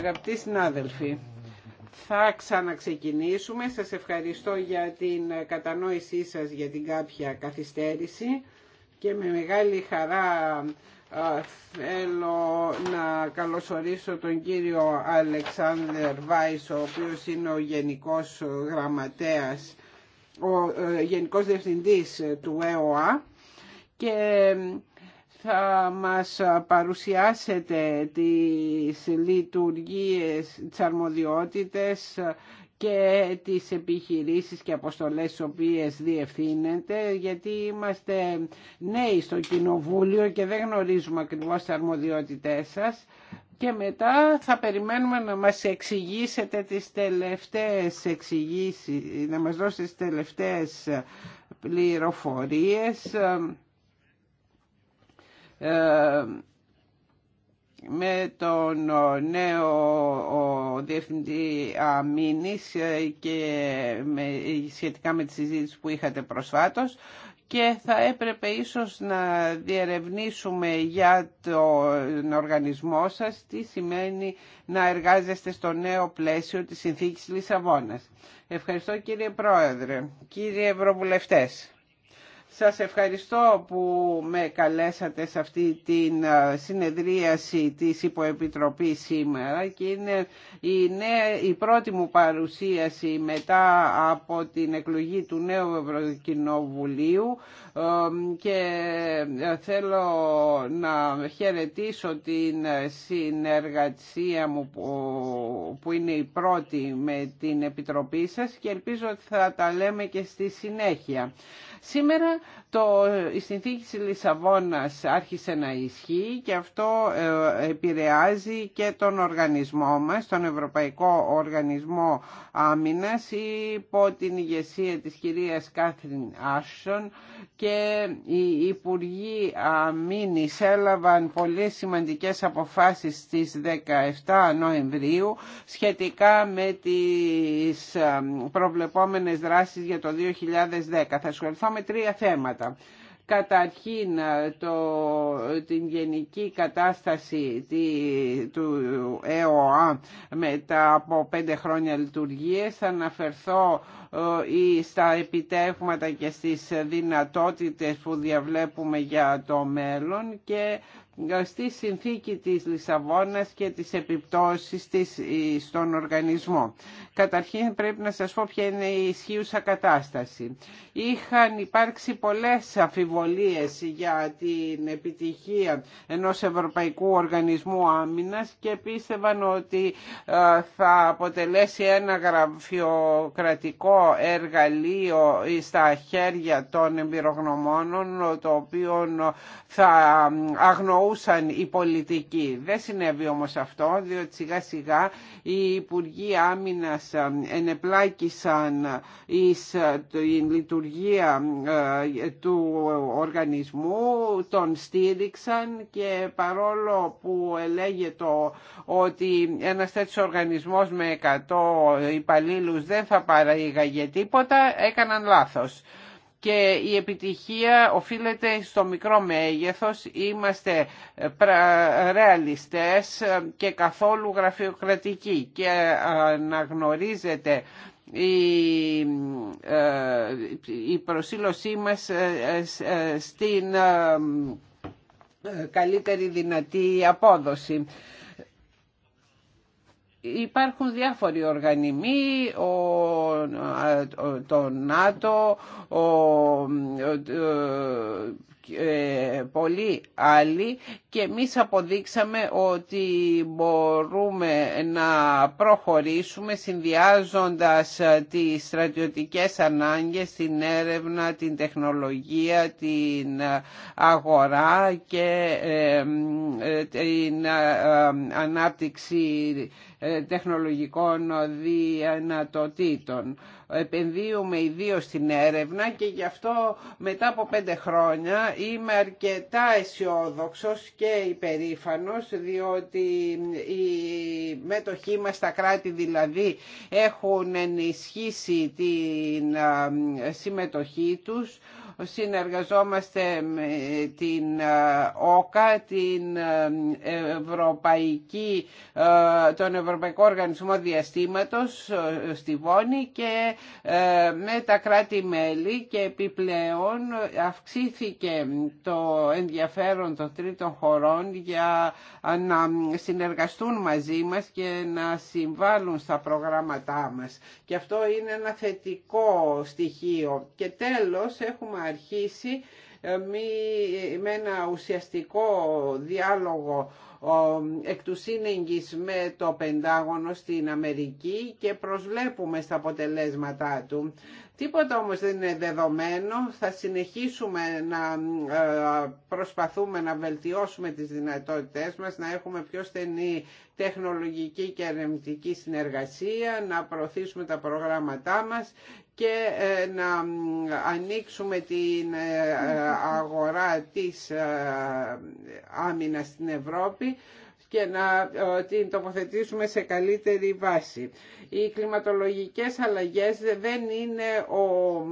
Αγαπητοί συνάδελφοι, θα ξαναξεκινήσουμε. Σας ευχαριστώ για την κατανόησή σας για την κάποια καθυστέρηση και με μεγάλη χαρά θέλω να καλωσορίσω τον κύριο Αλεξάνδρ Βάης, ο οποίος είναι ο Γενικός Γραμματέας, ο ε, Γενικός Διευθυντής του ΕΟΑ και θα μας παρουσιάσετε τις λειτουργίες, τις αρμοδιότητες και τις επιχειρήσεις και αποστολές τις οποίες διευθύνεται γιατί είμαστε νέοι στο Κοινοβούλιο και δεν γνωρίζουμε ακριβώς τις αρμοδιότητές σας και μετά θα περιμένουμε να μας εξηγήσετε τις τελευταίες εξηγήσεις, να μας δώσετε τις τελευταίες πληροφορίες ε, με τον ε, νέο ο Διευθυντή Αμήνης ε, και σχετικά με τη συζήτηση που είχατε προσφάτως και θα έπρεπε ίσως να διερευνήσουμε για τον οργανισμό σας τι σημαίνει να εργάζεστε στο νέο πλαίσιο της Συνθήκης Λισαβόνας. Ευχαριστώ κύριε Πρόεδρε, Κύριε Ευρωβουλευτές. Σας ευχαριστώ που με καλέσατε σε αυτή την συνεδρίαση της Υποεπιτροπής σήμερα και είναι η, πρώτη μου παρουσίαση μετά από την εκλογή του νέου Ευρωκοινοβουλίου ε, και ε, θέλω να χαιρετήσω την συνεργασία μου που είναι η πρώτη με την Επιτροπή σας και ελπίζω ότι θα τα λέμε και στη συνέχεια. Σήμερα το, η συνθήκη της Λισαβόνας άρχισε να ισχύει και αυτό ε, επηρεάζει και τον οργανισμό μας, τον Ευρωπαϊκό Οργανισμό Άμυνας υπό την ηγεσία της κυρίας Κάθριν Άσον και οι Υπουργοί Αμήνης έλαβαν πολύ σημαντικές αποφάσεις στις 17 Νοεμβρίου σχετικά με τις ε, προβλεπόμενες δράσεις για το 2010. Θα ασχοληθώ με τρία θέματα Καταρχήν ε, το, την γενική κατάσταση τη, του ΕΟΑ μετά από πέντε χρόνια λειτουργίες θα αναφερθώ ε, στα επιτεύγματα και στις δυνατότητες που διαβλέπουμε για το μέλλον και στη συνθήκη της Λισαβόνας και της επιπτώσεις της ε, στον οργανισμό. Καταρχήν πρέπει να σας πω ποια είναι η ισχύουσα κατάσταση. Είχαν υπάρξει πολλές αφιβολίες για την επιτυχία ενός Ευρωπαϊκού Οργανισμού Άμυνας και πίστευαν ότι ε, θα αποτελέσει ένα γραφειοκρατικό εργαλείο στα χέρια των εμπειρογνωμόνων, το οποίο θα αγνοούν εννοούσαν οι πολιτικοί. Δεν συνέβη όμως αυτό, διότι σιγά σιγά οι Υπουργοί Άμυνας ε, ενεπλάκησαν εις ε, την λειτουργία ε, του οργανισμού, τον στήριξαν και παρόλο που το ότι ένας τέτοιος οργανισμός με 100 υπαλλήλους δεν θα παραήγαγε τίποτα, έκαναν λάθος και η επιτυχία οφείλεται στο μικρό μέγεθος. Είμαστε ε, ρεαλιστές ε, και καθόλου γραφειοκρατικοί και ε, αναγνωρίζεται η προσήλωσή μας στην καλύτερη δυνατή απόδοση υπάρχουν διάφοροι οργανισμοί, ο, το ΝΑΤΟ, ο, ε, πολλοί άλλοι και εμείς αποδείξαμε ότι μπορούμε να προχωρήσουμε συνδυάζοντας τις στρατιωτικές ανάγκες, την έρευνα, την τεχνολογία, την αγορά και ε, ε, την ε, ανάπτυξη ε, τεχνολογικών δυνατοτήτων. Επενδύουμε ιδίως στην έρευνα και γι' αυτό μετά από πέντε χρόνια είμαι αρκετά αισιόδοξο και υπερήφανος διότι οι μέτοχοί μας στα κράτη δηλαδή έχουν ενισχύσει την ε, συμμετοχή τους συνεργαζόμαστε με την ε, ΟΚΑ, την ε, Ευρωπαϊκή, ε, τον Ευρωπαϊκό Οργανισμό Διαστήματος στη Βόνη και με τα κράτη-μέλη και επιπλέον αυξήθηκε το ενδιαφέρον των τρίτων χωρών για να συνεργαστούν μαζί μας και να συμβάλλουν στα προγράμματά μας. Και αυτό είναι ένα θετικό στοιχείο. Και τέλος έχουμε αρχίσει ε, με ένα ουσιαστικό διάλογο εκ του σύνεγγις με το Πεντάγωνο στην Αμερική και προσβλέπουμε στα αποτελέσματά του. Τίποτα όμως δεν είναι δεδομένο. Θα συνεχίσουμε να ε, προσπαθούμε να βελτιώσουμε τις δυνατότητές μας, να έχουμε πιο στενή τεχνολογική και ερευνητική συνεργασία, να προωθήσουμε τα προγράμματά μας και ε, να ανοίξουμε την ε, ε, αγορά της άμυνας στην Ευρώπη και να ε, την τοποθετήσουμε σε καλύτερη βάση. Οι κλιματολογικές αλλαγές δεν είναι ο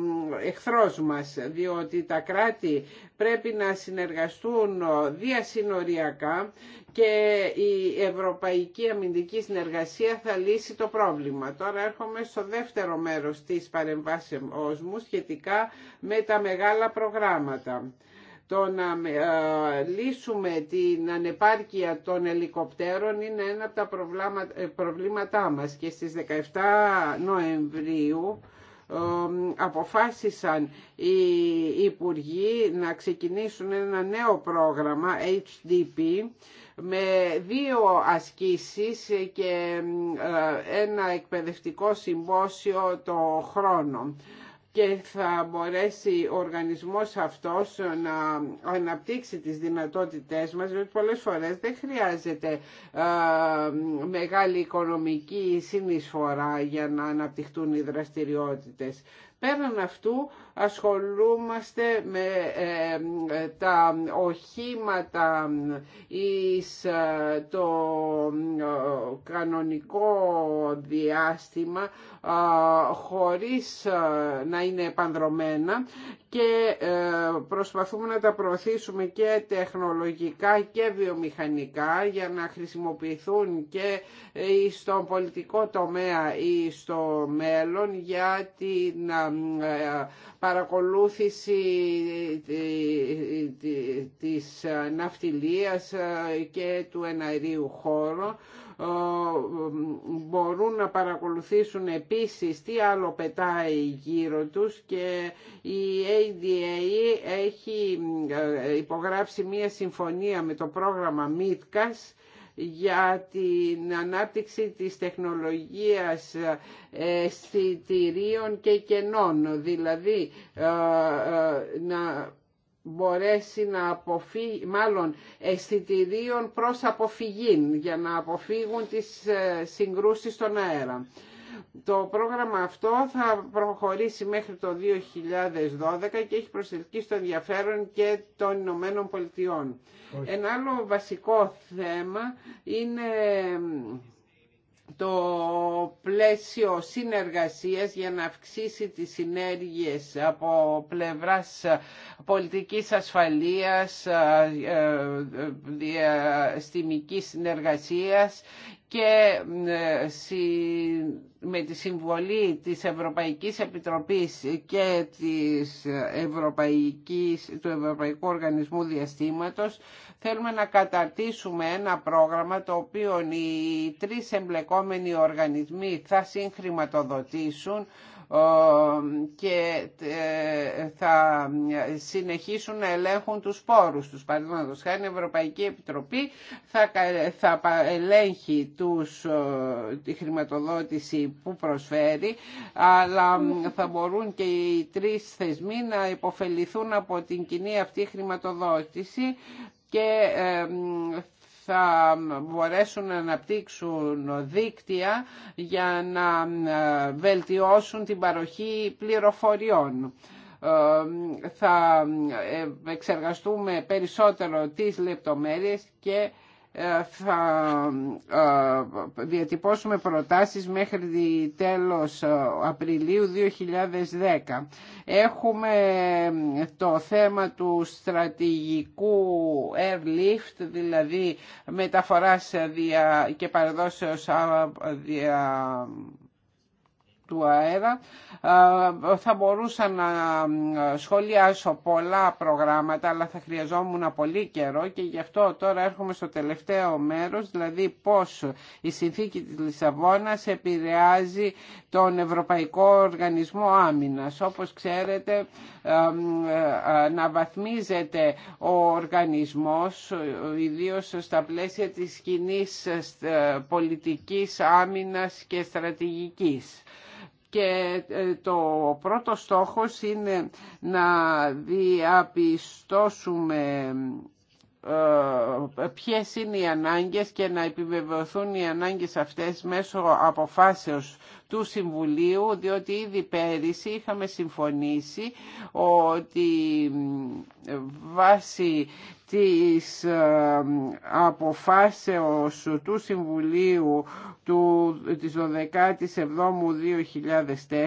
εχθρός μας, διότι τα κράτη πρέπει να συνεργαστούν διασυνοριακά και η Ευρωπαϊκή Αμυντική Συνεργασία θα λύσει το πρόβλημα. Τώρα έρχομαι στο δεύτερο μέρος της παρεμβάσεως μου σχετικά με τα μεγάλα προγράμματα. Το να ε, λύσουμε την ανεπάρκεια των ελικοπτέρων είναι ένα από τα ε, προβλήματά μας και στις 17 Νοεμβρίου ε, αποφάσισαν οι Υπουργοί να ξεκινήσουν ένα νέο πρόγραμμα HDP με δύο ασκήσεις και ένα εκπαιδευτικό συμπόσιο το χρόνο και θα μπορέσει ο οργανισμός αυτός να αναπτύξει τις δυνατότητές μας, διότι πολλές φορές δεν χρειάζεται ε, μεγάλη οικονομική συνεισφορά για να αναπτυχθούν οι δραστηριότητες. Πέραν αυτού ασχολούμαστε με ε, ε, τα οχήματα εις το κανονικό διάστημα χωρίς να είναι επανδρομένα και ε, προσπαθούμε να τα προωθήσουμε και τεχνολογικά και βιομηχανικά για να χρησιμοποιηθούν και ε, στον πολιτικό τομέα ή στο μέλλον για την ε, παρακολούθηση της ναυτιλίας και του εναερίου χώρου ε, μπορούν να παρακολουθήσουν επίσης τι άλλο πετάει γύρω τους και η ADA έχει ε, υπογράψει μία συμφωνία με το πρόγραμμα MITCAS για την ανάπτυξη της τεχνολογίας αισθητηρίων και κενών, δηλαδή ε, να μπορέσει να αποφύγει, μάλλον αισθητηρίων προς αποφυγή για να αποφύγουν τις ε, συγκρούσεις στον αέρα. Το πρόγραμμα αυτό θα προχωρήσει μέχρι το 2012 και έχει προσελκύσει στο ενδιαφέρον και των Ηνωμένων Πολιτειών. Ένα άλλο βασικό θέμα είναι το πλαίσιο συνεργασίας για να αυξήσει τις συνέργειες από πλευράς πολιτικής ασφαλείας, διαστημικής συνεργασίας και ε, με τη συμβολή της Ευρωπαϊκής Επιτροπής και της Ευρωπαϊκής, του Ευρωπαϊκού Οργανισμού Διαστήματος θέλουμε να καταρτήσουμε ένα πρόγραμμα το οποίο οι τρεις εμπλεκόμενοι οργανισμοί θα συγχρηματοδοτήσουν και ε, θα συνεχίσουν να ελέγχουν τους πόρους τους. Παραδείγματος χάρη η Ευρωπαϊκή Επιτροπή θα, θα ελέγχει τους, ε, τη χρηματοδότηση που προσφέρει αλλά θα μπορούν και οι τρεις θεσμοί να υποφεληθούν από την κοινή αυτή χρηματοδότηση και θα μπορέσουν να αναπτύξουν δίκτυα για να ε, βελτιώσουν την παροχή πληροφοριών ε, θα ε, εξεργαστούμε περισσότερο τις λεπτομέρειες και ε, θα ε, διατυπώσουμε προτάσεις μέχρι τέλος ε, Απριλίου 2010. Έχουμε το θέμα του στρατηγικού airlift, δηλαδή μεταφοράς και παραδόσεως δια του αέρα θα μπορούσα να σχολιάσω πολλά προγράμματα αλλά θα χρειαζόμουν πολύ καιρό και γι' αυτό τώρα έρχομαι στο τελευταίο μέρος δηλαδή πώς η συνθήκη της Λισαβόνας επηρεάζει τον Ευρωπαϊκό Οργανισμό Άμυνας όπως ξέρετε ε, να βαθμίζεται ο οργανισμός ιδίως στα πλαίσια της κοινή ε, πολιτικής άμυνας και στρατηγικής και ε, το πρώτο στόχος είναι να διαπιστώσουμε ε, ποιες είναι οι ανάγκες και να επιβεβαιωθούν οι ανάγκες αυτές μέσω αποφάσεως του Συμβουλίου, διότι ήδη πέρυσι είχαμε συμφωνήσει ότι ε, βάσει της αποφάσεως του Συμβουλίου του, της 12ης Εβδόμου 2004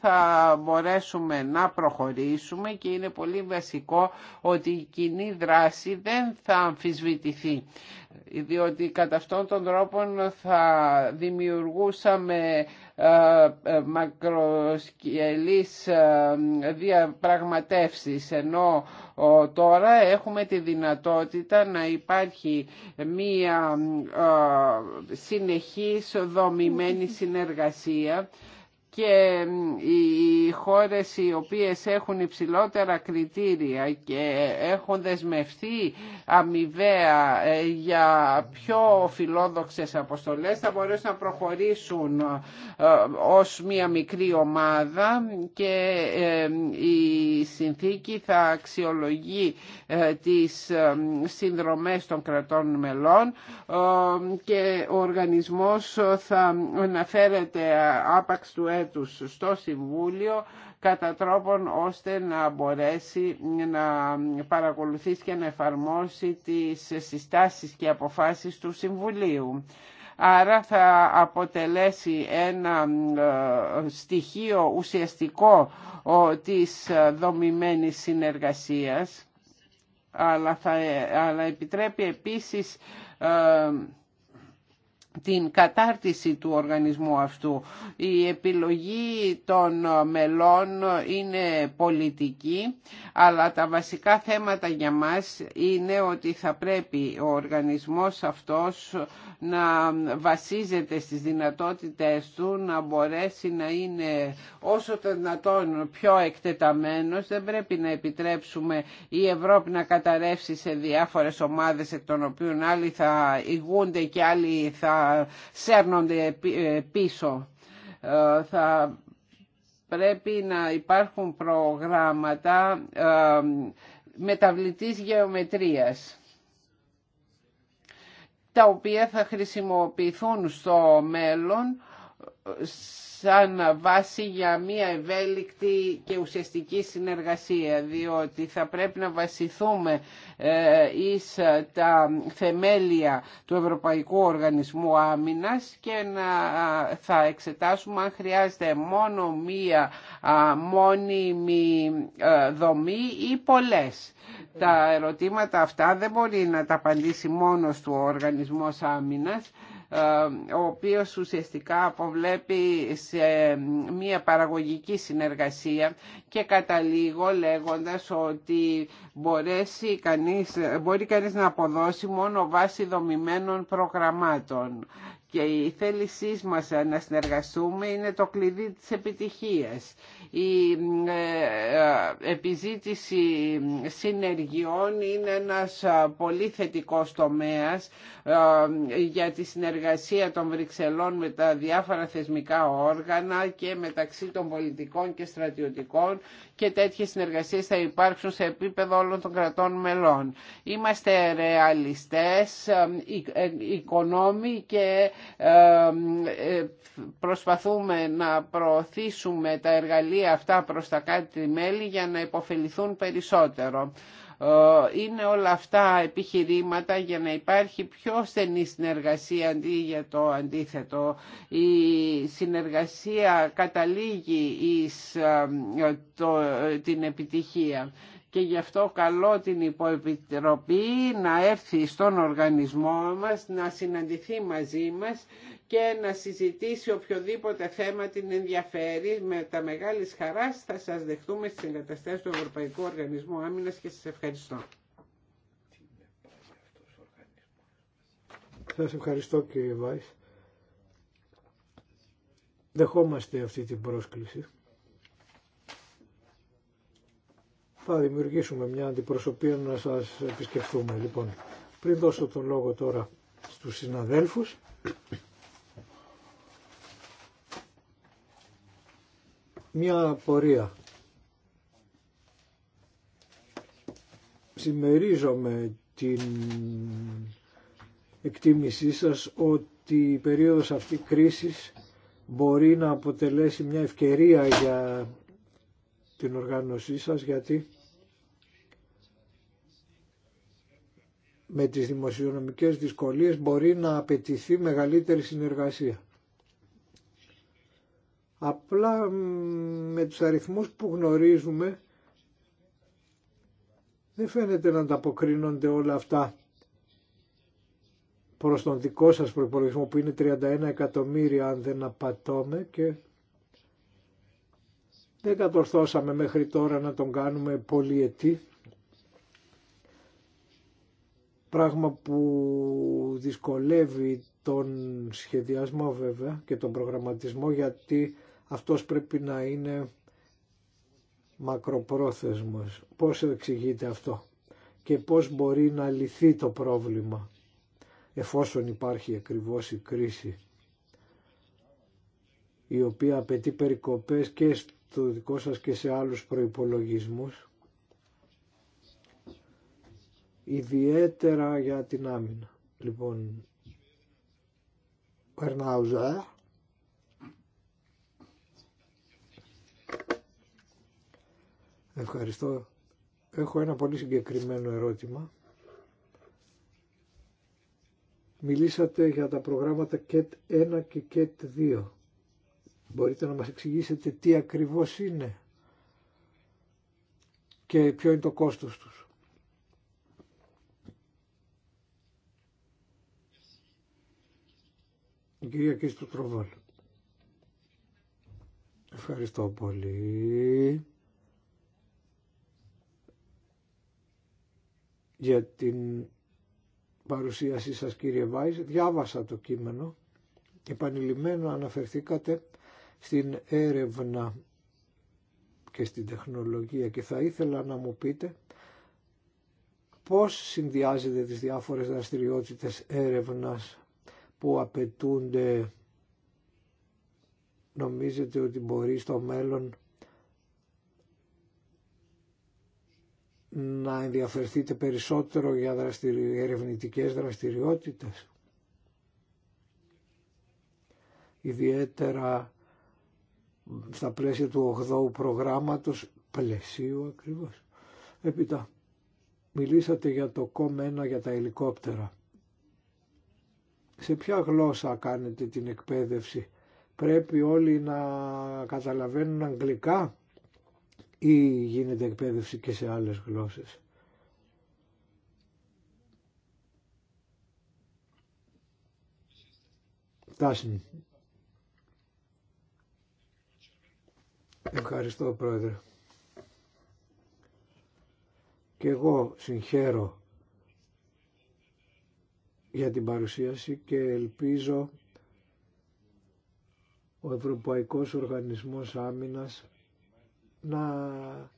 θα μπορέσουμε να προχωρήσουμε και είναι πολύ βασικό ότι η κοινή δράση δεν θα αμφισβητηθεί διότι κατά αυτόν τον τρόπο θα δημιουργούσαμε ε, ε, μακροσκελής ε, διαπραγματεύσεις ενώ τώρα έχουμε τη δυνατότητα να υπάρχει μία συνεχής δομημένη συνεργασία και οι χώρες οι οποίες έχουν υψηλότερα κριτήρια και έχουν δεσμευτεί αμοιβαία ε, για πιο φιλόδοξες αποστολές θα μπορέσουν να προχωρήσουν ε, ως μία μικρή ομάδα και ε, η συνθήκη θα αξιολογεί τις συνδρομές των κρατών μελών και ο οργανισμός θα αναφέρεται άπαξ του τους στο Συμβούλιο κατά τρόπον ώστε να μπορέσει να παρακολουθήσει και να εφαρμόσει τις συστάσεις και αποφάσεις του Συμβουλίου. Άρα θα αποτελέσει ένα ε, στοιχείο ουσιαστικό της δομημένης συνεργασίας αλλά, θα, ε, επιτρέπει επίσης ε, την κατάρτιση του οργανισμού αυτού. Η επιλογή των μελών είναι πολιτική, αλλά τα βασικά θέματα για μας είναι ότι θα πρέπει ο οργανισμός αυτός να βασίζεται στις δυνατότητες του, να μπορέσει να είναι όσο το δυνατόν πιο εκτεταμένος. Δεν πρέπει να επιτρέψουμε η Ευρώπη να καταρρεύσει σε διάφορες ομάδες εκ των οποίων άλλοι θα ηγούνται και άλλοι θα σέρνονται ε, πίσω. Ε, θα πρέπει να υπάρχουν προγράμματα ε, μεταβλητής γεωμετρίας τα οποία θα χρησιμοποιηθούν στο μέλλον σαν βάση για μια ευέλικτη και ουσιαστική συνεργασία διότι θα πρέπει να βασιθούμε ε, εις τα θεμέλια του Ευρωπαϊκού Οργανισμού Άμυνας και να θα εξετάσουμε αν χρειάζεται μόνο μία μόνιμη ε, δομή ή πολλές. Τα ερωτήματα αυτά δεν μπορεί να τα απαντήσει μόνος του ο Οργανισμός Άμυνας ε, ο οποίος ουσιαστικά αποβλέπει σε μια παραγωγική συνεργασία και καταλήγω λέγοντας ότι μπορέσει κανείς, μπορεί κανείς να αποδώσει μόνο βάσει δομημένων προγραμμάτων και η θέλησή μας να συνεργαστούμε είναι το κλειδί της επιτυχίας. Η ε, ε, επιζήτηση συνεργειών είναι ένας ε, πολύ θετικός τομέας για τη συνεργασία των Βρυξελών με τα διάφορα θεσμικά όργανα και μεταξύ των πολιτικών και στρατιωτικών και τέτοιε συνεργασίε θα υπάρξουν σε επίπεδο όλων των κρατών μελών. Είμαστε ρεαλιστές, ε, ε, οικονόμοι και ε, προσπαθούμε να προωθήσουμε τα εργαλεία αυτά προς τα κάτι μέλη για να υποφεληθούν περισσότερο. Ε, είναι όλα αυτά επιχειρήματα για να υπάρχει πιο στενή συνεργασία αντί για το αντίθετο. Η συνεργασία καταλήγει εις ε, ε, την επιτυχία και γι' αυτό καλό την υποεπιτροπή να έρθει στον οργανισμό μας, να συναντηθεί μαζί μας και να συζητήσει οποιοδήποτε θέμα την ενδιαφέρει. Με τα μεγάλη χαρά θα σας δεχτούμε στις εγκαταστάσεις του Ευρωπαϊκού Οργανισμού Άμυνας και σας ευχαριστώ. Σας ευχαριστώ κύριε Βάης. Δεχόμαστε αυτή την πρόσκληση. Θα δημιουργήσουμε μια αντιπροσωπεία να σας επισκεφθούμε. Λοιπόν, πριν δώσω τον λόγο τώρα στους συναδέλφους, μια πορεια Συμμερίζομαι την εκτίμησή σας ότι η περίοδος αυτή κρίσης μπορεί να αποτελέσει μια ευκαιρία για την οργάνωσή σας γιατί με τις δημοσιονομικές δυσκολίες μπορεί να απαιτηθεί μεγαλύτερη συνεργασία. Απλά με τους αριθμούς που γνωρίζουμε δεν φαίνεται να ανταποκρίνονται όλα αυτά προς τον δικό σας προπολογισμό που είναι 31 εκατομμύρια αν δεν απατώμε και δεν κατορθώσαμε μέχρι τώρα να τον κάνουμε πολυετή πράγμα που δυσκολεύει τον σχεδιασμό βέβαια και τον προγραμματισμό γιατί αυτός πρέπει να είναι μακροπρόθεσμος. Πώς εξηγείται αυτό και πώς μπορεί να λυθεί το πρόβλημα εφόσον υπάρχει ακριβώς η κρίση η οποία απαιτεί περικοπές και στο δικό σας και σε άλλους προϋπολογισμούς ιδιαίτερα για την άμυνα. Λοιπόν, Περνάουζα Ευχαριστώ. Έχω ένα πολύ συγκεκριμένο ερώτημα. Μιλήσατε για τα προγράμματα ΚΕΤ 1 και ΚΕΤ 2. Μπορείτε να μας εξηγήσετε τι ακριβώς είναι και ποιο είναι το κόστος τους. Η κυρία Κίστου Τροβόλ. Ευχαριστώ πολύ. για την παρουσίασή σας κύριε Βάιζ. Διάβασα το κείμενο. επανειλημμένο αναφερθήκατε στην έρευνα και στην τεχνολογία και θα ήθελα να μου πείτε πώς συνδυάζετε τις διάφορες δραστηριότητες έρευνας που απαιτούνται νομίζετε ότι μπορεί στο μέλλον να ενδιαφερθείτε περισσότερο για δραστηρι... ερευνητικές δραστηριότητες. Ιδιαίτερα στα πλαίσια του 8ου προγράμματος, πλαισίου ακριβώς. Έπειτα, μιλήσατε για το κόμμα για τα ελικόπτερα. Σε ποια γλώσσα κάνετε την εκπαίδευση. Πρέπει όλοι να καταλαβαίνουν αγγλικά ή γίνεται εκπαίδευση και σε άλλες γλώσσες. Ευχαριστώ πρόεδρε. Και εγώ συγχαίρω για την παρουσίαση και ελπίζω ο Ευρωπαϊκός Οργανισμός Άμυνας να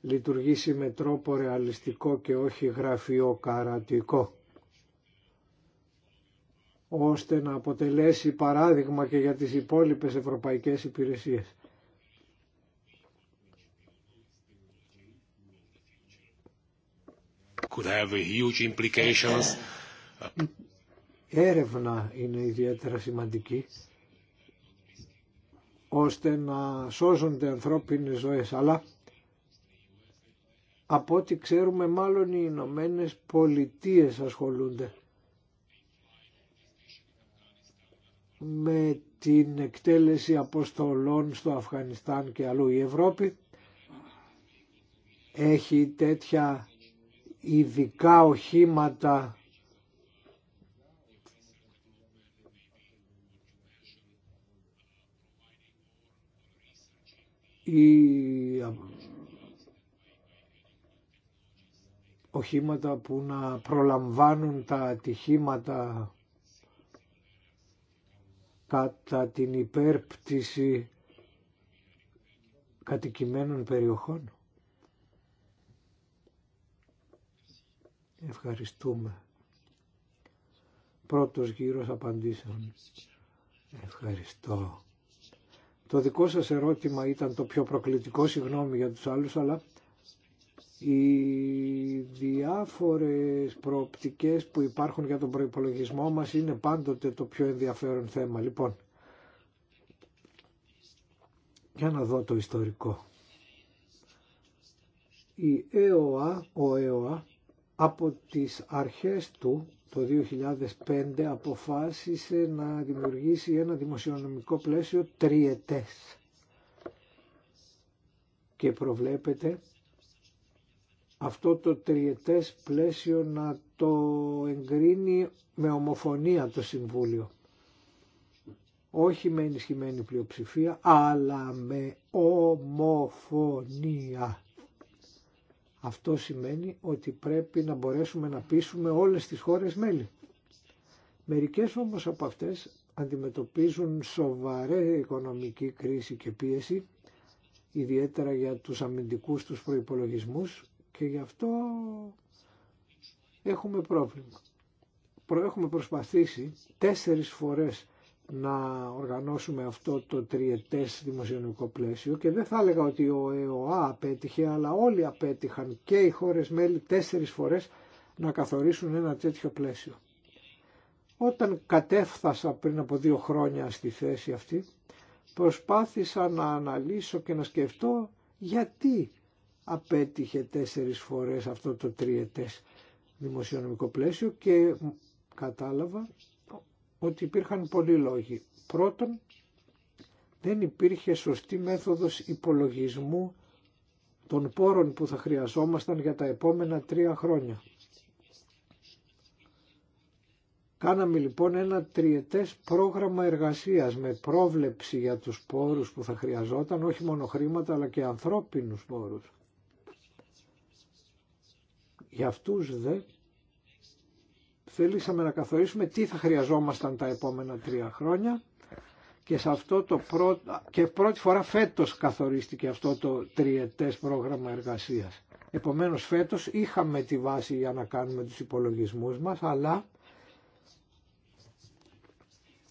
λειτουργήσει με τρόπο ρεαλιστικό και όχι γραφειοκαρατικό ώστε να αποτελέσει παράδειγμα και για τις υπόλοιπες ευρωπαϊκές υπηρεσίες. Could have huge implications. Ε, ε, έρευνα είναι ιδιαίτερα σημαντική ώστε να σώζονται ανθρώπινες ζωές. Αλλά από ό,τι ξέρουμε μάλλον οι Ηνωμένε Πολιτείε ασχολούνται με την εκτέλεση αποστολών στο Αφγανιστάν και αλλού. Η Ευρώπη έχει τέτοια ειδικά οχήματα ή οχήματα που να προλαμβάνουν τα ατυχήματα κατά την υπέρπτυση κατοικημένων περιοχών. Ευχαριστούμε. Πρώτος γύρος απαντήσεων. Ευχαριστώ. Το δικό σας ερώτημα ήταν το πιο προκλητικό, συγγνώμη για τους άλλους, αλλά οι διάφορες προοπτικές που υπάρχουν για τον προϋπολογισμό μας είναι πάντοτε το πιο ενδιαφέρον θέμα. Λοιπόν, για να δω το ιστορικό. Η ΕΟΑ, ο ΕΟΑ, από τις αρχές του το 2005 αποφάσισε να δημιουργήσει ένα δημοσιονομικό πλαίσιο τριετές και προβλέπεται αυτό το τριετές πλαίσιο να το εγκρίνει με ομοφωνία το Συμβούλιο. Όχι με ενισχυμένη πλειοψηφία, αλλά με ομοφωνία. Αυτό σημαίνει ότι πρέπει να μπορέσουμε να πείσουμε όλες τις χώρες μέλη. Μερικές όμως από αυτές αντιμετωπίζουν σοβαρή οικονομική κρίση και πίεση, ιδιαίτερα για τους αμυντικούς τους προϋπολογισμούς και γι' αυτό έχουμε πρόβλημα. Έχουμε προσπαθήσει τέσσερις φορές να οργανώσουμε αυτό το τριετές δημοσιονομικό πλαίσιο και δεν θα έλεγα ότι ο ΕΟΑ απέτυχε αλλά όλοι απέτυχαν και οι χώρες μέλη τέσσερις φορές να καθορίσουν ένα τέτοιο πλαίσιο. Όταν κατέφθασα πριν από δύο χρόνια στη θέση αυτή προσπάθησα να αναλύσω και να σκεφτώ γιατί απέτυχε τέσσερις φορές αυτό το τριετές δημοσιονομικό πλαίσιο και κατάλαβα ότι υπήρχαν πολλοί λόγοι. Πρώτον, δεν υπήρχε σωστή μέθοδος υπολογισμού των πόρων που θα χρειαζόμασταν για τα επόμενα τρία χρόνια. Κάναμε λοιπόν ένα τριετές πρόγραμμα εργασίας με πρόβλεψη για τους πόρους που θα χρειαζόταν, όχι μόνο χρήματα αλλά και ανθρώπινους πόρους. Για αυτούς δε Θέλησαμε να καθορίσουμε τι θα χρειαζόμασταν τα επόμενα τρία χρόνια και, σε αυτό το και πρώτη φορά φέτος καθορίστηκε αυτό το τριετές πρόγραμμα εργασίας. Επομένως φέτος είχαμε τη βάση για να κάνουμε τους υπολογισμούς μας, αλλά,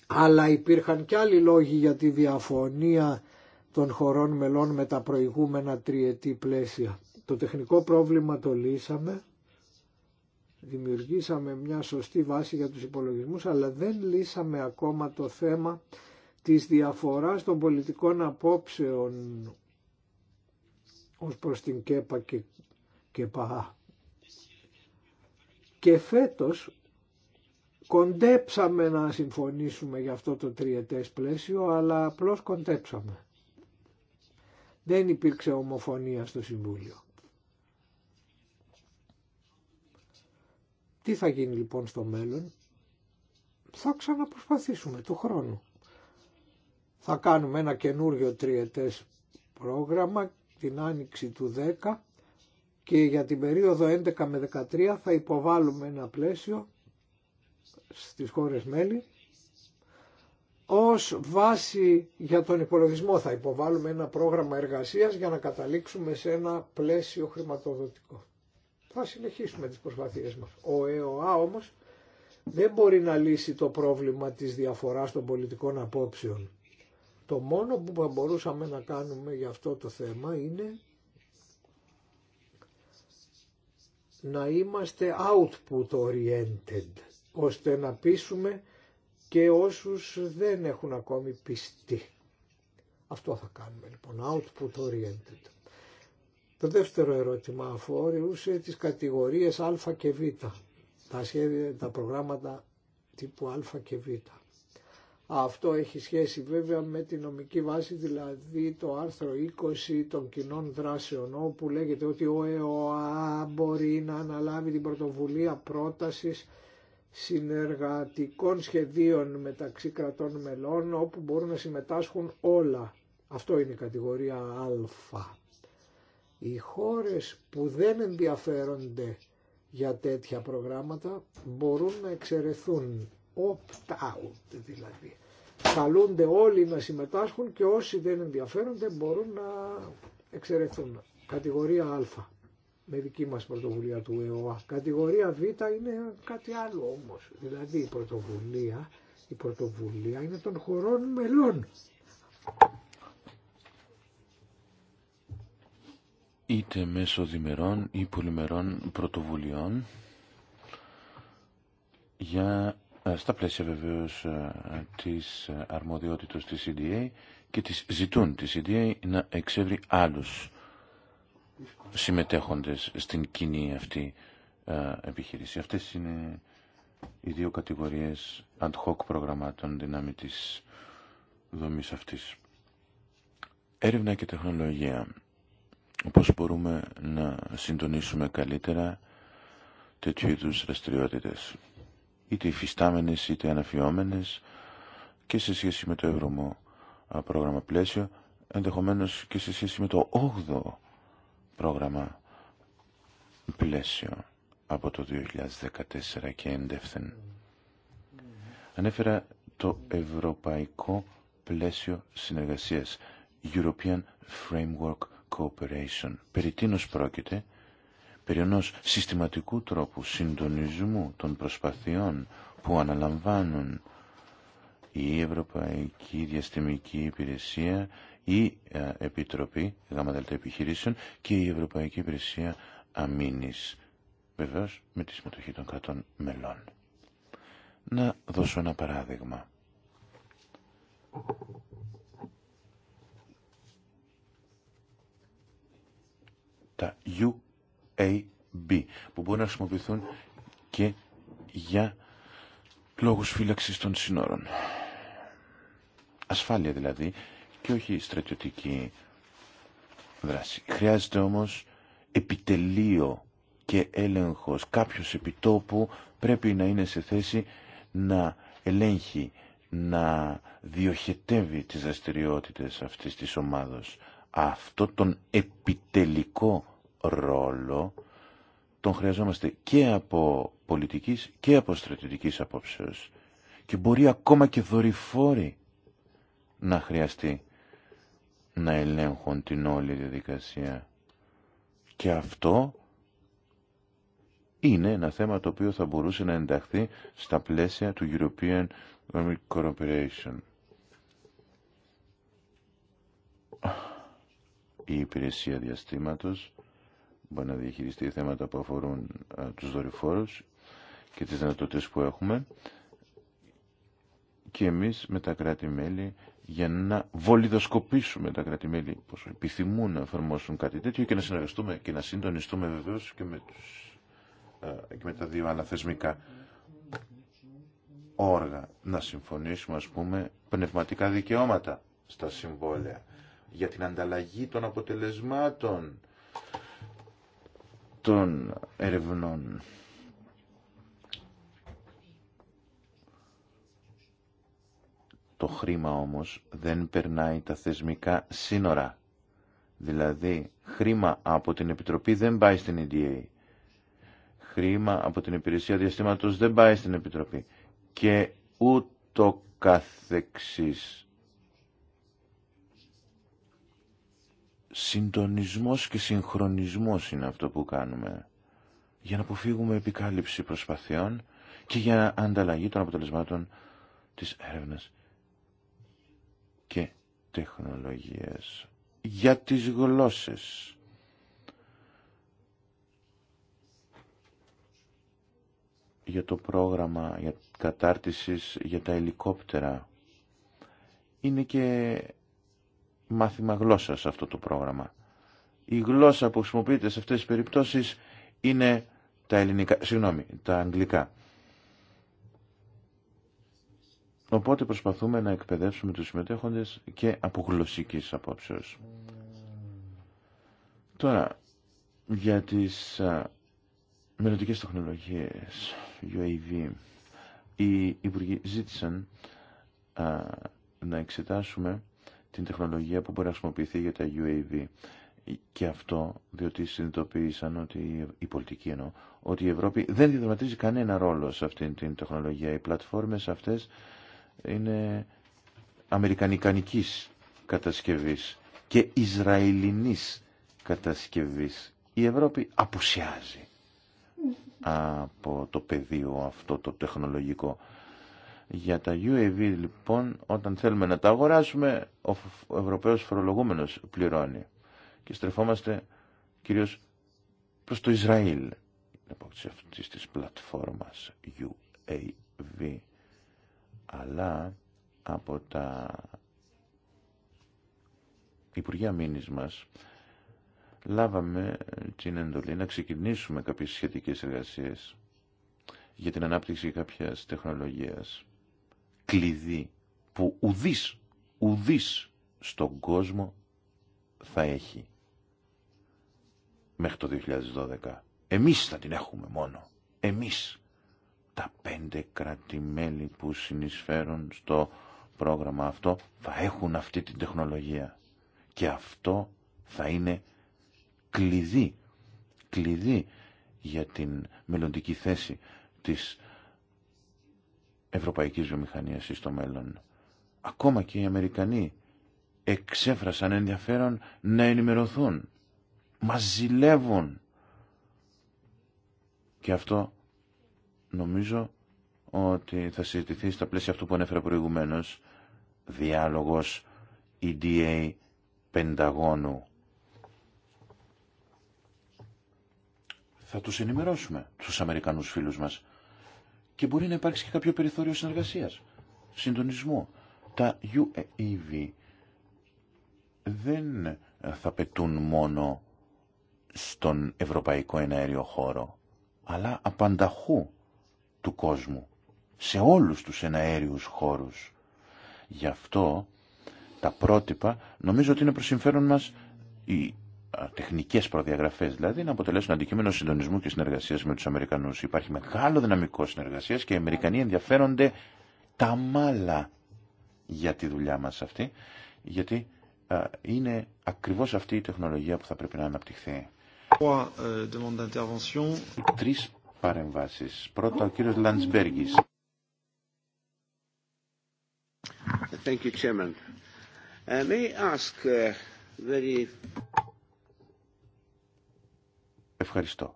αλλά υπήρχαν και άλλοι λόγοι για τη διαφωνία των χωρών μελών με τα προηγούμενα τριετή πλαίσια. Το τεχνικό πρόβλημα το λύσαμε δημιουργήσαμε μια σωστή βάση για τους υπολογισμούς, αλλά δεν λύσαμε ακόμα το θέμα της διαφοράς των πολιτικών απόψεων ως προς την ΚΕΠΑ και ΚΕΠΑ. Και φέτος κοντέψαμε να συμφωνήσουμε για αυτό το τριετές πλαίσιο, αλλά απλώς κοντέψαμε. Δεν υπήρξε ομοφωνία στο Συμβούλιο. Τι θα γίνει λοιπόν στο μέλλον. Θα ξαναπροσπαθήσουμε του χρόνου. Θα κάνουμε ένα καινούριο τριετές πρόγραμμα την άνοιξη του 10 και για την περίοδο 11 με 13 θα υποβάλουμε ένα πλαίσιο στις χώρες μέλη ως βάση για τον υπολογισμό θα υποβάλουμε ένα πρόγραμμα εργασίας για να καταλήξουμε σε ένα πλαίσιο χρηματοδοτικό. Θα συνεχίσουμε τις προσπαθίες μας. Ο ΕΟΑ όμως δεν μπορεί να λύσει το πρόβλημα της διαφοράς των πολιτικών απόψεων. Το μόνο που μπορούσαμε να κάνουμε για αυτό το θέμα είναι να είμαστε output oriented, ώστε να πείσουμε και όσους δεν έχουν ακόμη πιστεί. Αυτό θα κάνουμε λοιπόν, output oriented. Το δεύτερο ερώτημα αφορούσε τις κατηγορίες α και β, τα, σχέδια, τα προγράμματα τύπου α και β. Αυτό έχει σχέση βέβαια με τη νομική βάση, δηλαδή το άρθρο 20 των κοινών δράσεων, όπου λέγεται ότι ο ΕΟΑ μπορεί να αναλάβει την πρωτοβουλία πρότασης συνεργατικών σχεδίων μεταξύ κρατών μελών, όπου μπορούν να συμμετάσχουν όλα. Αυτό είναι η κατηγορία Α. Οι χώρες που δεν ενδιαφέρονται για τέτοια προγράμματα μπορούν να εξαιρεθούν opt-out δηλαδή. Καλούνται όλοι να συμμετάσχουν και όσοι δεν ενδιαφέρονται μπορούν να εξαιρεθούν. Κατηγορία Α με δική μας πρωτοβουλία του ΕΟΑ. Κατηγορία Β είναι κάτι άλλο όμως. Δηλαδή η πρωτοβουλία, η πρωτοβουλία είναι των χωρών μελών. είτε μέσω διμερών ή πολυμερών πρωτοβουλειών για, ε, στα πλαίσια βεβαίως ε, της αρμοδιότητας της CDA και της ζητούν της CDA να εξεύρει άλλους συμμετέχοντες στην κοινή αυτή ε, επιχείρηση. Αυτές είναι οι δύο κατηγορίες ad hoc προγραμμάτων δυνάμει της δομής αυτής. Έρευνα και τεχνολογία πώς μπορούμε να συντονίσουμε καλύτερα τέτοιου είδους δραστηριότητε, είτε υφιστάμενες είτε αναφιόμενες και σε σχέση με το Ευρωμό πρόγραμμα πλαίσιο, ενδεχομένως και σε σχέση με το 8ο πρόγραμμα πλαίσιο από το 2014 και εντεύθεν. Ανέφερα το Ευρωπαϊκό Πλαίσιο Συνεργασίας, European Framework cooperation. Περί τίνος πρόκειται, περί ενός συστηματικού τρόπου συντονισμού των προσπαθειών που αναλαμβάνουν η Ευρωπαϊκή Διαστημική Υπηρεσία, η ε, Επιτροπή ΓΔΕ Επιχειρήσεων και η Ευρωπαϊκή Υπηρεσία Αμήνης, βεβαίως με τη συμμετοχή των κρατών μελών. Να δώσω ένα παράδειγμα. τα UAB, που μπορούν να χρησιμοποιηθούν και για λόγους φύλαξης των σύνορων. Ασφάλεια δηλαδή και όχι στρατιωτική δράση. Χρειάζεται όμως επιτελείο και έλεγχος. Κάποιος επιτόπου πρέπει να είναι σε θέση να ελέγχει, να διοχετεύει τις δραστηριότητες αυτής της ομάδος. Αυτό τον επιτελικό ρόλο τον χρειαζόμαστε και από πολιτικής και από στρατιωτικής απόψεως και μπορεί ακόμα και δορυφόροι να χρειαστεί να ελέγχουν την όλη διαδικασία. Και αυτό είναι ένα θέμα το οποίο θα μπορούσε να ενταχθεί στα πλαίσια του European Economic Cooperation. Η υπηρεσία διαστήματος μπορεί να διαχειριστεί θέματα που αφορούν τους δορυφόρους και τις δυνατότητες που έχουμε και εμείς με τα κράτη-μέλη για να βολιδοσκοπήσουμε τα κράτη-μέλη που επιθυμούν να εφαρμόσουν κάτι τέτοιο και να συνεργαστούμε και να συντονιστούμε βεβαίως και με, τους, και με τα δύο αναθεσμικά όργα. Να συμφωνήσουμε ας πούμε πνευματικά δικαιώματα στα συμβόλαια για την ανταλλαγή των αποτελεσμάτων των ερευνών. Το χρήμα όμως δεν περνάει τα θεσμικά σύνορα. Δηλαδή, χρήμα από την Επιτροπή δεν πάει στην EDA. Χρήμα από την Υπηρεσία Διαστήματος δεν πάει στην Επιτροπή. Και ούτω καθεξής. συντονισμός και συγχρονισμός είναι αυτό που κάνουμε για να αποφύγουμε επικάλυψη προσπαθειών και για ανταλλαγή των αποτελεσμάτων της έρευνας και τεχνολογίας. Για τις γλώσσες. Για το πρόγραμμα για κατάρτισης για τα ελικόπτερα. Είναι και μάθημα γλώσσας σε αυτό το πρόγραμμα. Η γλώσσα που χρησιμοποιείται σε αυτές τις περιπτώσεις είναι τα, ελληνικά, συγγνώμη, τα αγγλικά. Οπότε προσπαθούμε να εκπαιδεύσουμε τους συμμετέχοντες και από γλωσσικής απόψεως. Τώρα, για τις μελλοντικές τεχνολογίες, UAV, οι Υπουργοί ζήτησαν να εξετάσουμε την τεχνολογία που μπορεί να χρησιμοποιηθεί για τα UAV. Και αυτό διότι συνειδητοποίησαν ότι η πολιτική εννοώ, ότι η Ευρώπη δεν διδραματίζει κανένα ρόλο σε αυτήν την τεχνολογία. Οι πλατφόρμες αυτές είναι αμερικανικανικής κατασκευής και Ισραηλινής κατασκευής. Η Ευρώπη απουσιάζει από το πεδίο αυτό το τεχνολογικό. Για τα UAV λοιπόν όταν θέλουμε να τα αγοράσουμε ο Ευρωπαίος φορολογούμενος πληρώνει και στρεφόμαστε κυρίως προς το Ισραήλ από αυτής της πλατφόρμας UAV αλλά από τα Υπουργεία Μήνης μας λάβαμε την εντολή να ξεκινήσουμε κάποιες σχετικές εργασίες για την ανάπτυξη κάποιας τεχνολογίας κλειδί που ουδής, ουδής στον κόσμο θα έχει μέχρι το 2012. Εμείς θα την έχουμε μόνο. Εμείς. Τα πέντε κρατημέλη που συνεισφέρουν στο πρόγραμμα αυτό θα έχουν αυτή την τεχνολογία. Και αυτό θα είναι κλειδί. Κλειδί για την μελλοντική θέση της ευρωπαϊκής βιομηχανίας στο μέλλον. Ακόμα και οι Αμερικανοί εξέφρασαν ενδιαφέρον να ενημερωθούν. μα ζηλεύουν. Και αυτό νομίζω ότι θα συζητηθεί στα πλαίσια αυτού που ανέφερα προηγουμένως διάλογος EDA Πενταγώνου. Θα τους ενημερώσουμε, τους Αμερικανούς φίλους μας, και μπορεί να υπάρξει και κάποιο περιθώριο συνεργασίας, συντονισμού. Τα UAV e δεν θα πετούν μόνο στον ευρωπαϊκό εναέριο χώρο, αλλά απανταχού του κόσμου, σε όλους τους εναέριους χώρους. Γι' αυτό τα πρότυπα νομίζω ότι είναι προς συμφέρον μας τεχνικές προδιαγραφές δηλαδή να αποτελέσουν αντικείμενο συντονισμού και συνεργασίας με τους Αμερικανούς. Υπάρχει μεγάλο δυναμικό συνεργασία και οι Αμερικανοί ενδιαφέρονται τα μάλα για τη δουλειά μας αυτή γιατί α, είναι ακριβώς αυτή η τεχνολογία που θα πρέπει να αναπτυχθεί. Ε, Τρει παρεμβάσει. Πρώτα ο κύριο Λαντσμπέργκη. Thank you, Chairman. Uh, may ask, uh, very... Ευχαριστώ.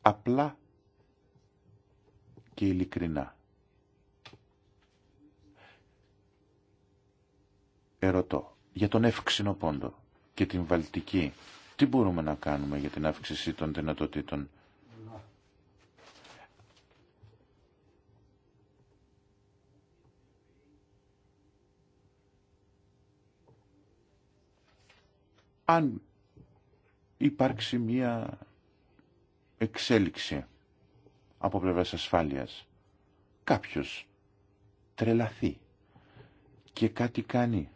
Απλά και ειλικρινά. Ερωτώ για τον εύξηνο πόντο και την βαλτική. Τι μπορούμε να κάνουμε για την αύξηση των δυνατοτήτων. Αν υπάρξει μία εξέλιξη από πλευράς ασφάλειας. Κάποιος τρελαθεί και κάτι κάνει.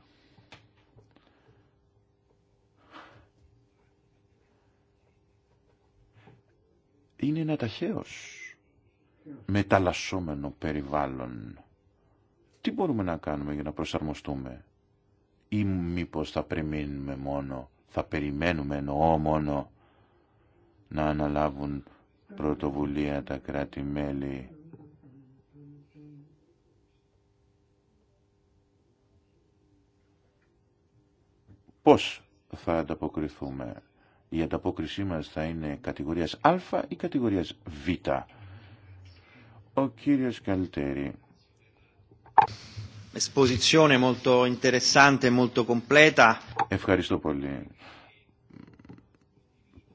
Είναι ένα ταχαίος μεταλλασσόμενο περιβάλλον. Τι μπορούμε να κάνουμε για να προσαρμοστούμε. Ή μήπως θα περιμένουμε μόνο, θα περιμένουμε εννοώ μόνο να αναλάβουν πρωτοβουλία τα κράτη-μέλη πώς θα ανταποκριθούμε. Η ανταπόκρισή μας θα είναι κατηγορίας Α ή κατηγορίας Β. Ο κύριος Καλτέρη. molto interessante, molto completa. Ευχαριστώ πολύ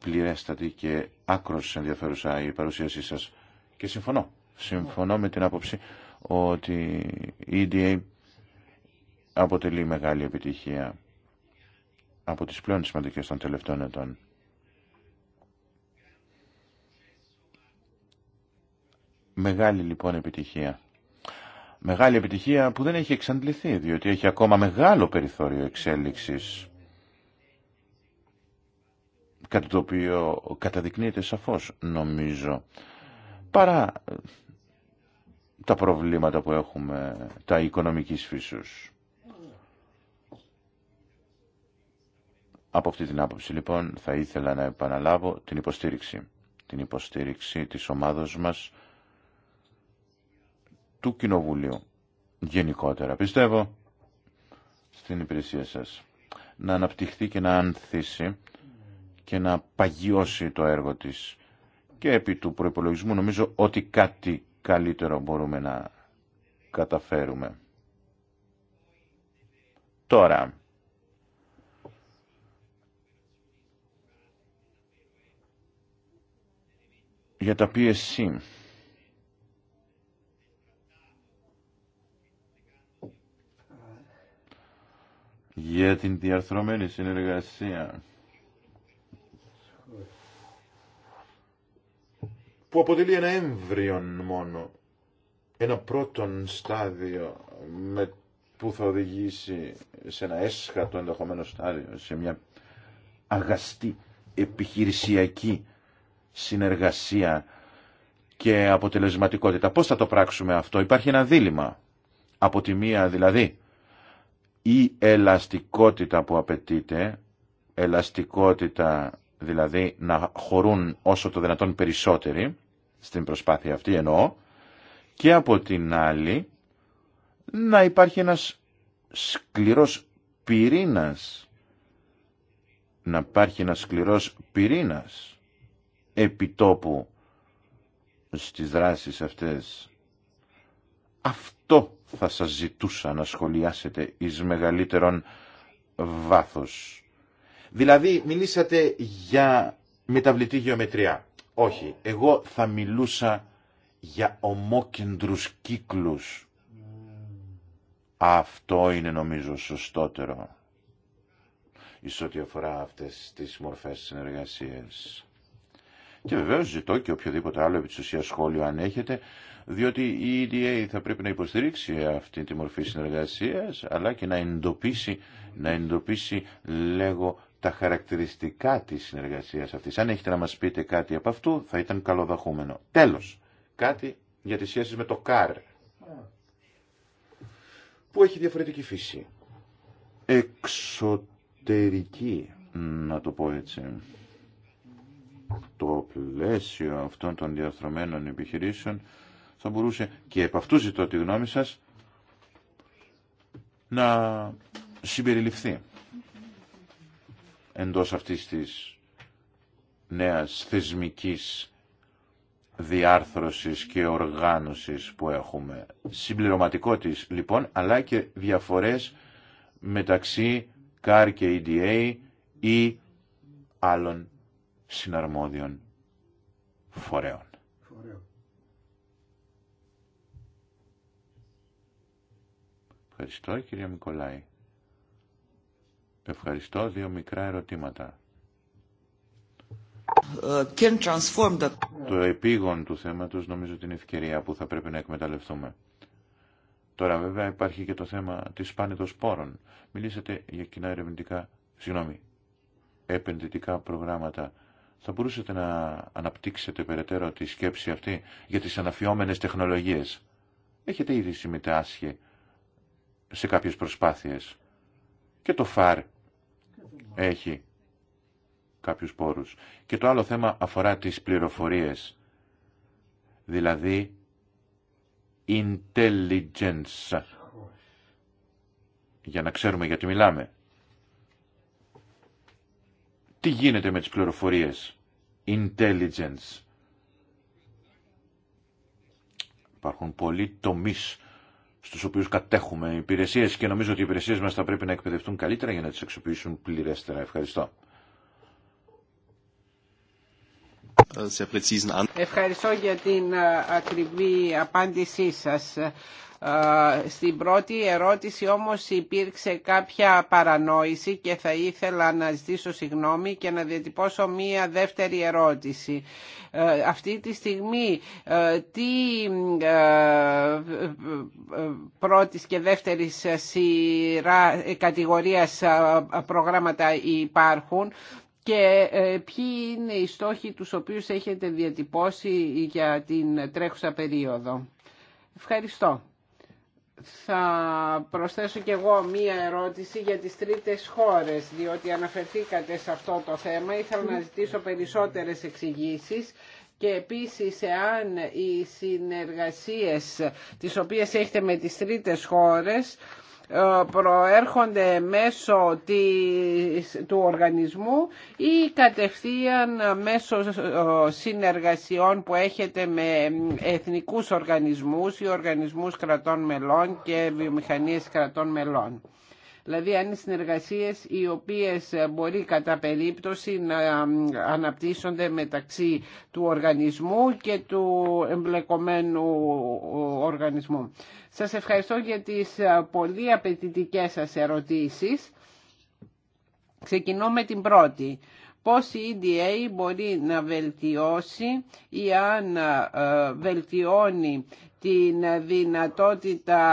πληρέστατη και άκρος ενδιαφέρουσα η παρουσίασή σας και συμφωνώ. Συμφωνώ με την άποψη ότι η EDA αποτελεί μεγάλη επιτυχία από τις πλέον σημαντικές των τελευταίων ετών. Μεγάλη λοιπόν επιτυχία. Μεγάλη επιτυχία που δεν έχει εξαντληθεί, διότι έχει ακόμα μεγάλο περιθώριο εξέλιξης κάτι το οποίο καταδεικνύεται σαφώς νομίζω παρά τα προβλήματα που έχουμε τα οικονομικής φύσεως. Από αυτή την άποψη λοιπόν θα ήθελα να επαναλάβω την υποστήριξη. Την υποστήριξη της ομάδος μας του Κοινοβουλίου. Γενικότερα πιστεύω στην υπηρεσία σας. Να αναπτυχθεί και να ανθίσει και να παγιώσει το έργο της. Και επί του προϋπολογισμού νομίζω ότι κάτι καλύτερο μπορούμε να καταφέρουμε. Τώρα, για τα PSC. Για την διαρθρωμένη συνεργασία. που αποτελεί ένα έμβριον μόνο, ένα πρώτον στάδιο με που θα οδηγήσει σε ένα έσχατο ενδεχομένο στάδιο, σε μια αγαστή επιχειρησιακή συνεργασία και αποτελεσματικότητα. Πώς θα το πράξουμε αυτό. Υπάρχει ένα δίλημα. Από τη μία δηλαδή η ελαστικότητα που απαιτείται, ελαστικότητα δηλαδή να χωρούν όσο το δυνατόν περισσότεροι, στην προσπάθεια αυτή εννοώ και από την άλλη να υπάρχει ένας σκληρός πυρήνας να υπάρχει ένας σκληρός πυρήνας επιτόπου στις δράσεις αυτές. Αυτό θα σας ζητούσα να σχολιάσετε εις μεγαλύτερον βάθος. Δηλαδή μιλήσατε για μεταβλητή γεωμετρία. Όχι, εγώ θα μιλούσα για ομόκεντρους κύκλους. Αυτό είναι νομίζω σωστότερο εις ό,τι αφορά αυτές τις μορφές συνεργασίες. Και βεβαίως ζητώ και οποιοδήποτε άλλο επί σχόλιο αν έχετε, διότι η EDA θα πρέπει να υποστηρίξει αυτή τη μορφή συνεργασίας, αλλά και να εντοπίσει, να εντοπίσει λέγω, τα χαρακτηριστικά της συνεργασίας αυτής. Αν έχετε να μας πείτε κάτι από αυτού, θα ήταν καλοδαχούμενο. Τέλος, κάτι για τις σχέσεις με το ΚΑΡ, που έχει διαφορετική φύση. Εξωτερική, να το πω έτσι. Το πλαίσιο αυτών των διαρθρωμένων επιχειρήσεων θα μπορούσε, και από αυτού ζητώ τη γνώμη σας, να συμπεριληφθεί εντός αυτής της νέας θεσμικής διάρθρωσης και οργάνωσης που έχουμε. Συμπληρωματικό της λοιπόν, αλλά και διαφορές μεταξύ CAR και EDA ή άλλων συναρμόδιων φορέων. Ευχαριστώ κύριε Μικολάη. Ευχαριστώ. Δύο μικρά ερωτήματα. Το επίγον του θέματος νομίζω την ευκαιρία που θα πρέπει να εκμεταλλευτούμε. Τώρα βέβαια υπάρχει και το θέμα της σπάνιδος πόρων. Μιλήσατε για κοινά ερευνητικά, συγγνώμη, επενδυτικά προγράμματα. Θα μπορούσατε να αναπτύξετε περαιτέρω τη σκέψη αυτή για τις αναφιόμενες τεχνολογίες. Έχετε ήδη συμμετάσχει σε κάποιες προσπάθειες. Και το ΦΑΡ έχει κάποιους πόρους. Και το άλλο θέμα αφορά τις πληροφορίες, δηλαδή intelligence, για να ξέρουμε γιατί μιλάμε. Τι γίνεται με τις πληροφορίες, intelligence. Υπάρχουν πολλοί τομείς Στου οποίου κατέχουμε υπηρεσίες και νομίζω ότι οι υπηρεσίες μας θα πρέπει να εκπαιδευτούν καλύτερα για να τις αξιοποιήσουν πληρέστερα. Ευχαριστώ. Äh, Ευχαριστώ για την ε, ακριβή απάντησή σας. Ε, στην πρώτη ερώτηση όμως υπήρξε κάποια παρανόηση και θα ήθελα να ζητήσω συγγνώμη και να διατυπώσω μία δεύτερη ερώτηση. Ε, αυτή τη στιγμή τι πρώτης και δεύτερης σειρά κατηγορίας προγράμματα υπάρχουν και ε, ποιοι είναι οι στόχοι τους οποίους έχετε διατυπώσει για την τρέχουσα περίοδο. Ευχαριστώ. Θα προσθέσω και εγώ μία ερώτηση για τις τρίτες χώρες, διότι αναφερθήκατε σε αυτό το θέμα. Ήθελα να ζητήσω περισσότερες εξηγήσεις και επίσης εάν οι συνεργασίες τις οποίες έχετε με τις τρίτες χώρες προέρχονται μέσω του οργανισμού ή κατευθείαν μέσω ε, συνεργασιών που έχετε με εθνικούς οργανισμούς ή οργανισμούς κρατών μελών και βιομηχανίες κρατών μελών. Δηλαδή αν είναι συνεργασίες οι οποίες ε, μπορεί κατά περίπτωση να ε, αναπτύσσονται μεταξύ του οργανισμού και του εμπλεκομένου οργανισμού. Σας ευχαριστώ για τις ε, πολύ απαιτητικές σας ερωτήσεις. Ξεκινώ με την πρώτη. Πώς η EDA μπορεί να βελτιώσει ή αν βελτιώνει την δυνατότητα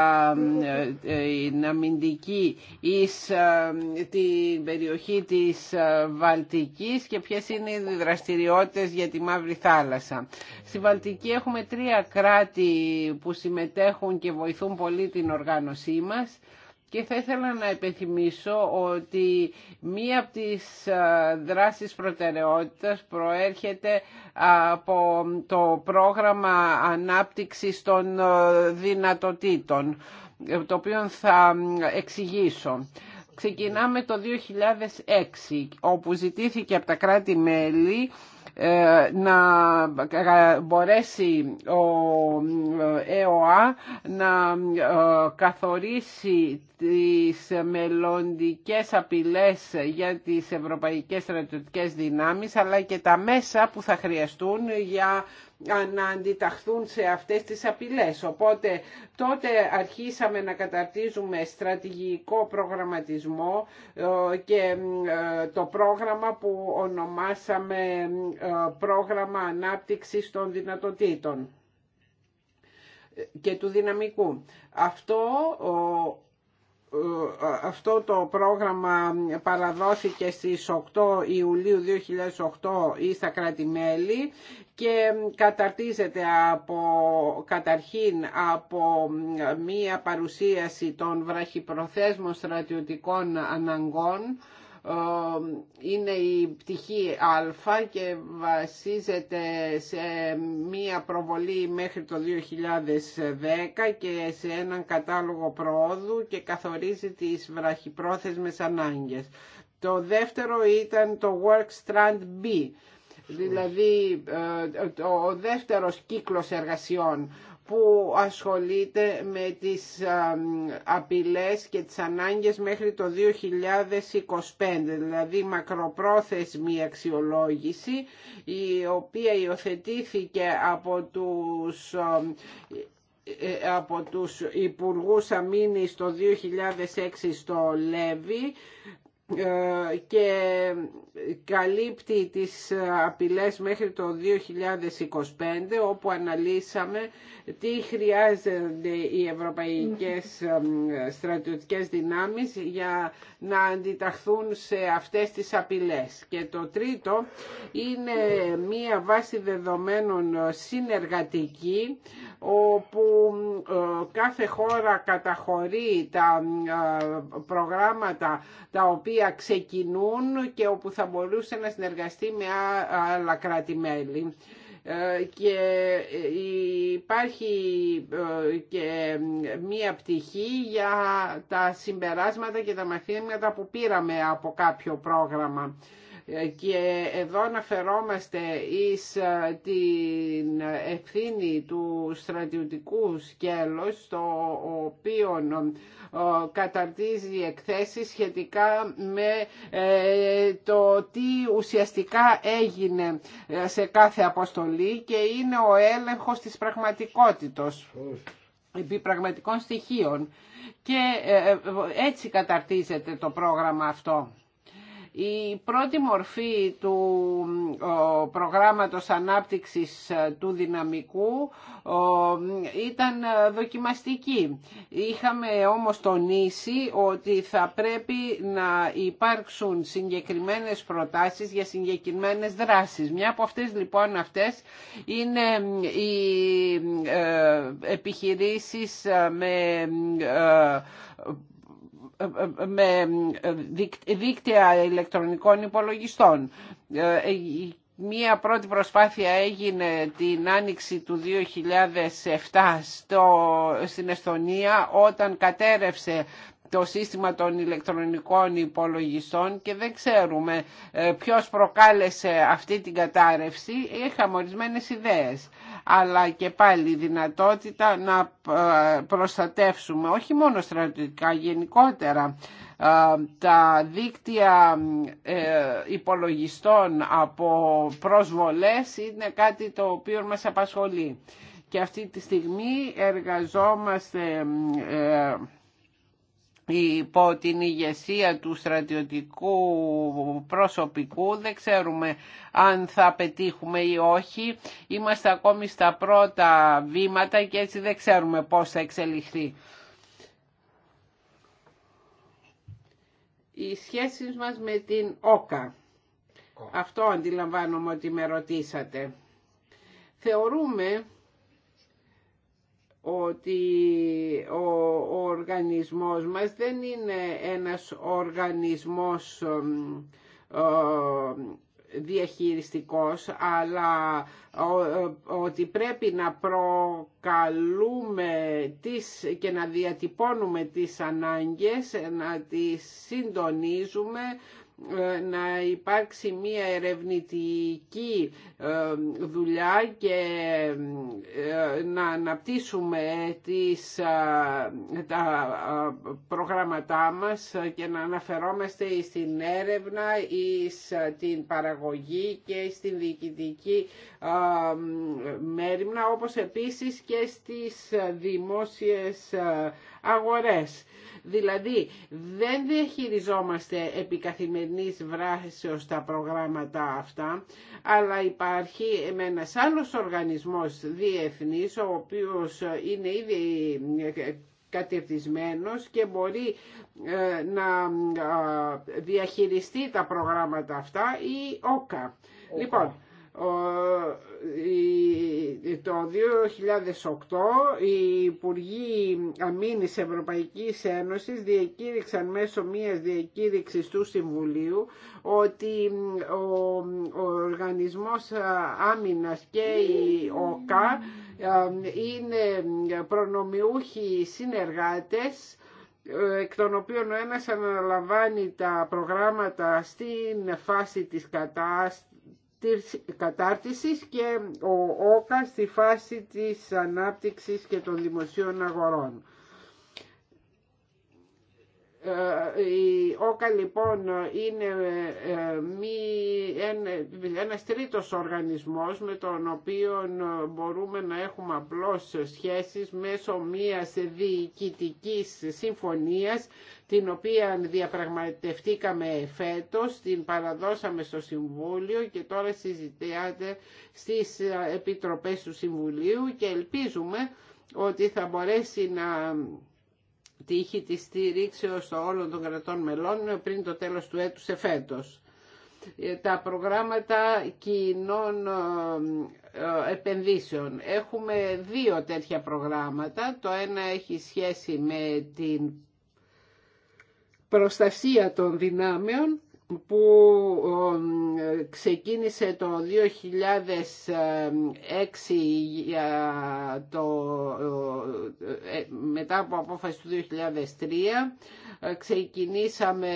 την ε, ε, αμυντική εις ε, την περιοχή της Βαλτικής και ποιες είναι οι δραστηριότητες για τη Μαύρη Θάλασσα. Στη Βαλτική έχουμε τρία κράτη που συμμετέχουν και βοηθούν πολύ την οργάνωσή μας. Και θα ήθελα να επιθυμίσω ότι μία από τις ε, δράσεις προτεραιότητας προέρχεται από το πρόγραμμα ανάπτυξης των ε, δυνατοτήτων, το οποίο θα εξηγήσω. Ξεκινάμε το 2006, όπου ζητήθηκε από τα κράτη-μέλη ε, να μπορέσει ο ε, ΕΟΑ να ε, καθορίσει τις μελλοντικές απειλές για τις ευρωπαϊκές στρατιωτικές δυνάμεις αλλά και τα μέσα που θα χρειαστούν για να αντιταχθούν σε αυτές τις απειλές. Οπότε τότε αρχίσαμε να καταρτίζουμε στρατηγικό προγραμματισμό ε, και ε, το πρόγραμμα που ονομάσαμε ε, πρόγραμμα ανάπτυξης των δυνατοτήτων και του δυναμικού. Αυτό αυτό το πρόγραμμα παραδόθηκε στις 8 Ιουλίου 2008 ή στα κρατη και καταρτίζεται από, καταρχήν από μία παρουσίαση των βραχυπροθέσμων στρατιωτικών αναγκών ε, είναι η πτυχή Α και βασίζεται σε μία προβολή μέχρι το 2010 και σε έναν κατάλογο προόδου και καθορίζει τις βραχυπρόθεσμες ανάγκες. Το δεύτερο ήταν το Work Strand B δηλαδή ε, ο δεύτερος κύκλος εργασιών που ασχολείται με τις ε, απειλές και τις ανάγκες μέχρι το 2025, δηλαδή μακροπρόθεσμη αξιολόγηση, η οποία υιοθετήθηκε από τους ε, από τους Υπουργούς Αμήνης το 2006 στο Λέβι ε, και καλύπτει τις απειλές μέχρι το 2025 όπου αναλύσαμε τι χρειάζονται οι ευρωπαϊκές στρατιωτικές δυνάμεις για να αντιταχθούν σε αυτές τις απειλές. Και το τρίτο είναι μία βάση δεδομένων συνεργατική όπου ε, κάθε χώρα καταχωρεί τα ε, προγράμματα τα οποία οποία ξεκινούν και όπου θα μπορούσε να συνεργαστεί με άλλα κράτη-μέλη ε, και υπάρχει ε, και μία πτυχή για τα συμπεράσματα και τα μαθήματα που πήραμε από κάποιο πρόγραμμα και εδώ αναφερόμαστε εις ε, την ευθύνη του στρατιωτικού σκέλος το οποίο ε, καταρτίζει εκθέσεις σχετικά με ε, το τι ουσιαστικά έγινε σε κάθε αποστολή και είναι ο έλεγχος της πραγματικότητος επί πραγματικών στοιχείων και έτσι καταρτίζεται το πρόγραμμα αυτό. Η πρώτη μορφή του προγράμματος ανάπτυξης ε, του δυναμικού ήταν ε, δοκιμαστική. Είχαμε όμως τονίσει ότι θα πρέπει να υπάρξουν συγκεκριμένες προτάσεις για συγκεκριμένες δράσεις. Μια από αυτές λοιπόν αυτές είναι ε, οι επιχειρήσεις με με ε, δίκτυα ηλεκτρονικών υπολογιστών. Ε, ε, μία πρώτη προσπάθεια έγινε την άνοιξη του 2007 στο, στην Εστονία όταν κατέρευσε το σύστημα των ηλεκτρονικών υπολογιστών και δεν ξέρουμε ε, ποιος προκάλεσε αυτή την κατάρρευση. Είχαμε ορισμένες ιδέες, αλλά και πάλι η δυνατότητα να ε, προστατεύσουμε όχι μόνο στρατιωτικά, γενικότερα ε, τα δίκτυα υπολογιστών από προσβολές είναι κάτι το οποίο μας απασχολεί. Και αυτή τη στιγμή εργαζόμαστε υπό την ηγεσία του στρατιωτικού προσωπικού. Δεν ξέρουμε αν θα πετύχουμε ή όχι. Είμαστε ακόμη στα πρώτα βήματα και έτσι δεν ξέρουμε πώς θα εξελιχθεί. Οι σχέσεις μας με την ΟΚΑ. Αυτό αντιλαμβάνομαι ότι με ρωτήσατε. Θεωρούμε ότι ο οργανισμός μας δεν είναι ένας οργανισμός διαχειριστικός αλλά ότι πρέπει να προκαλούμε τις και να διατυπώνουμε τις ανάγκες, να τις συντονίζουμε ε, να υπάρξει μία ερευνητική ε, δουλειά και ε, να αναπτύσσουμε τις, τα προγράμματά μας και να αναφερόμαστε στην έρευνα, στην παραγωγή και στην διοικητική μέρημνα όπως επίσης και στις δημόσιες αγορές. Δηλαδή δεν διαχειριζόμαστε επί καθημερινής βράσεως τα προγράμματα αυτά, αλλά υπάρχει με ένας άλλος οργανισμός διεθνής, ο οποίος είναι ήδη ε, κατευθυσμένος και μπορεί ε, να ε, διαχειριστεί τα προγράμματα αυτά ή όκα. Λοιπόν, το 2008 οι Υπουργοί Αμήνης Ευρωπαϊκής Ένωσης διακήρυξαν μέσω μιας διακήρυξης του Συμβουλίου ότι ο Οργανισμός Άμυνας και η ΟΚΑ ε, είναι προνομιούχοι συνεργάτες ε, εκ των οποίων ο ένας αναλαμβάνει τα προγράμματα στην φάση της κατάστασης κατάρτισης και ο ΟΚΑ στη φάση της ανάπτυξης και των δημοσίων αγορών. Ε, η ΟΚΑ λοιπόν είναι ε, ένας τρίτος οργανισμός με τον οποίο μπορούμε να έχουμε απλώς σχέσεις μέσω μιας διοικητικής συμφωνίας την οποία διαπραγματευτήκαμε φέτος, την παραδώσαμε στο Συμβούλιο και τώρα συζητάται στις επιτροπές του Συμβουλίου και ελπίζουμε ότι θα μπορέσει να τύχει τη στήριξη στο όλων των κρατών μελών πριν το τέλος του έτους εφέτος. Ε, τα προγράμματα κοινών ε, ε, επενδύσεων. Έχουμε δύο τέτοια προγράμματα. Το ένα έχει σχέση με την προστασία των δυνάμεων που ξεκίνησε το 2006 το, ε, μετά από απόφαση του 2003 ε, ξεκινήσαμε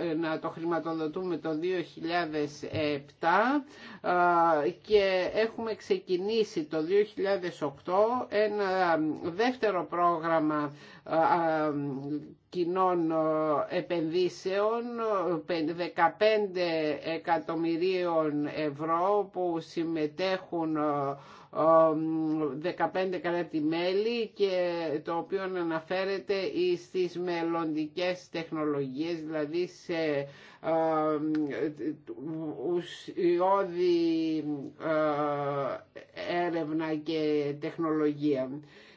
ε, να το χρηματοδοτούμε το 2007 και έχουμε ξεκινήσει το 2008 ένα δεύτερο πρόγραμμα κοινών επενδύσεων 15 εκατομμυρίων ευρώ που συμμετέχουν 15 κράτη-μέλη και το οποίο αναφέρεται στις μελλοντικές τεχνολογίες, δηλαδή σε ουσιώδη έρευνα και τεχνολογία.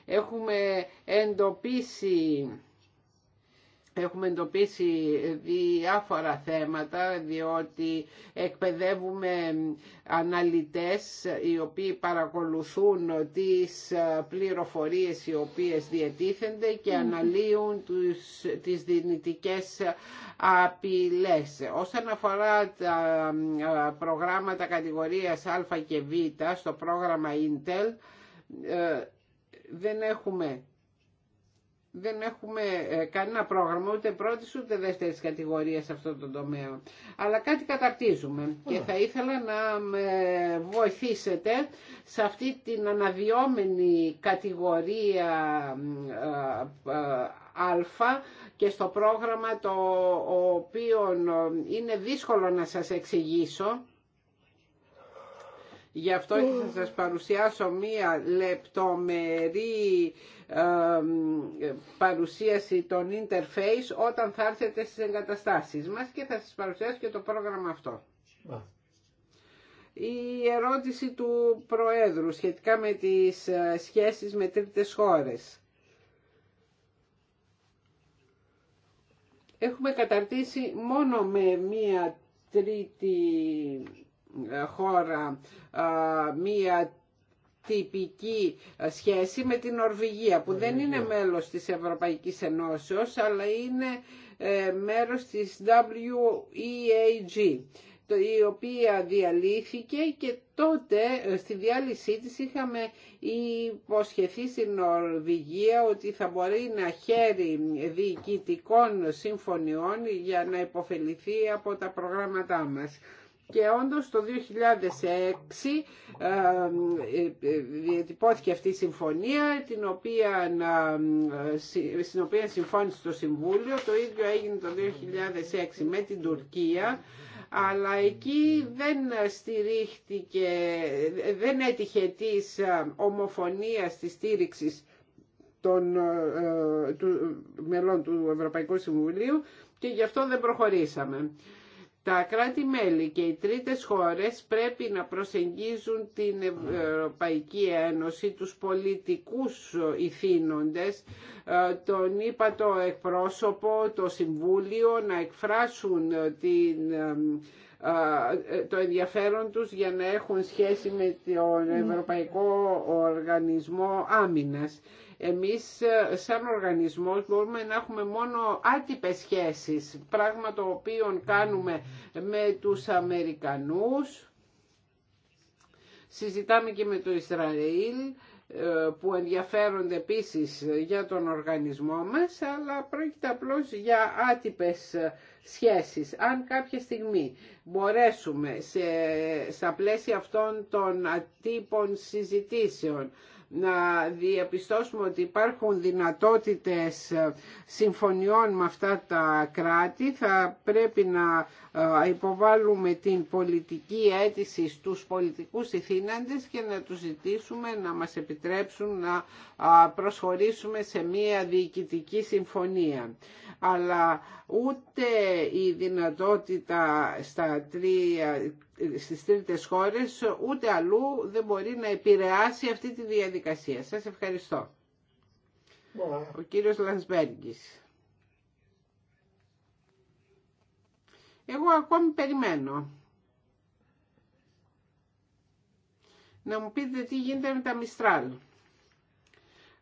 Έχουμε εντοπίσει Έχουμε εντοπίσει διάφορα θέματα διότι εκπαιδεύουμε αναλυτές οι οποίοι παρακολουθούν τις πληροφορίες οι οποίες διατίθενται και αναλύουν τους, τις δυνητικές απειλές. Όσον αφορά τα προγράμματα κατηγορίας Α και Β στο πρόγραμμα Intel, ε, δεν έχουμε δεν έχουμε ε, κανένα πρόγραμμα ούτε πρώτη ούτε δεύτερη κατηγορία σε αυτό το τομέα. Αλλά κάτι καταρτίζουμε και θα ήθελα να με βοηθήσετε σε αυτή την αναδυόμενη κατηγορία αλφα ε, ε, και στο πρόγραμμα το οποίο είναι δύσκολο να σας εξηγήσω Γι' αυτό θα σας παρουσιάσω μία λεπτομερή παρουσίαση των interface όταν θα έρθετε στις εγκαταστάσεις μας και θα σας παρουσιάσω και το πρόγραμμα αυτό. Η ερώτηση του Προέδρου σχετικά με τις ε, σχέσεις με τρίτες χώρες. Έχουμε καταρτήσει μόνο με μία τρίτη χώρα μία τυπική σχέση με την Νορβηγία που δεν είναι μέλος της Ευρωπαϊκής Ενώσεως αλλά είναι ε, μέρος της WEAG η οποία διαλύθηκε και τότε ε, στη διάλυσή της είχαμε υποσχεθεί στην Νορβηγία ότι θα μπορεί να χαίρει διοικητικών συμφωνιών για να υποφεληθεί από τα προγράμματά μας. Και όντως το 2006 ε, ε, διατυπώθηκε αυτή η συμφωνία την οποία, ε, στην οποία συμφώνησε το Συμβούλιο. Το ίδιο έγινε το 2006 με την Τουρκία αλλά εκεί δεν στηρίχτηκε, δεν έτυχε της ομοφωνίας της στήριξης των του, μελών του Ευρωπαϊκού Συμβουλίου και γι' αυτό δεν προχωρήσαμε. Τα κράτη-μέλη και οι τρίτες χώρες πρέπει να προσεγγίζουν την Ευρωπαϊκή Ένωση, τους πολιτικούς ηθήνοντες, ε, τον είπα το εκπρόσωπο, το Συμβούλιο, να εκφράσουν την ε, ε, το ενδιαφέρον τους για να έχουν σχέση με τον ναι. Ευρωπαϊκό Οργανισμό Άμυνας. Εμείς ε, σαν οργανισμός μπορούμε να έχουμε μόνο άτυπες σχέσεις, πράγμα το οποίο κάνουμε με τους Αμερικανούς, συζητάμε και με το Ισραήλ, ε, που ενδιαφέρονται επίσης για τον οργανισμό μας, αλλά πρόκειται απλώς για άτυπες σχέσεις. Αν κάποια στιγμή μπορέσουμε σε, στα πλαίσια αυτών των ατύπων συζητήσεων να διαπιστώσουμε ότι υπάρχουν δυνατότητες ε, συμφωνιών με αυτά τα κράτη. Θα πρέπει να ε, υποβάλουμε την πολιτική αίτηση στους πολιτικούς ηθήναντες και να τους ζητήσουμε να μας επιτρέψουν να προσχωρήσουμε σε μία διοικητική συμφωνία. Αλλά ούτε η δυνατότητα στα τρία, στις τρίτες χώρες, ούτε αλλού δεν μπορεί να επηρεάσει αυτή τη διαδικασία. Σας ευχαριστώ. Ο κύριος Λανσμπέργκης. Εγώ ακόμη περιμένω. Να μου πείτε τι γίνεται με τα Μιστράλ.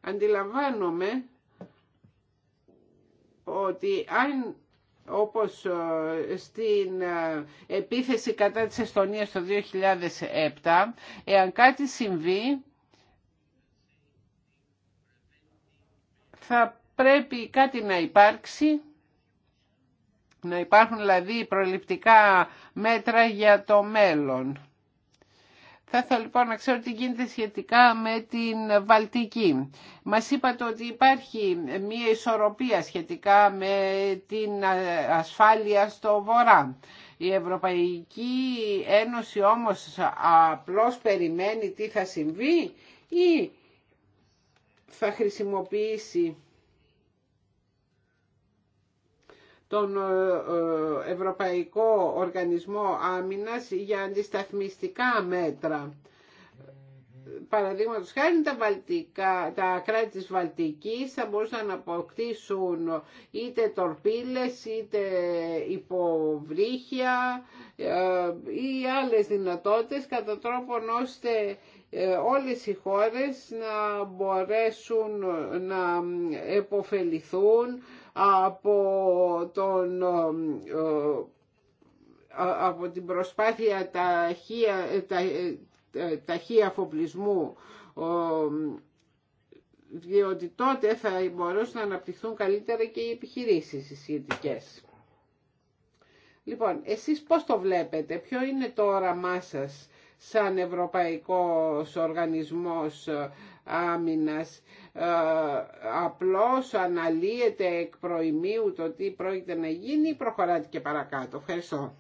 Αντιλαμβάνομαι ότι αν όπως ε, στην ε, επίθεση κατά της Εστονίας το 2007, εάν κάτι συμβεί, θα πρέπει κάτι να υπάρξει, να υπάρχουν δηλαδή προληπτικά μέτρα για το μέλλον. Θα ήθελα λοιπόν να ξέρω τι γίνεται σχετικά με την Βαλτική. Μας είπατε ότι υπάρχει μια ισορροπία σχετικά με την ασφάλεια στο βορρά. Η Ευρωπαϊκή Ένωση όμως απλώς περιμένει τι θα συμβεί ή θα χρησιμοποιήσει τον ε, ε, Ευρωπαϊκό Οργανισμό Άμυνας για αντισταθμιστικά μέτρα. Παραδείγματο χάρη τα, βαλτικά, τα κράτη της Βαλτικής θα μπορούσαν να αποκτήσουν είτε τορπίλες είτε υποβρύχια ε, ή άλλες δυνατότητες κατά τρόπον ώστε όλες οι χώρες να μπορέσουν να επωφεληθούν από, τον, από την προσπάθεια ταχεία, τα, ε, ταχεία αφοπλισμού διότι τότε θα μπορούσαν να αναπτυχθούν καλύτερα και οι επιχειρήσεις οι σχετικές. Λοιπόν, εσείς πώς το βλέπετε, ποιο είναι το όραμά σας σαν Ευρωπαϊκός Οργανισμός Άμυνας ε, απλώς αναλύεται εκ προημίου το τι πρόκειται να γίνει ή προχωράτε και παρακάτω. Ευχαριστώ.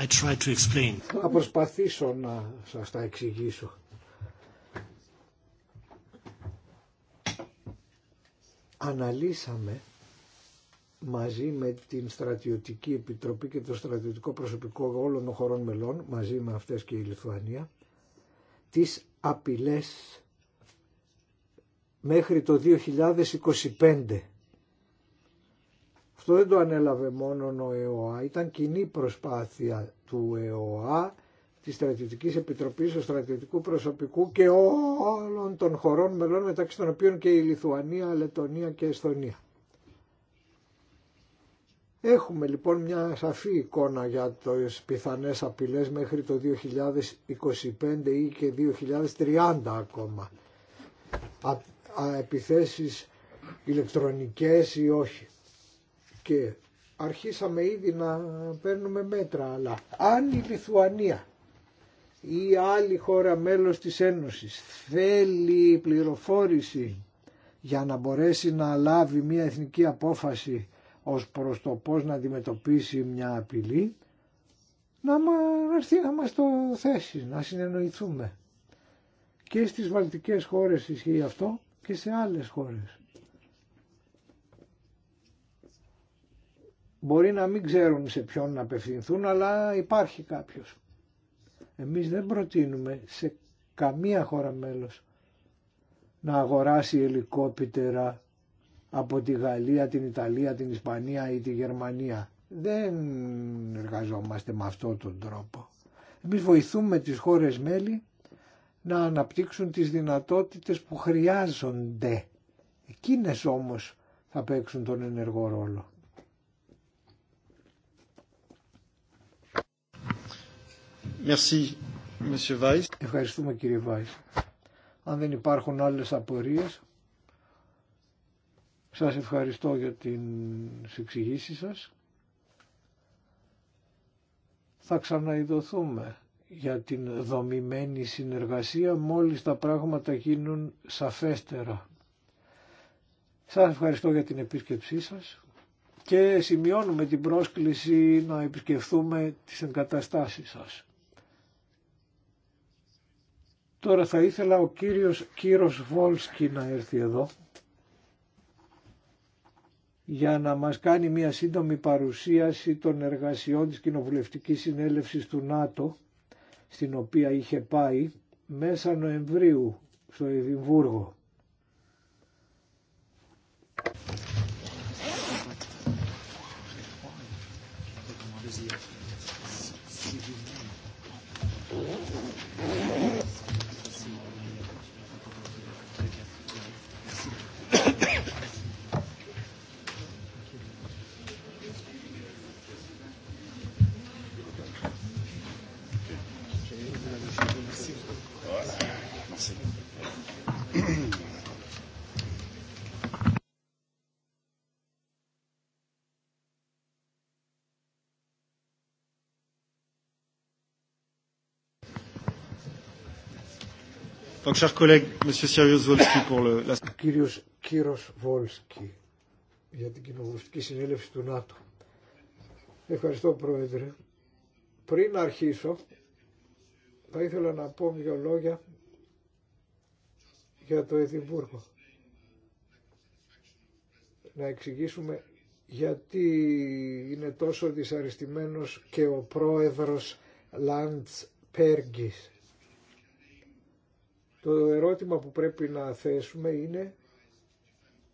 I try to explain. Θα προσπαθήσω να σας τα εξηγήσω. Αναλύσαμε μαζί με την Στρατιωτική Επιτροπή και το Στρατιωτικό Προσωπικό όλων των χωρών μελών, μαζί με αυτές και η Λιθουανία, τις απειλές μέχρι το 2025. Αυτό δεν το ανέλαβε μόνο ο ΕΟΑ, ήταν κοινή προσπάθεια του ΕΟΑ, της Στρατιωτικής Επιτροπής, του Στρατιωτικού Προσωπικού και όλων των χωρών μελών μεταξύ των οποίων και η Λιθουανία, Λετωνία και Εσθονία. Έχουμε λοιπόν μια σαφή εικόνα για τις πιθανές απειλές μέχρι το 2025 ή και 2030 ακόμα επιθέσεις ηλεκτρονικές ή όχι. Και αρχίσαμε ήδη να παίρνουμε μέτρα, αλλά αν η Λιθουανία ή άλλη χώρα μέλος της Ένωσης θέλει πληροφόρηση για να μπορέσει να λάβει μια εθνική απόφαση ως προς το πώς να αντιμετωπίσει μια απειλή, να έρθει να μας το θέσει, να συνεννοηθούμε. Και στις βαλτικές χώρες ισχύει αυτό και σε άλλες χώρες. Μπορεί να μην ξέρουν σε ποιον να απευθυνθούν, αλλά υπάρχει κάποιος. Εμείς δεν προτείνουμε σε καμία χώρα μέλος να αγοράσει ελικόπτερα από τη Γαλλία, την Ιταλία, την Ισπανία ή τη Γερμανία. Δεν εργαζόμαστε με αυτόν τον τρόπο. Εμείς βοηθούμε τις χώρες μέλη να αναπτύξουν τις δυνατότητες που χρειάζονται. Εκείνες όμως θα παίξουν τον ενεργό ρόλο. Merci, Weiss. Ευχαριστούμε κύριε Βάις. Αν δεν υπάρχουν άλλες απορίες, σας ευχαριστώ για την εξηγήσει σας. Θα ξαναειδωθούμε για την δομημένη συνεργασία μόλις τα πράγματα γίνουν σαφέστερα. Σας ευχαριστώ για την επίσκεψή σας και σημειώνουμε την πρόσκληση να επισκεφθούμε τις εγκαταστάσεις σας. Τώρα θα ήθελα ο κύριος Κύρος Βόλσκι να έρθει εδώ για να μας κάνει μια σύντομη παρουσίαση των εργασιών της Κοινοβουλευτικής Συνέλευσης του ΝΑΤΟ στην οποία είχε πάει μέσα Νοεμβρίου στο Εδιμβούργο. Donc, chers κύριος Κύρος Βόλσκι για την κοινοβουλευτική συνέλευση του ΝΑΤΟ. Ευχαριστώ Πρόεδρε. Πριν αρχίσω, θα ήθελα να πω μία λόγια για το Εδιμβούργο. Να εξηγήσουμε γιατί είναι τόσο δυσαρεστημένος και ο πρόεδρος Λαντς Πέργκης. Το ερώτημα που πρέπει να θέσουμε είναι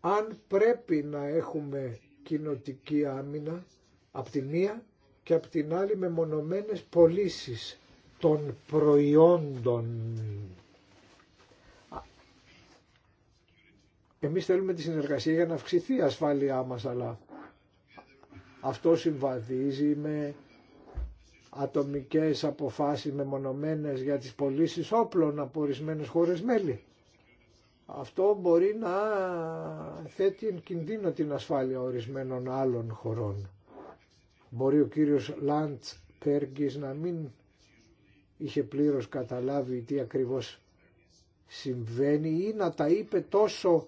αν πρέπει να έχουμε κοινοτική άμυνα από τη μία και από την άλλη με μονομένες πωλήσει των προϊόντων. Εμείς θέλουμε τη συνεργασία για να αυξηθεί η ασφάλειά μας, αλλά αυτό συμβαδίζει με ατομικές αποφάσεις μεμονωμένες για τις πωλήσει όπλων από ορισμένε χώρες μέλη. Αυτό μπορεί να θέτει εν κινδύνο την ασφάλεια ορισμένων άλλων χωρών. Μπορεί ο κύριος Λάντς Πέργκης να μην είχε πλήρως καταλάβει τι ακριβώς συμβαίνει ή να τα είπε τόσο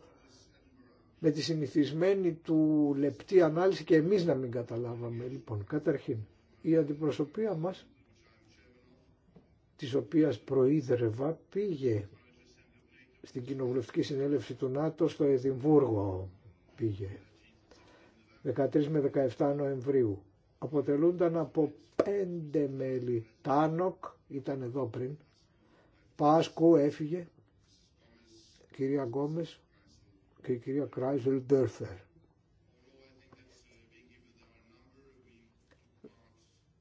με τη συνηθισμένη του λεπτή ανάλυση και εμείς να μην καταλάβαμε. Λοιπόν, καταρχήν, η αντιπροσωπεία μας, της οποίας προείδρευα, πήγε στην κοινοβουλευτική συνέλευση του ΝΑΤΟ στο Εδιμβούργο πήγε 13 με 17 Νοεμβρίου. Αποτελούνταν από πέντε μέλη. Τάνοκ ήταν εδώ πριν. Πάσκου έφυγε. Κυρία Γκόμες και η κυρία Κράιζελ Ντέρφερ.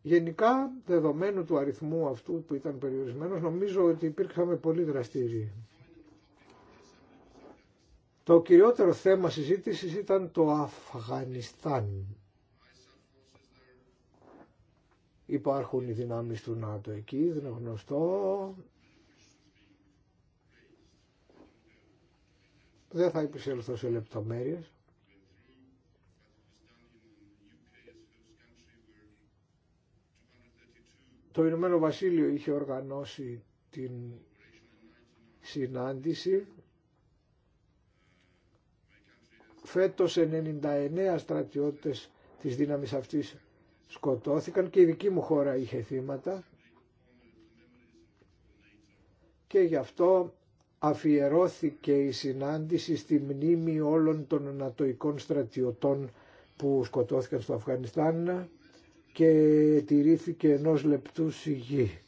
Γενικά, δεδομένου του αριθμού αυτού που ήταν περιορισμένος, νομίζω ότι υπήρξαμε πολύ δραστήριοι. Το κυριότερο θέμα συζήτησης ήταν το Αφγανιστάν. Υπάρχουν οι δυνάμεις του ΝΑΤΟ εκεί, δεν είναι γνωστό. Δεν θα επισέλθω σε λεπτομέρειες. Το Ηνωμένο Βασίλειο είχε οργανώσει την συνάντηση. Φέτος 99 στρατιώτες της δύναμης αυτής σκοτώθηκαν και η δική μου χώρα είχε θύματα και γι' αυτό αφιερώθηκε η συνάντηση στη μνήμη όλων των ανατοϊκών στρατιωτών που σκοτώθηκαν στο Αφγανιστάν και τηρήθηκε ενός λεπτού σιγή.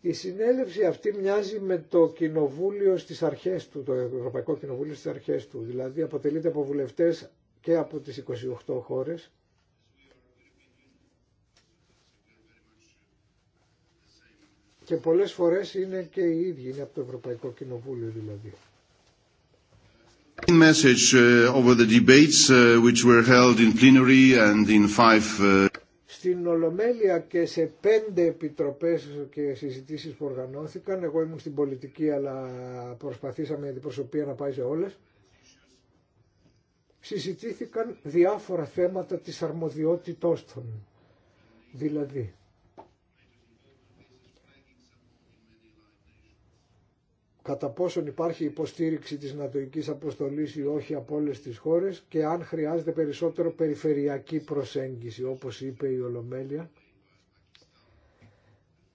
Η συνέλευση αυτή μοιάζει με το κοινοβούλιο στις αρχές του, το Ευρωπαϊκό Κοινοβούλιο στις αρχές του, δηλαδή αποτελείται από βουλευτές και από τις 28 χώρες. Και πολλές φορές είναι και οι ίδιοι, είναι από το Ευρωπαϊκό Κοινοβούλιο δηλαδή. Στην Ολομέλεια και σε πέντε επιτροπές και συζητήσεις που οργανώθηκαν, εγώ ήμουν στην πολιτική αλλά προσπαθήσαμε η προσωπία να πάει σε όλες, συζητήθηκαν διάφορα θέματα της αρμοδιότητός των. Δηλαδή, κατά πόσον υπάρχει υποστήριξη της νατοικής αποστολής ή όχι από όλες τις χώρες και αν χρειάζεται περισσότερο περιφερειακή προσέγγιση όπως είπε η Ολομέλεια.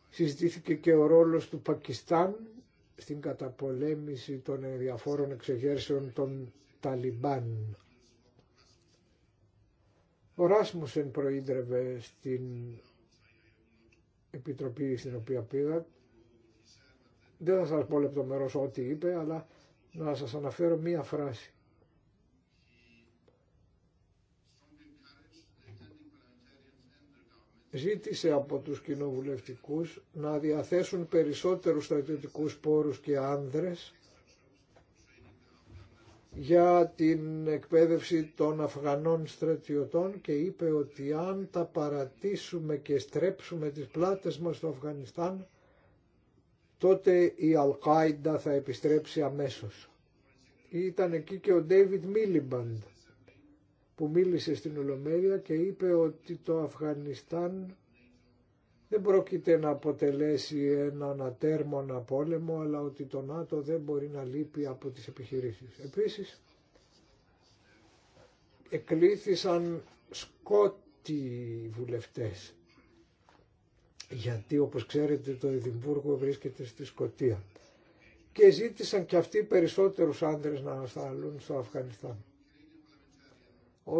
Συζητήθηκε και ο ρόλος του Πακιστάν στην καταπολέμηση των διαφόρων εξεγέρσεων των Ταλιμπάν. Ο Ράσμουσεν προείδρευε στην επιτροπή στην οποία πήγα δεν θα σας πω λεπτομερώς ό,τι είπε, αλλά να σας αναφέρω μία φράση. Ζήτησε από τους κοινοβουλευτικούς να διαθέσουν περισσότερους στρατιωτικούς πόρους και άνδρες για την εκπαίδευση των Αφγανών στρατιωτών και είπε ότι αν τα παρατήσουμε και στρέψουμε τις πλάτες μας στο Αφγανιστάν τότε η Αλκάιντα θα επιστρέψει αμέσως. Ήταν εκεί και ο Ντέιβιτ Μίλιμπαντ που μίλησε στην Ολομέλεια και είπε ότι το Αφγανιστάν δεν πρόκειται να αποτελέσει έναν ατέρμονα πόλεμο, αλλά ότι το ΝΑΤΟ δεν μπορεί να λείπει από τις επιχειρήσεις. Επίσης, εκλήθησαν σκότι βουλευτές γιατί όπως ξέρετε το Εδιμβούργο βρίσκεται στη Σκοτία. Και ζήτησαν και αυτοί περισσότερους άνδρες να ασθαλούν στο Αφγανιστάν. Ο,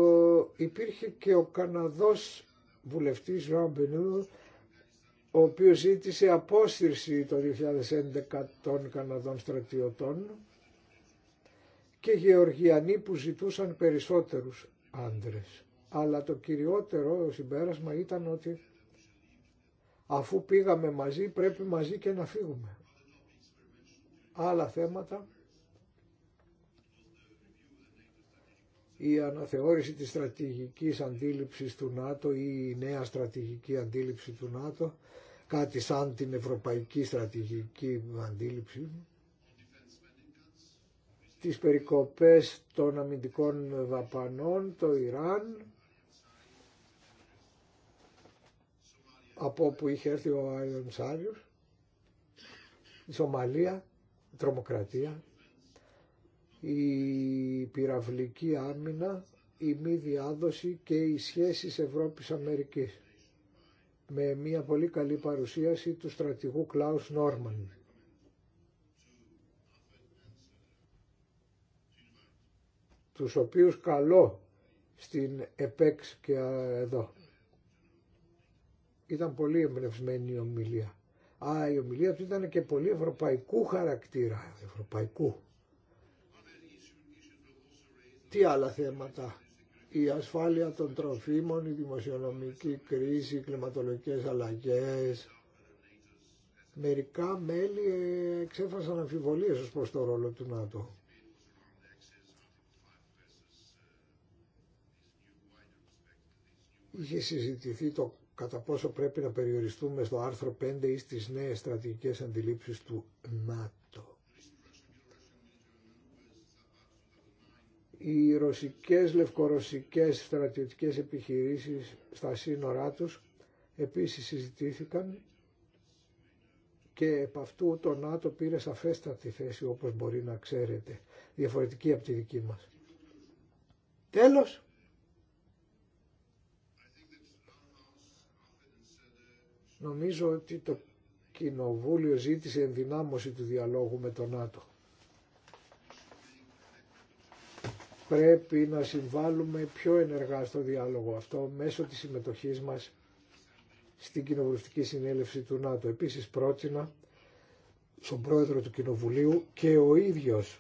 υπήρχε και ο Καναδός βουλευτής Ζωάν ο οποίος ζήτησε απόσυρση το 2011 των Καναδών στρατιωτών και Γεωργιανοί που ζητούσαν περισσότερους άνδρες. Αλλά το κυριότερο συμπέρασμα ήταν ότι Αφού πήγαμε μαζί πρέπει μαζί και να φύγουμε. Άλλα θέματα. Η αναθεώρηση της στρατηγικής αντίληψης του ΝΑΤΟ ή η νέα στρατηγική αντίληψη του ΝΑΤΟ, κάτι σαν την ευρωπαϊκή στρατηγική αντίληψη, τις περικοπές των αμυντικών δαπανών, το Ιράν, από όπου είχε έρθει ο Άιον η Σομαλία, η τρομοκρατία, η πυραυλική άμυνα, η μη διάδοση και οι σχέσεις Ευρώπης-Αμερικής με μια πολύ καλή παρουσίαση του στρατηγού Κλάους Νόρμαν. τους οποίους καλό στην ΕΠΕΞ και εδώ. Ήταν πολύ εμπνευσμένη η ομιλία. Α, η ομιλία του ήταν και πολύ ευρωπαϊκού χαρακτήρα, ευρωπαϊκού. Τι άλλα θέματα, η ασφάλεια των τροφίμων, η δημοσιονομική κρίση, οι κλιματολογικές αλλαγές. Μερικά μέλη εξέφρασαν αμφιβολίες ως προς το ρόλο του ΝΑΤΟ. Είχε συζητηθεί το κατά πόσο πρέπει να περιοριστούμε στο άρθρο 5 ή στις νέες στρατηγικές αντιλήψεις του ΝΑΤΟ. Οι ρωσικές λευκορωσικές στρατιωτικές επιχειρήσεις στα σύνορά τους επίσης συζητήθηκαν και επ' αυτού το ΝΑΤΟ πήρε σαφέστατη θέση όπως μπορεί να ξέρετε, διαφορετική από τη δική μας. Τέλος, Νομίζω ότι το Κοινοβούλιο ζήτησε ενδυνάμωση του διαλόγου με τον ΝΑΤΟ. Πρέπει να συμβάλλουμε πιο ενεργά στο διάλογο αυτό μέσω της συμμετοχής μας στην Κοινοβουλευτική Συνέλευση του ΝΑΤΟ. Επίσης πρότεινα στον πρόεδρο του Κοινοβουλίου και ο ίδιος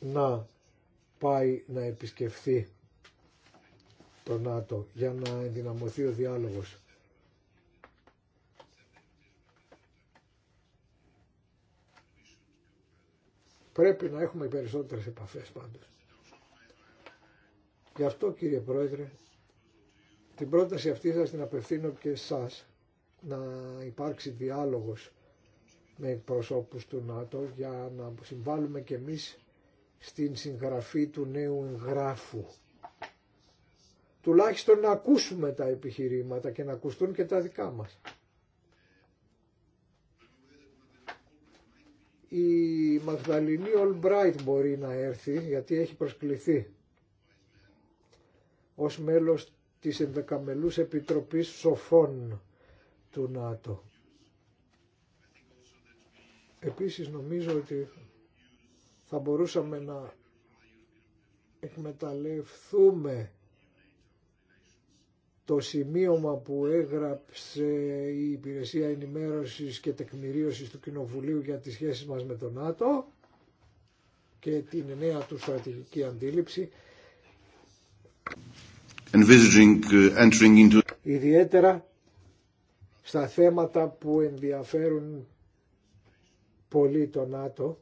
να πάει να επισκεφθεί το για να ενδυναμωθεί ο διάλογος. Πρέπει να έχουμε περισσότερες επαφές πάντως. Γι' αυτό κύριε Πρόεδρε, την πρόταση αυτή σας την απευθύνω και σας να υπάρξει διάλογος με προσώπους του ΝΑΤΟ για να συμβάλλουμε και εμείς στην συγγραφή του νέου γράφου τουλάχιστον να ακούσουμε τα επιχειρήματα και να ακουστούν και τα δικά μας. Η Μαγδαληνή Ολμπράιτ μπορεί να έρθει γιατί έχει προσκληθεί ως μέλος της Ενδεκαμελούς Επιτροπής Σοφών του ΝΑΤΟ. Επίσης νομίζω ότι θα μπορούσαμε να εκμεταλλευθούμε το σημείωμα που έγραψε η Υπηρεσία Ενημέρωσης και Τεκμηρίωσης του Κοινοβουλίου για τις σχέσεις μας με τον ΝΑΤΟ και την νέα του στρατηγική αντίληψη. Uh, into... Ιδιαίτερα στα θέματα που ενδιαφέρουν πολύ το ΝΑΤΟ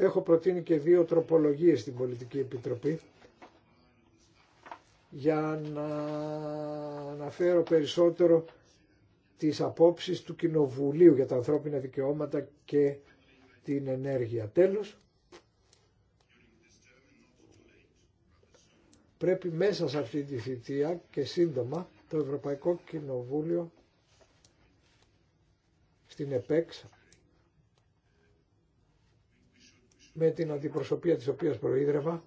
Έχω προτείνει και δύο τροπολογίες στην Πολιτική Επιτροπή για να αναφέρω περισσότερο τις απόψεις του Κοινοβουλίου για τα ανθρώπινα δικαιώματα και την ενέργεια. Τέλος, πρέπει μέσα σε αυτή τη θητεία και σύντομα το Ευρωπαϊκό Κοινοβούλιο στην ΕΠΕΞ με την αντιπροσωπεία της οποίας προείδρευα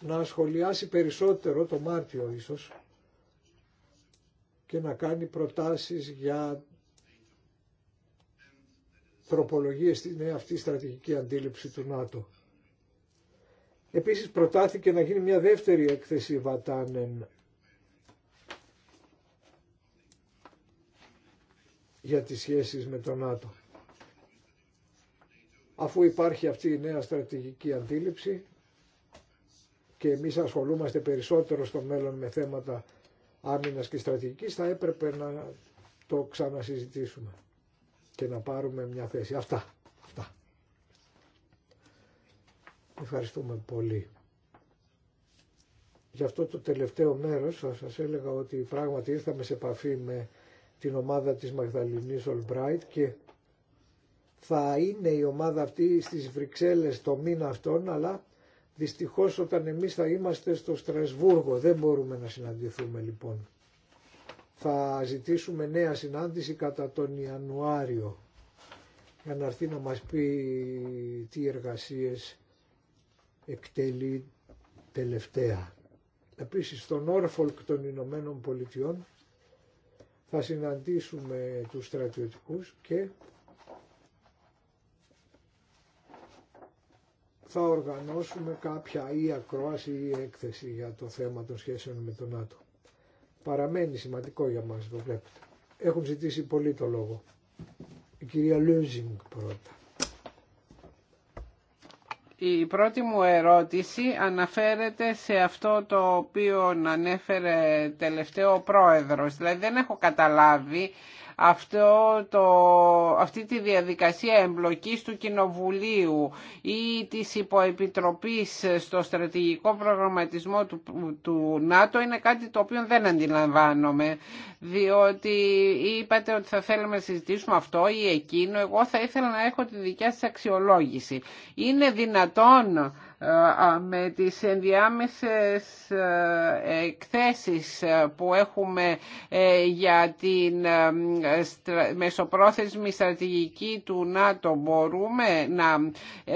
να σχολιάσει περισσότερο το Μάρτιο ίσως και να κάνει προτάσεις για τροπολογίες στην αυτή στρατηγική αντίληψη του ΝΑΤΟ. Επίσης προτάθηκε να γίνει μια δεύτερη έκθεση Βατάνεν για τις σχέσεις με τον ΝΑΤΟ αφού υπάρχει αυτή η νέα στρατηγική αντίληψη και εμείς ασχολούμαστε περισσότερο στο μέλλον με θέματα άμυνας και στρατηγικής, θα έπρεπε να το ξανασυζητήσουμε και να πάρουμε μια θέση. Αυτά. Αυτά. Ευχαριστούμε πολύ. Γι' αυτό το τελευταίο μέρος θα σας έλεγα ότι πράγματι ήρθαμε σε επαφή με την ομάδα της Μαγδαληνής Ολμπράιτ και θα είναι η ομάδα αυτή στις Βρυξέλλες το μήνα αυτόν, αλλά δυστυχώς όταν εμείς θα είμαστε στο Στρασβούργο δεν μπορούμε να συναντηθούμε λοιπόν. Θα ζητήσουμε νέα συνάντηση κατά τον Ιανουάριο για να έρθει να μας πει τι εργασίες εκτελεί τελευταία. Επίσης στον Όρφολκ των Ηνωμένων Πολιτειών θα συναντήσουμε τους στρατιωτικούς και θα οργανώσουμε κάποια ή ακρόαση ή έκθεση για το θέμα των σχέσεων με τον ΝΑΤΟ. Παραμένει σημαντικό για μας, το βλέπετε. Έχουν ζητήσει πολύ το λόγο. Η κυρία Λούζινγκ πρώτα. Η πρώτη μου ερώτηση αναφέρεται σε αυτό το οποίο ανέφερε τελευταίο ο πρόεδρος. Δηλαδή δεν έχω καταλάβει αυτό το, αυτή τη διαδικασία εμπλοκής του Κοινοβουλίου ή της υποεπιτροπής στο στρατηγικό προγραμματισμό του, του ΝΑΤΟ είναι κάτι το οποίο δεν αντιλαμβάνομαι διότι είπατε ότι θα θέλαμε να συζητήσουμε αυτό ή εκείνο εγώ θα ήθελα να έχω τη δικιά σας αξιολόγηση είναι δυνατόν με τις ενδιάμεσες ε, εκθέσεις ε, που έχουμε ε, για την μεσοπρόθεσμη στρατηγική του ΝΑΤΟ μπορούμε να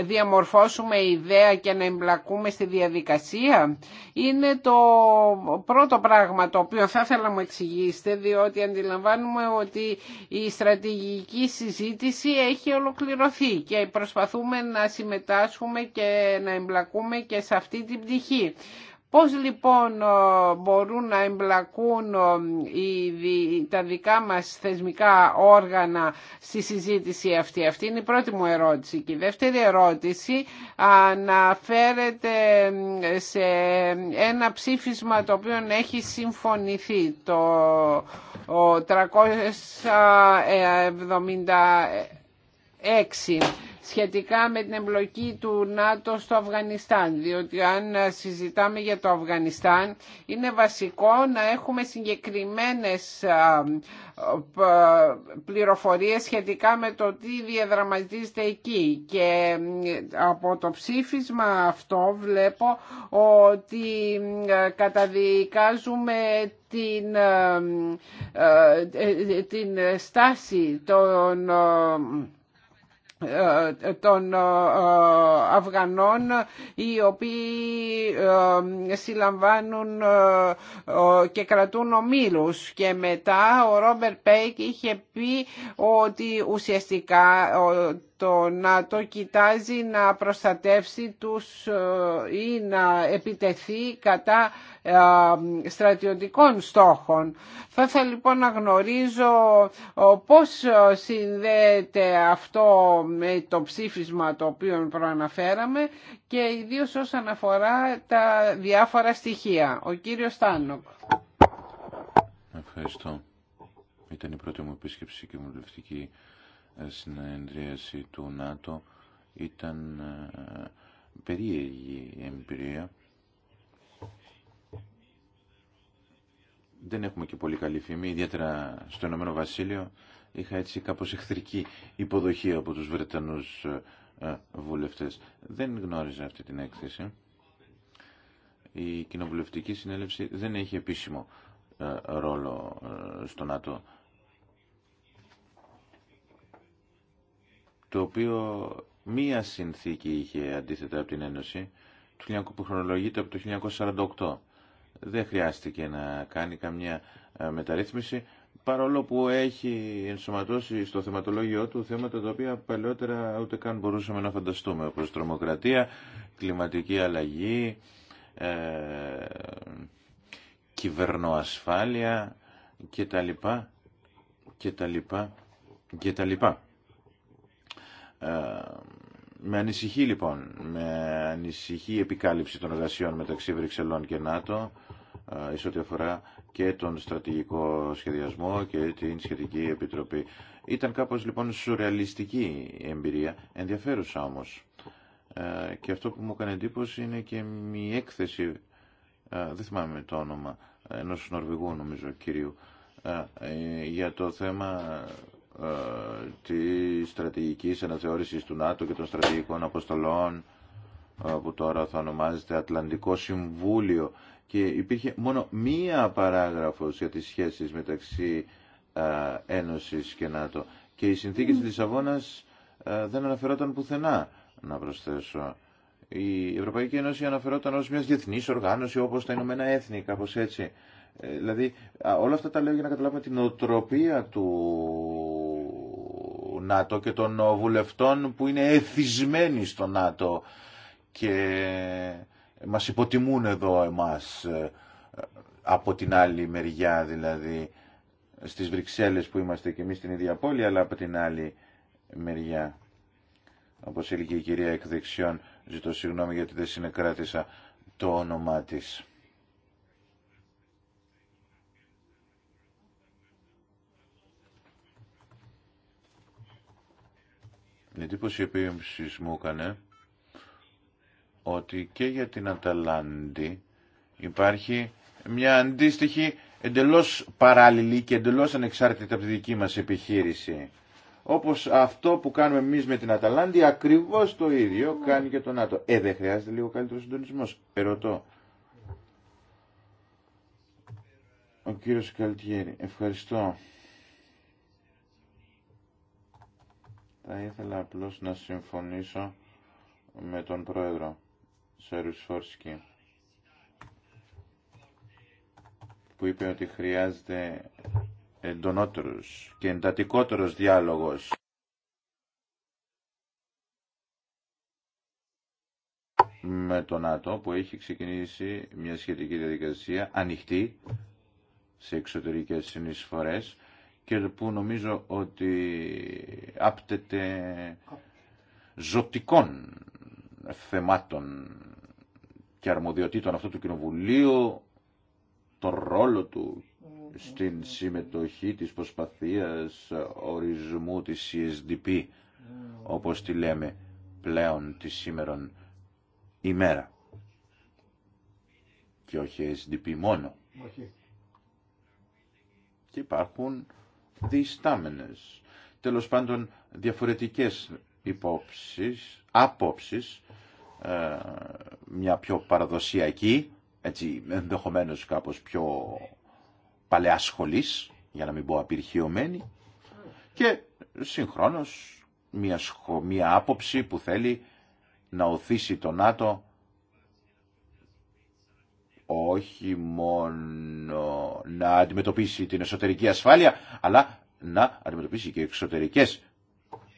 διαμορφώσουμε ιδέα και να εμπλακούμε στη διαδικασία είναι το πρώτο πράγμα το οποίο θα ήθελα να μου εξηγήσετε διότι αντιλαμβάνουμε ότι η στρατηγική συζήτηση έχει ολοκληρωθεί και προσπαθούμε να συμμετάσχουμε και να εμπλακούμε εμπλακούμε και σε αυτή την πτυχή. Πώς λοιπόν ε, μπορούν να εμπλακούν ε, τα δικά μας θεσμικά όργανα στη συζήτηση αυτή. Αυτή είναι η πρώτη μου ερώτηση. Και η δεύτερη ερώτηση αναφέρεται ε, σε ένα ψήφισμα το οποίο έχει συμφωνηθεί το 370. 6 σχετικά με την εμπλοκή του ΝΑΤΟ στο Αφγανιστάν. Διότι αν συζητάμε για το Αφγανιστάν είναι βασικό να έχουμε συγκεκριμένες πληροφορίες σχετικά με το τι διαδραματίζεται εκεί. Και από το ψήφισμα αυτό βλέπω ότι καταδικάζουμε την, ε, ε, την στάση των ε, των ε, ε, Αφγανών οι οποίοι συλλαμβάνουν και κρατούν ομίλους και μετά ο Ρόμπερ Πέικ είχε πει ότι ουσιαστικά να το κοιτάζει να προστατεύσει τους ε, ή να επιτεθεί κατά ε, στρατιωτικών στόχων. Θα ήθελα λοιπόν να γνωρίζω πώς ε, συνδέεται αυτό με το ψήφισμα το οποίο προαναφέραμε και ιδίως όσον αφορά τα διάφορα στοιχεία. Ο κύριος Τάνοκ. Ευχαριστώ. Ήταν η πρώτη μου επίσκεψη και μου συνεδρίαση του ΝΑΤΟ ήταν ε, περίεργη εμπειρία. Δεν έχουμε και πολύ καλή φήμη, ιδιαίτερα στο Ηνωμένο Βασίλειο. Είχα έτσι κάπως εχθρική υποδοχή από τους Βρετανούς ε, ε, βουλευτές. Δεν γνώριζα αυτή την έκθεση. Η κοινοβουλευτική συνέλευση δεν έχει επίσημο ρόλο στο ΝΑΤΟ. το οποίο μία συνθήκη είχε αντίθετα από την Ένωση, που χρονολογείται από το 1948. Δεν χρειάστηκε να κάνει καμιά ε, μεταρρύθμιση, παρόλο που έχει ενσωματώσει στο θεματολόγιο του θέματα τα οποία παλαιότερα ούτε καν μπορούσαμε να φανταστούμε, όπως τρομοκρατία, κλιματική αλλαγή, ε, κυβερνοασφάλεια κτλ. κτλ. κτλ. Ε, με ανησυχεί λοιπόν, με ανησυχεί επικάλυψη των εργασιών μεταξύ Βρυξελών και ΝΑΤΟ ε, εις ό,τι αφορά και τον στρατηγικό σχεδιασμό και την σχετική επιτροπή. Ήταν κάπως λοιπόν σουρεαλιστική η εμπειρία, ενδιαφέρουσα όμως. Ε, και αυτό που μου έκανε εντύπωση είναι και μια έκθεση, δεν θυμάμαι το όνομα, ενός Νορβηγού νομίζω κυρίου, για το θέμα ε, της στρατηγικής αναθεώρησης του ΝΑΤΟ και των στρατηγικών αποστολών ε, που τώρα θα ονομάζεται Ατλαντικό Συμβούλιο και υπήρχε μόνο μία παράγραφος για τις σχέσεις μεταξύ ε, Ένωσης και ΝΑΤΟ και η συνθήκη της Λισαβόνας δεν αναφερόταν πουθενά να προσθέσω. Η Ευρωπαϊκή Ένωση αναφερόταν ως μια διεθνή οργάνωση όπως τα Ηνωμένα Έθνη, κάπως έτσι. Δηλαδή όλα αυτά τα λέω για να καταλάβουμε την οτροπία του ΝΑΤΟ και των βουλευτών που είναι εθισμένοι στο ΝΑΤΟ και μας υποτιμούν εδώ εμάς ε, από την άλλη μεριά δηλαδή στις Βρυξέλλες που είμαστε και εμείς στην ίδια πόλη αλλά από την άλλη μεριά όπως έλεγε η κυρία εκδεξιών ζητώ συγγνώμη γιατί δεν συνεκράτησα το όνομά της εντύπωση η μου έκανε ότι και για την Αταλάντη υπάρχει μια αντίστοιχη εντελώς παράλληλη και εντελώς ανεξάρτητη από τη δική μας επιχείρηση. Όπως αυτό που κάνουμε εμείς με την Αταλάντη, ακριβώς το ίδιο κάνει και το ΝΑΤΟ. Ε, δεν χρειάζεται λίγο καλύτερο συντονισμός. Ερωτώ. Ο κύριος Καλτιέρη, ευχαριστώ. Θα ήθελα απλώς να συμφωνήσω με τον Πρόεδρο Σερουσφόρσκι που είπε ότι χρειάζεται εντονότερος και εντατικότερος διάλογος. με τον ΝΑΤΟ που έχει ξεκινήσει μια σχετική διαδικασία ανοιχτή σε εξωτερικές συνεισφορές και που νομίζω ότι άπτεται ζωτικών θεμάτων και αρμοδιοτήτων αυτού του Κοινοβουλίου, το ρόλο του στην συμμετοχή της προσπαθίας ορισμού της CSDP, όπως τη λέμε πλέον τη σήμερα ημέρα. Και όχι SDP μόνο. Όχι. Και υπάρχουν διστάμενες, τέλος πάντων διαφορετικές υπόψεις, άποψεις, ε, μια πιο παραδοσιακή, έτσι ενδεχομένως κάπως πιο παλαιά σχολής, για να μην πω απειρχιωμένη, και συγχρόνως μια, άποψη που θέλει να οθήσει τον ΝΑΤΟ όχι μόνο να αντιμετωπίσει την εσωτερική ασφάλεια, αλλά να αντιμετωπίσει και εξωτερικές,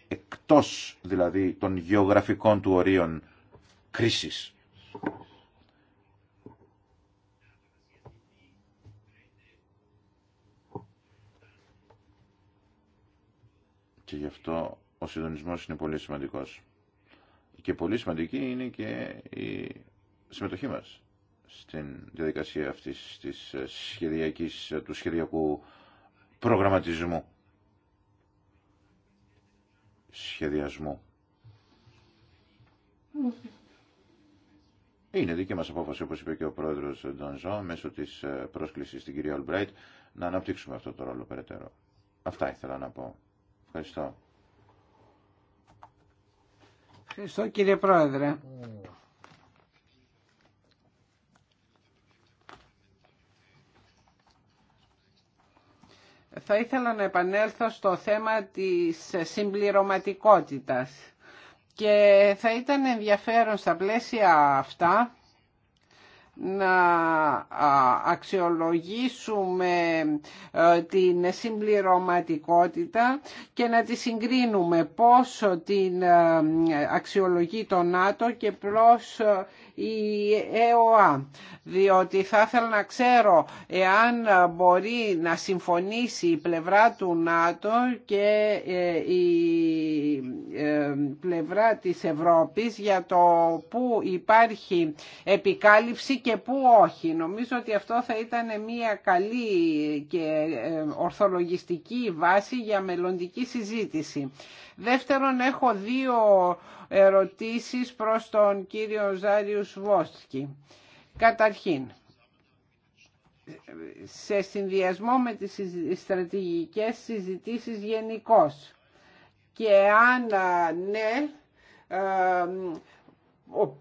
εκτός δηλαδή των γεωγραφικών του ορίων κρίσης. Και γι' αυτό ο συντονισμός είναι πολύ σημαντικός. Και πολύ σημαντική είναι και η συμμετοχή μας στην διαδικασία αυτή της ε, σχεδιακής, ε, του σχεδιακού προγραμματισμού, σχεδιασμού. Είναι δική μας απόφαση, όπως είπε και ο πρόεδρος Ντονζό, μέσω της ε, πρόσκλησης στην κυρία Ολμπράιτ, να αναπτύξουμε αυτό το ρόλο περαιτέρω. Αυτά ήθελα να πω. Ευχαριστώ. Ευχαριστώ κύριε Πρόεδρε. Θα ήθελα να επανέλθω στο θέμα της συμπληρωματικότητας και θα ήταν ενδιαφέρον στα πλαίσια αυτά να αξιολογήσουμε ε, την συμπληρωματικότητα και να τη συγκρίνουμε πόσο την ε, αξιολογεί το ΝΑΤΟ και πώς ε, η ΕΟΑ διότι θα ήθελα να ξέρω εάν μπορεί να συμφωνήσει η πλευρά του ΝΑΤΟ και ε, η ε, πλευρά της Ευρώπης για το που υπάρχει επικάλυψη και που όχι. Νομίζω ότι αυτό θα ήταν μια καλή και ε, ορθολογιστική βάση για μελλοντική συζήτηση. Δεύτερον, έχω δύο ερωτήσεις προς τον κύριο Ζάριους Βόσκη. Καταρχήν, σε συνδυασμό με τις στρατηγικές συζητήσεις γενικώ. Και αν ναι,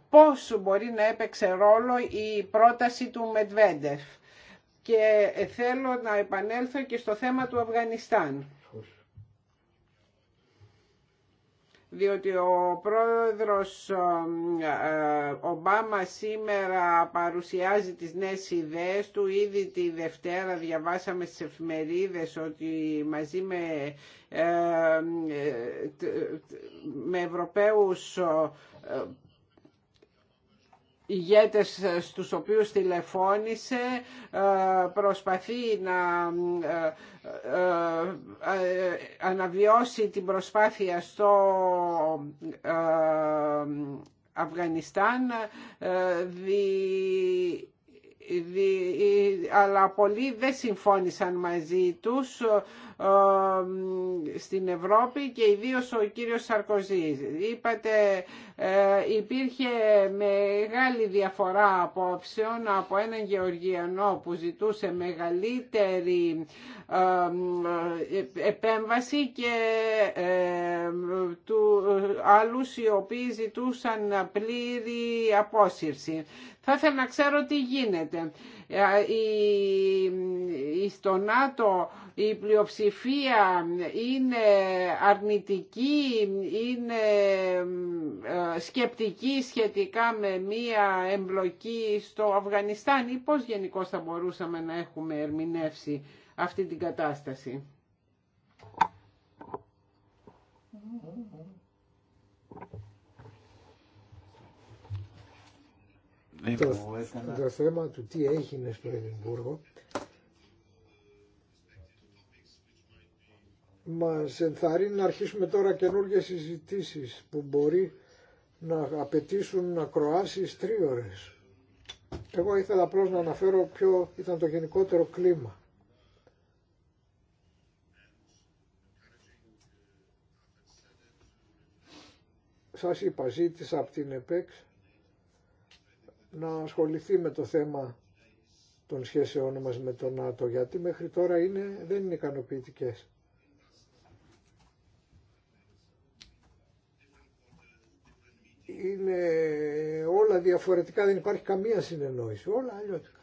πώς μπορεί να έπαιξε ρόλο η πρόταση του Μετβέντεφ. Και θέλω να επανέλθω και στο θέμα του Αφγανιστάν. διότι ο πρόεδρος ε, ε, Ομπάμα σήμερα παρουσιάζει τις νέες ιδέες του. Ήδη τη Δευτέρα διαβάσαμε στις εφημερίδες ότι μαζί με, ε, με Ευρωπαίους ηγέτες ε, στους οποίους τηλεφώνησε ε, προσπαθεί να ε, αναβιώσει την προσπάθεια στο Αφγανιστάν αλλά πολλοί δεν συμφώνησαν μαζί τους ε, ε, στην Ευρώπη και ιδίως ο κύριος Σαρκοζή. Είπατε ε, υπήρχε μεγάλη διαφορά απόψεων από έναν Γεωργιανό που ζητούσε μεγαλύτερη επέμβαση και του άλλους οι οποίοι ζητούσαν πλήρη απόσυρση. Θα ήθελα να ξέρω τι γίνεται. Ε, στο ΝΑΤΟ η πλειοψηφία είναι αρνητική, είναι ε, σκεπτική σχετικά με μία εμπλοκή στο Αφγανιστάν ή πώς γενικώ θα μπορούσαμε να έχουμε ερμηνεύσει αυτή την κατάσταση. Mm-hmm. το, έκανα... το θέμα του τι έγινε στο Εδιμβούργο μας ενθαρρύνει να αρχίσουμε τώρα καινούργιε συζητήσει που μπορεί να απαιτήσουν να τρει ώρε. Εγώ ήθελα απλώ να αναφέρω ποιο ήταν το γενικότερο κλίμα. Σας είπα, ζήτησα από την ΕΠΕΞ να ασχοληθεί με το θέμα των σχέσεών μας με το ΝΑΤΟ, γιατί μέχρι τώρα είναι, δεν είναι ικανοποιητικέ. Είναι όλα διαφορετικά, δεν υπάρχει καμία συνεννόηση, όλα αλλιώτικα.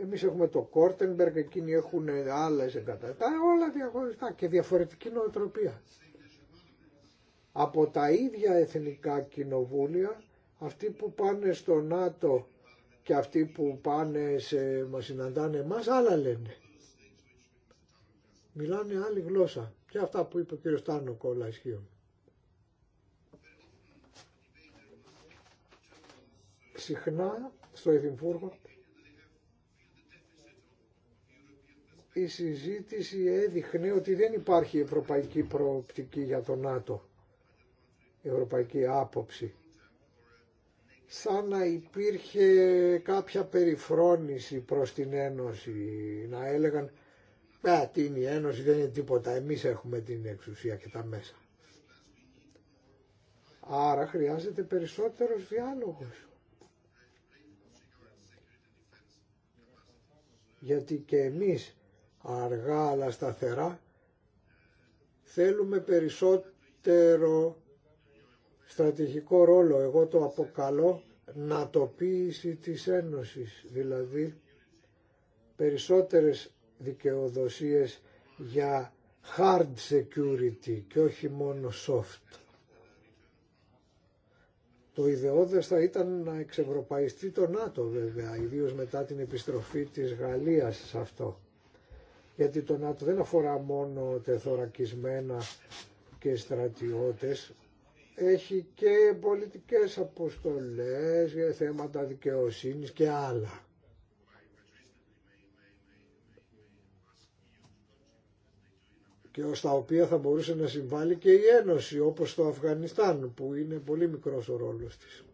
Εμείς έχουμε το Κόρτενμπεργκ, εκείνοι έχουν άλλες εγκαταστάσεις, όλα διαφορετικά και διαφορετική νοοτροπία. Από τα ίδια εθνικά κοινοβούλια αυτοί που πάνε στο ΝΑΤΟ και αυτοί που πάνε σε, μας συναντάνε εμάς άλλα λένε. Μιλάνε άλλη γλώσσα. Και αυτά που είπε ο κ. Στάνο όλα ισχύουν. Συχνά στο Εδιμβούργο η συζήτηση έδειχνε ότι δεν υπάρχει ευρωπαϊκή προοπτική για το ΝΑΤΟ, ευρωπαϊκή άποψη σαν να υπήρχε κάποια περιφρόνηση προς την Ένωση, να έλεγαν «Α, τι είναι η Ένωση, δεν είναι τίποτα, εμείς έχουμε την εξουσία και τα μέσα». Άρα χρειάζεται περισσότερος διάλογος. Γιατί και εμείς αργά αλλά σταθερά θέλουμε περισσότερο στρατηγικό ρόλο, εγώ το αποκαλώ νατοποίηση της Ένωσης, δηλαδή περισσότερες δικαιοδοσίες για hard security και όχι μόνο soft. Το ιδεώδες θα ήταν να εξευρωπαϊστεί το ΝΑΤΟ βέβαια, ιδίω μετά την επιστροφή της Γαλλίας σε αυτό. Γιατί το ΝΑΤΟ δεν αφορά μόνο τεθωρακισμένα και στρατιώτες, έχει και πολιτικές αποστολές για θέματα δικαιοσύνης και άλλα. και ως τα οποία θα μπορούσε να συμβάλλει και η Ένωση όπως το Αφγανιστάν που είναι πολύ μικρός ο ρόλος της.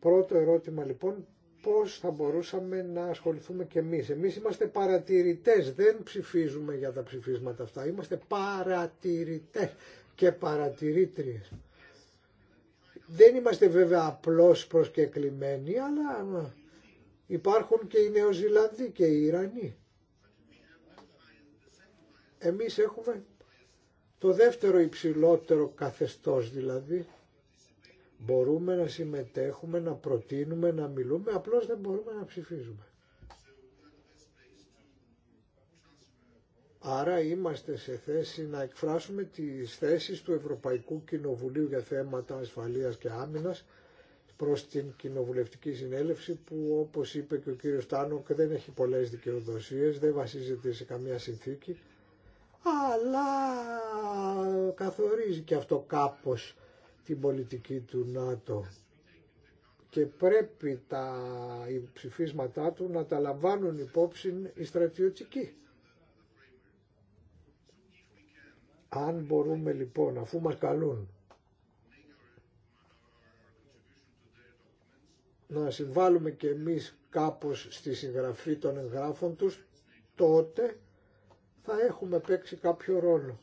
Πρώτο ερώτημα λοιπόν πώς θα μπορούσαμε να ασχοληθούμε και εμείς. Εμείς είμαστε παρατηρητές, δεν ψηφίζουμε για τα ψηφίσματα αυτά, είμαστε παρατηρητές και παρατηρήτριες. Δεν είμαστε βέβαια απλώς προσκεκλημένοι, αλλά υπάρχουν και οι Νεοζηλανδοί και οι Ιρανοί. Εμείς έχουμε το δεύτερο υψηλότερο καθεστώς δηλαδή. Μπορούμε να συμμετέχουμε, να προτείνουμε, να μιλούμε, απλώς δεν μπορούμε να ψηφίζουμε. Άρα είμαστε σε θέση να εκφράσουμε τις θέσεις του Ευρωπαϊκού Κοινοβουλίου για θέματα ασφαλείας και άμυνας προς την Κοινοβουλευτική Συνέλευση που όπως είπε και ο κύριος Τάνοκ δεν έχει πολλές δικαιοδοσίες, δεν βασίζεται σε καμία συνθήκη αλλά καθορίζει και αυτό κάπως την πολιτική του ΝΑΤΟ και πρέπει τα ψηφίσματά του να τα λαμβάνουν υπόψη οι στρατιωτικοί Αν μπορούμε λοιπόν, αφού μας καλούν, να συμβάλλουμε και εμείς κάπως στη συγγραφή των εγγράφων τους, τότε θα έχουμε παίξει κάποιο ρόλο.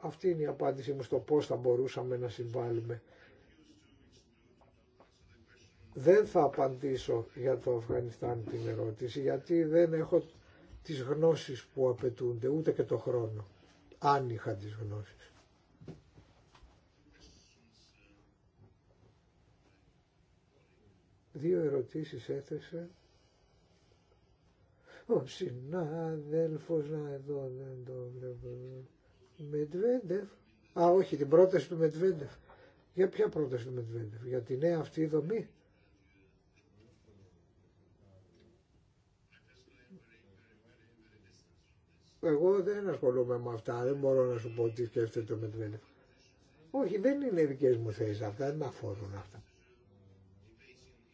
Αυτή είναι η απάντησή μου στο πώς θα μπορούσαμε να συμβάλλουμε. Δεν θα απαντήσω για το Αφγανιστάν την ερώτηση, γιατί δεν έχω τις γνώσεις που απαιτούνται, ούτε και το χρόνο αν είχα τις γνώσεις. Δύο ερωτήσεις έθεσε. Ο συνάδελφος, να εδώ δεν το βλέπω. Μετβέντεφ. Α, όχι, την πρόταση του Μετβέντεφ. Για ποια πρόταση του Μετβέντεφ, για τη νέα αυτή δομή. εγώ δεν ασχολούμαι με αυτά, δεν μπορώ να σου πω τι σκέφτεται με την Όχι, δεν είναι δικέ μου θέσει αυτά, δεν με αφορούν αυτά.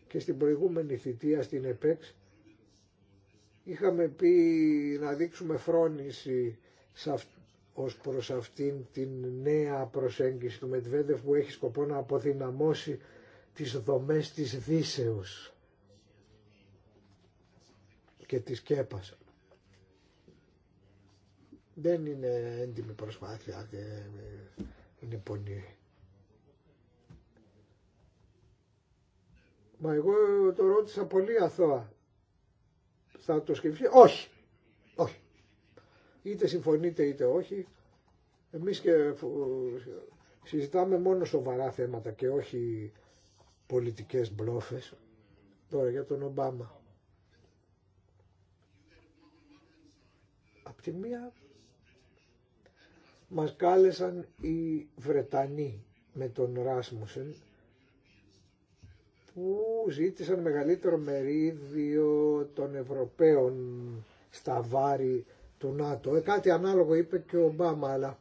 Και στην προηγούμενη θητεία στην ΕΠΕΞ είχαμε πει να δείξουμε φρόνηση ως προς αυτήν την νέα προσέγγιση του Μετβέντεφ που έχει σκοπό να αποδυναμώσει τις δομές της Δύσεως και της Κέπας δεν είναι έντιμη προσπάθεια και είναι πονή. Μα εγώ το ρώτησα πολύ αθώα. Θα το σκεφτεί. Όχι. Όχι. Είτε συμφωνείτε είτε όχι. Εμείς και συζητάμε μόνο σοβαρά θέματα και όχι πολιτικές μπλόφες. Τώρα για τον Ομπάμα. Απ' τη μία μας κάλεσαν οι Βρετανοί με τον Ράσμουσεν που ζήτησαν μεγαλύτερο μερίδιο των Ευρωπαίων στα βάρη του ΝΑΤΟ. Ε, κάτι ανάλογο είπε και ο Ομπάμα, αλλά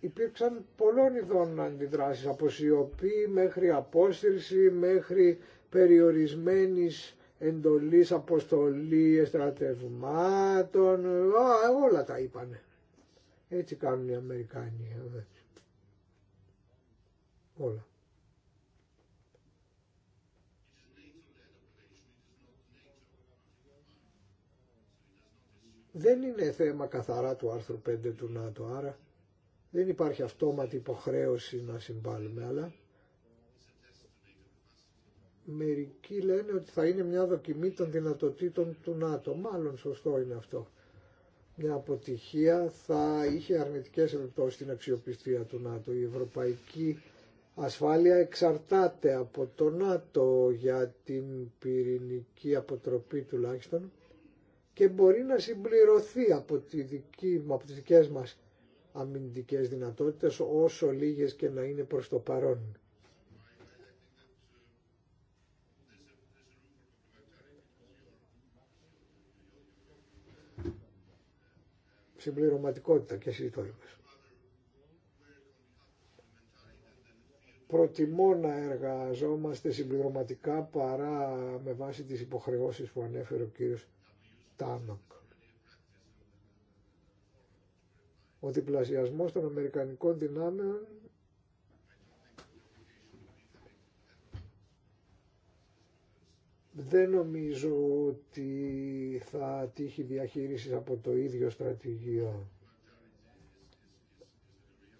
υπήρξαν πολλών ειδών αντιδράσεις, από σιωπή μέχρι απόσυρση, μέχρι περιορισμένης εντολής αποστολή στρατευμάτων, α, όλα τα είπανε. Έτσι κάνουν οι Αμερικάνοι. Ε, όλα. Δεν είναι θέμα καθαρά του άρθρου 5 του ΝΑΤΟ, άρα δεν υπάρχει αυτόματη υποχρέωση να συμβάλλουμε, αλλά Μερικοί λένε ότι θα είναι μια δοκιμή των δυνατοτήτων του ΝΑΤΟ. Μάλλον σωστό είναι αυτό. Μια αποτυχία θα είχε αρνητικές επιπτώσεις στην αξιοπιστία του ΝΑΤΟ. Η ευρωπαϊκή ασφάλεια εξαρτάται από το ΝΑΤΟ για την πυρηνική αποτροπή τουλάχιστον και μπορεί να συμπληρωθεί από, τη δική, από τις δικές μας αμυντικές δυνατότητες όσο λίγες και να είναι προς το παρόν. συμπληρωματικότητα και είπες. Προτιμώ να εργαζόμαστε συμπληρωματικά παρά με βάση τις υποχρεώσεις που ανέφερε ο κύριος Τάνοκ. Ο διπλασιασμός των Αμερικανικών δυνάμεων δεν νομίζω ότι θα τύχει διαχείριση από το ίδιο στρατηγείο.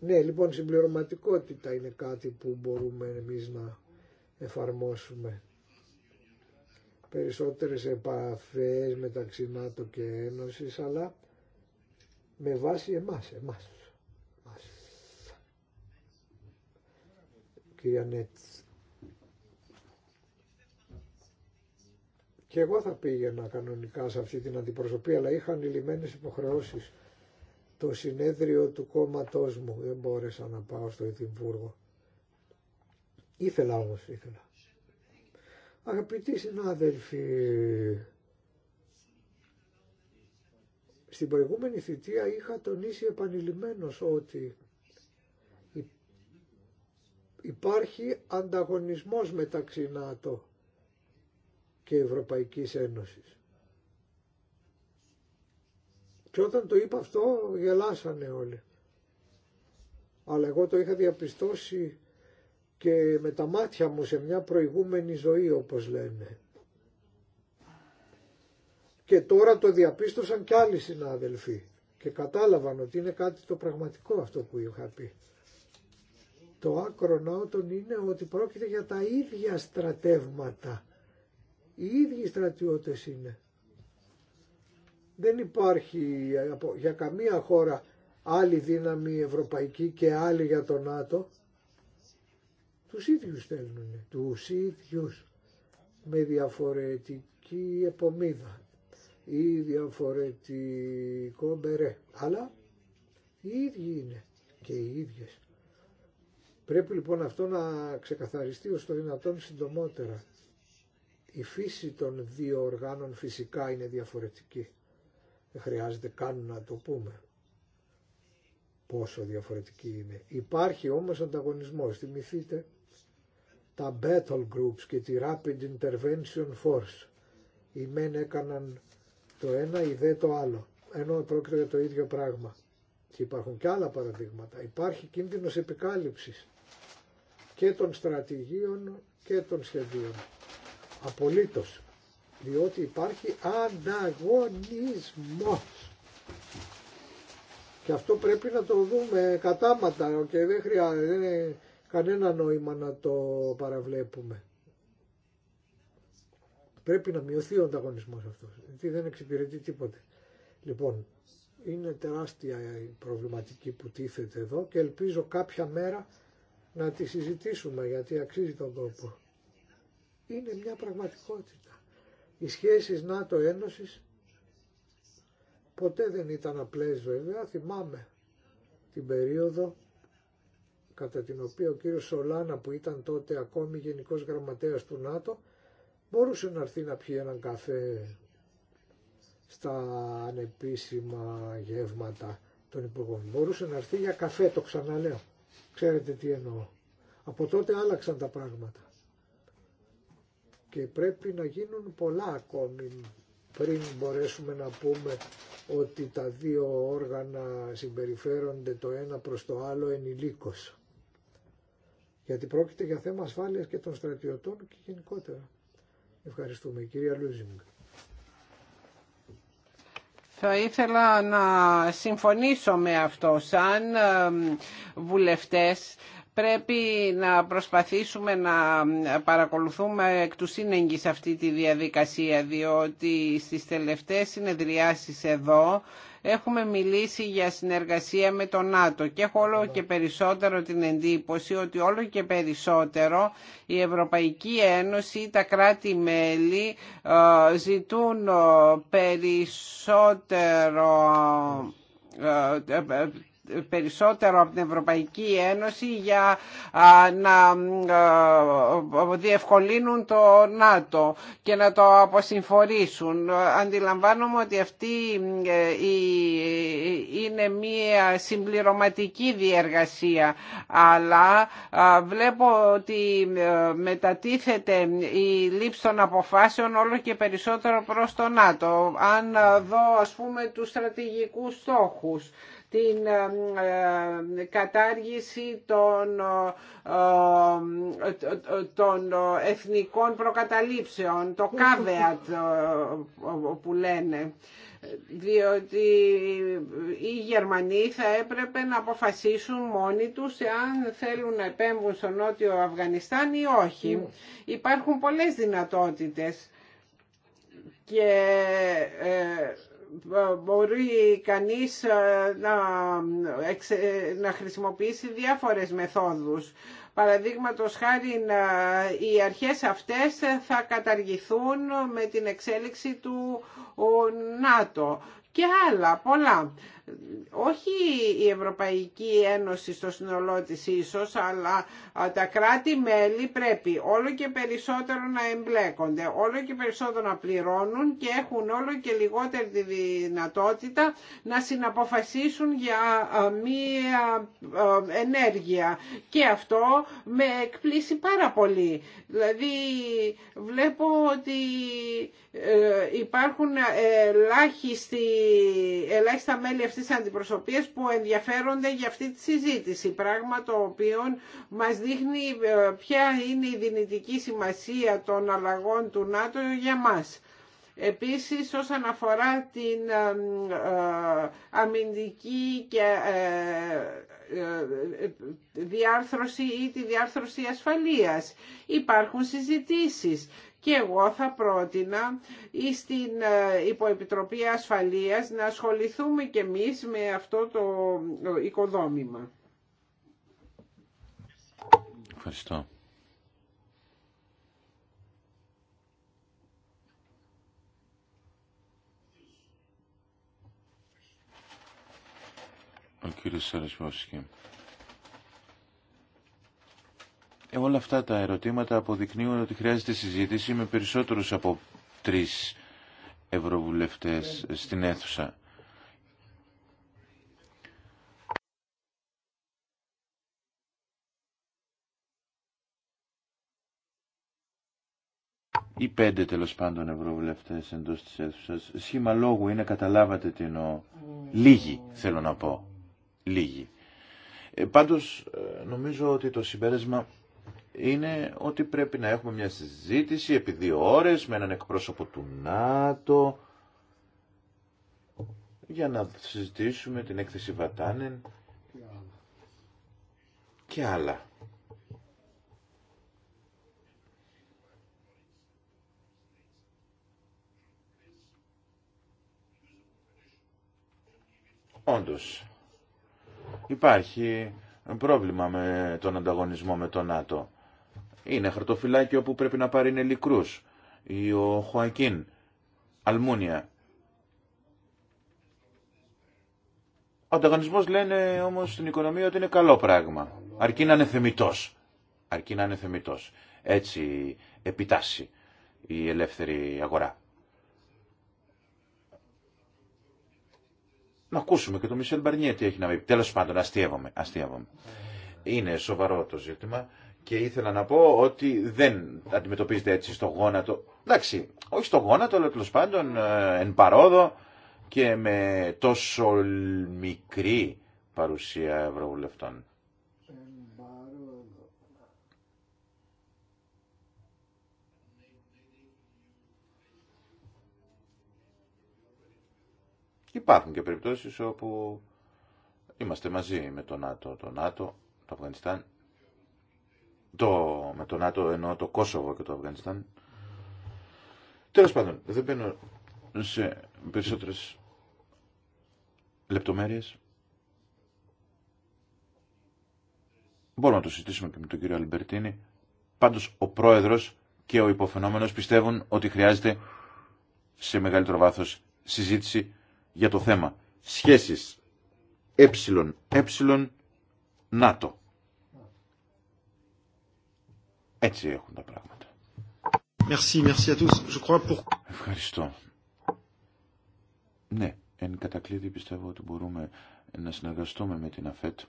Ναι, λοιπόν, συμπληρωματικότητα είναι κάτι που μπορούμε εμείς να εφαρμόσουμε. Περισσότερες επαφές μεταξύ ΝΑΤΟ και Ένωσης, αλλά με βάση εμάς, εμάς. εμάς. Και εγώ θα πήγαινα κανονικά σε αυτή την αντιπροσωπή, αλλά είχαν λυμμένες υποχρεώσεις. Το συνέδριο του κόμματό μου δεν μπόρεσα να πάω στο Εδιμβούργο. Ήθελα όμω ήθελα. Αγαπητοί συνάδελφοι, στην προηγούμενη θητεία είχα τονίσει επανειλημμένος ότι υπάρχει ανταγωνισμός μεταξύ ΝΑΤΟ και Ευρωπαϊκής Ένωσης. Και όταν το είπα αυτό γελάσανε όλοι. Αλλά εγώ το είχα διαπιστώσει και με τα μάτια μου σε μια προηγούμενη ζωή όπως λένε. Και τώρα το διαπίστωσαν κι άλλοι συνάδελφοι και κατάλαβαν ότι είναι κάτι το πραγματικό αυτό που είχα πει. Το άκρο όταν είναι ότι πρόκειται για τα ίδια στρατεύματα οι ίδιοι στρατιώτες είναι. Δεν υπάρχει για καμία χώρα άλλη δύναμη ευρωπαϊκή και άλλη για το ΝΑΤΟ. Τους ίδιους θέλουν, τους ίδιους με διαφορετική επομίδα ή διαφορετικό μπερέ. Αλλά οι ίδιοι είναι και οι ίδιες. Πρέπει λοιπόν αυτό να ξεκαθαριστεί ως το δυνατόν συντομότερα. Η φύση των δύο οργάνων φυσικά είναι διαφορετική. Δεν χρειάζεται καν να το πούμε πόσο διαφορετική είναι. Υπάρχει όμως ανταγωνισμός. Θυμηθείτε τα battle groups και τη rapid intervention force. Οι μεν έκαναν το ένα, οι δε το άλλο. Ενώ πρόκειται για το ίδιο πράγμα. Και υπάρχουν και άλλα παραδείγματα. Υπάρχει κίνδυνος επικάλυψης και των στρατηγίων και των σχεδίων. Απολύτως. Διότι υπάρχει ανταγωνισμός. Και αυτό πρέπει να το δούμε κατάματα και δεν χρειάζεται κανένα νόημα να το παραβλέπουμε. Πρέπει να μειωθεί ο ανταγωνισμός αυτός, γιατί δεν εξυπηρετεί τίποτε. Λοιπόν, είναι τεράστια η προβληματική που τίθεται εδώ και ελπίζω κάποια μέρα να τη συζητήσουμε γιατί αξίζει τον κόπο είναι μια πραγματικότητα. Οι σχέσεις ΝΑΤΟ-Ένωσης ποτέ δεν ήταν απλές βέβαια. Θυμάμαι την περίοδο κατά την οποία ο κύριος Σολάνα που ήταν τότε ακόμη γενικός γραμματέας του ΝΑΤΟ μπορούσε να έρθει να πιει έναν καφέ στα ανεπίσημα γεύματα των υπουργών. Μπορούσε να έρθει για καφέ, το ξαναλέω. Ξέρετε τι εννοώ. Από τότε άλλαξαν τα πράγματα και πρέπει να γίνουν πολλά ακόμη πριν μπορέσουμε να πούμε ότι τα δύο όργανα συμπεριφέρονται το ένα προς το άλλο ενηλίκως. Γιατί πρόκειται για θέμα ασφάλειας και των στρατιωτών και γενικότερα. Ευχαριστούμε. κυρία Λούζινγκ. Θα ήθελα να συμφωνήσω με αυτό σαν βουλευτές πρέπει να προσπαθήσουμε να παρακολουθούμε εκ του σύνεγγυς αυτή τη διαδικασία διότι στις τελευταίες συνεδριάσεις εδώ έχουμε μιλήσει για συνεργασία με τον ΝΑΤΟ και έχω όλο και περισσότερο την εντύπωση ότι όλο και περισσότερο η Ευρωπαϊκή Ένωση, τα κράτη-μέλη ε, ζητούν ε, περισσότερο ε, περισσότερο από την Ευρωπαϊκή Ένωση για να διευκολύνουν το ΝΑΤΟ και να το αποσυμφορήσουν. Αντιλαμβάνομαι ότι αυτή ε, είναι μία συμπληρωματική διεργασία αλλά βλέπω ότι ε, μετατίθεται η λήψη των αποφάσεων όλο και περισσότερο προς το ΝΑΤΟ. Αν δω ας πούμε τους στρατηγικούς στόχους την ε, κατάργηση των, ε, ε, των εθνικών προκαταλήψεων, το caveat που λένε διότι οι Γερμανοί θα έπρεπε να αποφασίσουν μόνοι τους εάν θέλουν να επέμβουν στο Νότιο Αφγανιστάν ή όχι. Υπάρχουν πολλές δυνατότητες και μπορεί κανείς ε, να, να χρησιμοποιήσει διάφορες μεθόδους. Παραδείγματο χάρη ε, οι αρχές αυτές θα καταργηθούν με την εξέλιξη του ΝΑΤΟ και άλλα πολλά όχι η Ευρωπαϊκή Ένωση στο συνολό της ίσως, αλλά τα κράτη-μέλη πρέπει όλο και περισσότερο να εμπλέκονται, όλο και περισσότερο να πληρώνουν και έχουν όλο και λιγότερη τη δυνατότητα να συναποφασίσουν για μία ενέργεια. Και αυτό με εκπλήσει πάρα πολύ. Δηλαδή βλέπω ότι ε, υπάρχουν ελάχιστη ελάχιστα μέλη αυτής της αντιπροσωπείας που ενδιαφέρονται για αυτή τη συζήτηση, πράγμα το οποίο μας δείχνει ε, ποια είναι η δυνητική σημασία των αλλαγών του ΝΑΤΟ για μας. Επίσης, όσον αφορά την ε, αμυντική και διάρθρωση ή τη διάρθρωση ασφαλείας. Υπάρχουν συζητήσεις και εγώ θα πρότεινα ή στην ε, Υποεπιτροπή Ασφαλείας να ασχοληθούμε και εμείς με αυτό το οικοδόμημα. Ευχαριστώ. Ο κύριος όλα αυτά τα ερωτήματα αποδεικνύουν ότι χρειάζεται συζήτηση με περισσότερους από τρεις ευρωβουλευτές στην αίθουσα. ή πέντε τέλο πάντων ευρωβουλευτέ εντό τη αίθουσα. Σχήμα λόγου είναι, καταλάβατε τι εννοώ. Λίγοι θέλω να πω. Λίγοι. Ε, Πάντω ε, νομίζω ότι το συμπέρασμα είναι ότι πρέπει να έχουμε μια συζήτηση επί δύο ώρες με έναν εκπρόσωπο του ΝΑΤΟ για να συζητήσουμε την έκθεση Βατάνεν και άλλα. Όντως, υπάρχει πρόβλημα με τον ανταγωνισμό με τον ΝΑΤΟ. Είναι χαρτοφυλάκιο που πρέπει να πάρει η καλό πράγμα αρκεί να είναι θεμητός έτσι επιτάσει η ελεύθερη αγορά. Να ακούσουμε και το Μισελ Μπαρνιέ τι έχει να πει. Τέλος πάντων, αστείευομαι. αστείευομαι. Είναι σοβαρό το ζήτημα. Και ήθελα να πω ότι δεν αντιμετωπίζεται έτσι στο γόνατο. Εντάξει, όχι στο γόνατο, αλλά τέλο πάντων ε, εν παρόδο και με τόσο μικρή παρουσία ευρωβουλευτών. Υπάρχουν και περιπτώσεις όπου είμαστε μαζί με το ΝΑΤΟ, το ΝΑΤΟ, το Αφγανιστάν. Το, με το ΝΑΤΟ εννοώ το Κόσοβο και το Αφγανιστάν. Τέλο πάντων, δεν μπαίνω σε περισσότερε λεπτομέρειε. Μπορούμε να το συζητήσουμε και με τον κύριο Αλμπερτίνη. Πάντω ο πρόεδρο και ο υποφαινόμενο πιστεύουν ότι χρειάζεται σε μεγαλύτερο βάθο συζήτηση για το θέμα. Σχέσει Ε ΝΑΤΟ. Έτσι έχουν τα πράγματα. Ευχαριστώ. Ναι, εν κατακλείδη πιστεύω ότι μπορούμε να συνεργαστούμε με την ΑΦΕΤ.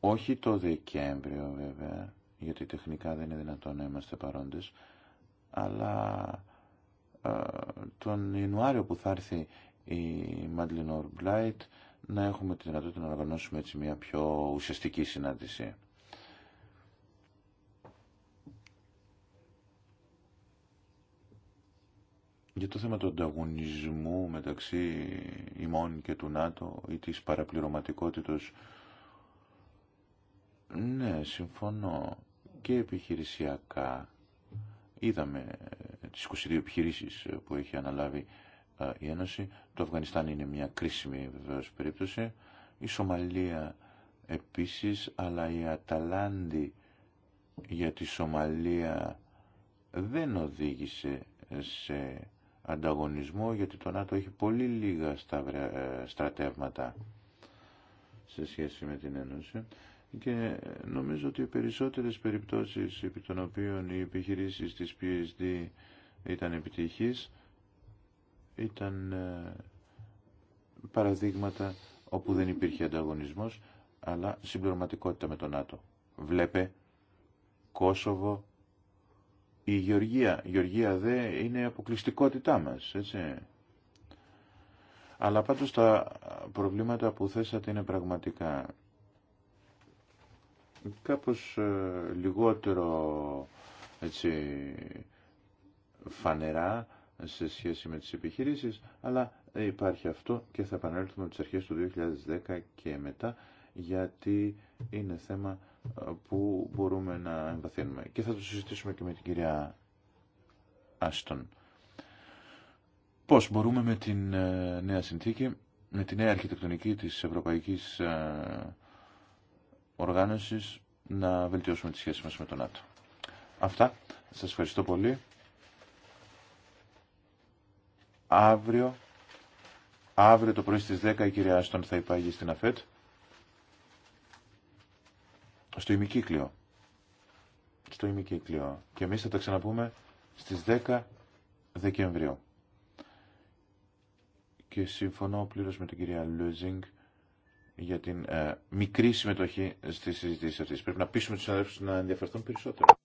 Όχι το Δεκέμβριο βέβαια, γιατί τεχνικά δεν είναι δυνατόν να είμαστε παρόντες, αλλά ε, τον Ιανουάριο που θα έρθει η Μαντλινόρ Μπλάιτ να έχουμε τη δυνατότητα να οργανώσουμε έτσι μια πιο ουσιαστική συνάντηση. Για το θέμα του ανταγωνισμού μεταξύ ημών και του ΝΑΤΟ ή της παραπληρωματικότητος, ναι, συμφωνώ και επιχειρησιακά. Είδαμε τις 22 επιχειρήσεις που έχει αναλάβει η Ένωση. Το Αφγανιστάν είναι μια κρίσιμη βεβαίως περίπτωση. Η Σομαλία επίσης, αλλά η Αταλάντη για τη Σομαλία δεν οδήγησε σε ανταγωνισμό γιατί το ΝΑΤΟ έχει πολύ λίγα ε, στρατεύματα σε σχέση με την Ένωση και ε, νομίζω ότι οι περισσότερες περιπτώσεις επί των οποίων οι επιχειρήσεις της PSD ήταν επιτυχής ήταν ε, παραδείγματα όπου δεν υπήρχε ανταγωνισμός αλλά συμπληρωματικότητα με τον ΝΑΤΟ. Βλέπε Κόσοβο η Γεωργία. Η Γεωργία δε είναι αποκλειστικότητά μας, έτσι. Αλλά πάντως τα προβλήματα που θέσατε είναι πραγματικά κάπως ε, λιγότερο έτσι, φανερά σε σχέση με τις επιχειρήσεις, αλλά υπάρχει αυτό και θα επανέλθουμε από τις αρχές του 2010 και μετά, γιατί είναι θέμα ε, που μπορούμε να εμβαθύνουμε. Και θα το συζητήσουμε και με την κυρία Άστον. Πώς μπορούμε με την ε, νέα συνθήκη, με την νέα αρχιτεκτονική της Ευρωπαϊκής ε, Οργάνωσης να βελτιώσουμε τις σχέσεις μας με τον ΝΑΤΟ. Αυτά. Σας ευχαριστώ πολύ. Αύριο, αύριο το πρωί στις 10 η κυρία Άστον θα υπάγει στην ΑΦΕΤ. Στο ημικύκλιο. Στο ημικύκλιο. Και εμείς θα τα ξαναπούμε στις 10 Δεκεμβρίου. Και συμφωνώ πλήρως με την κυρία Λούζινγκ για την ε, μικρή συμμετοχή στη συζήτηση Πρέπει να πείσουμε τους αδέρφους να ενδιαφερθούν περισσότερο.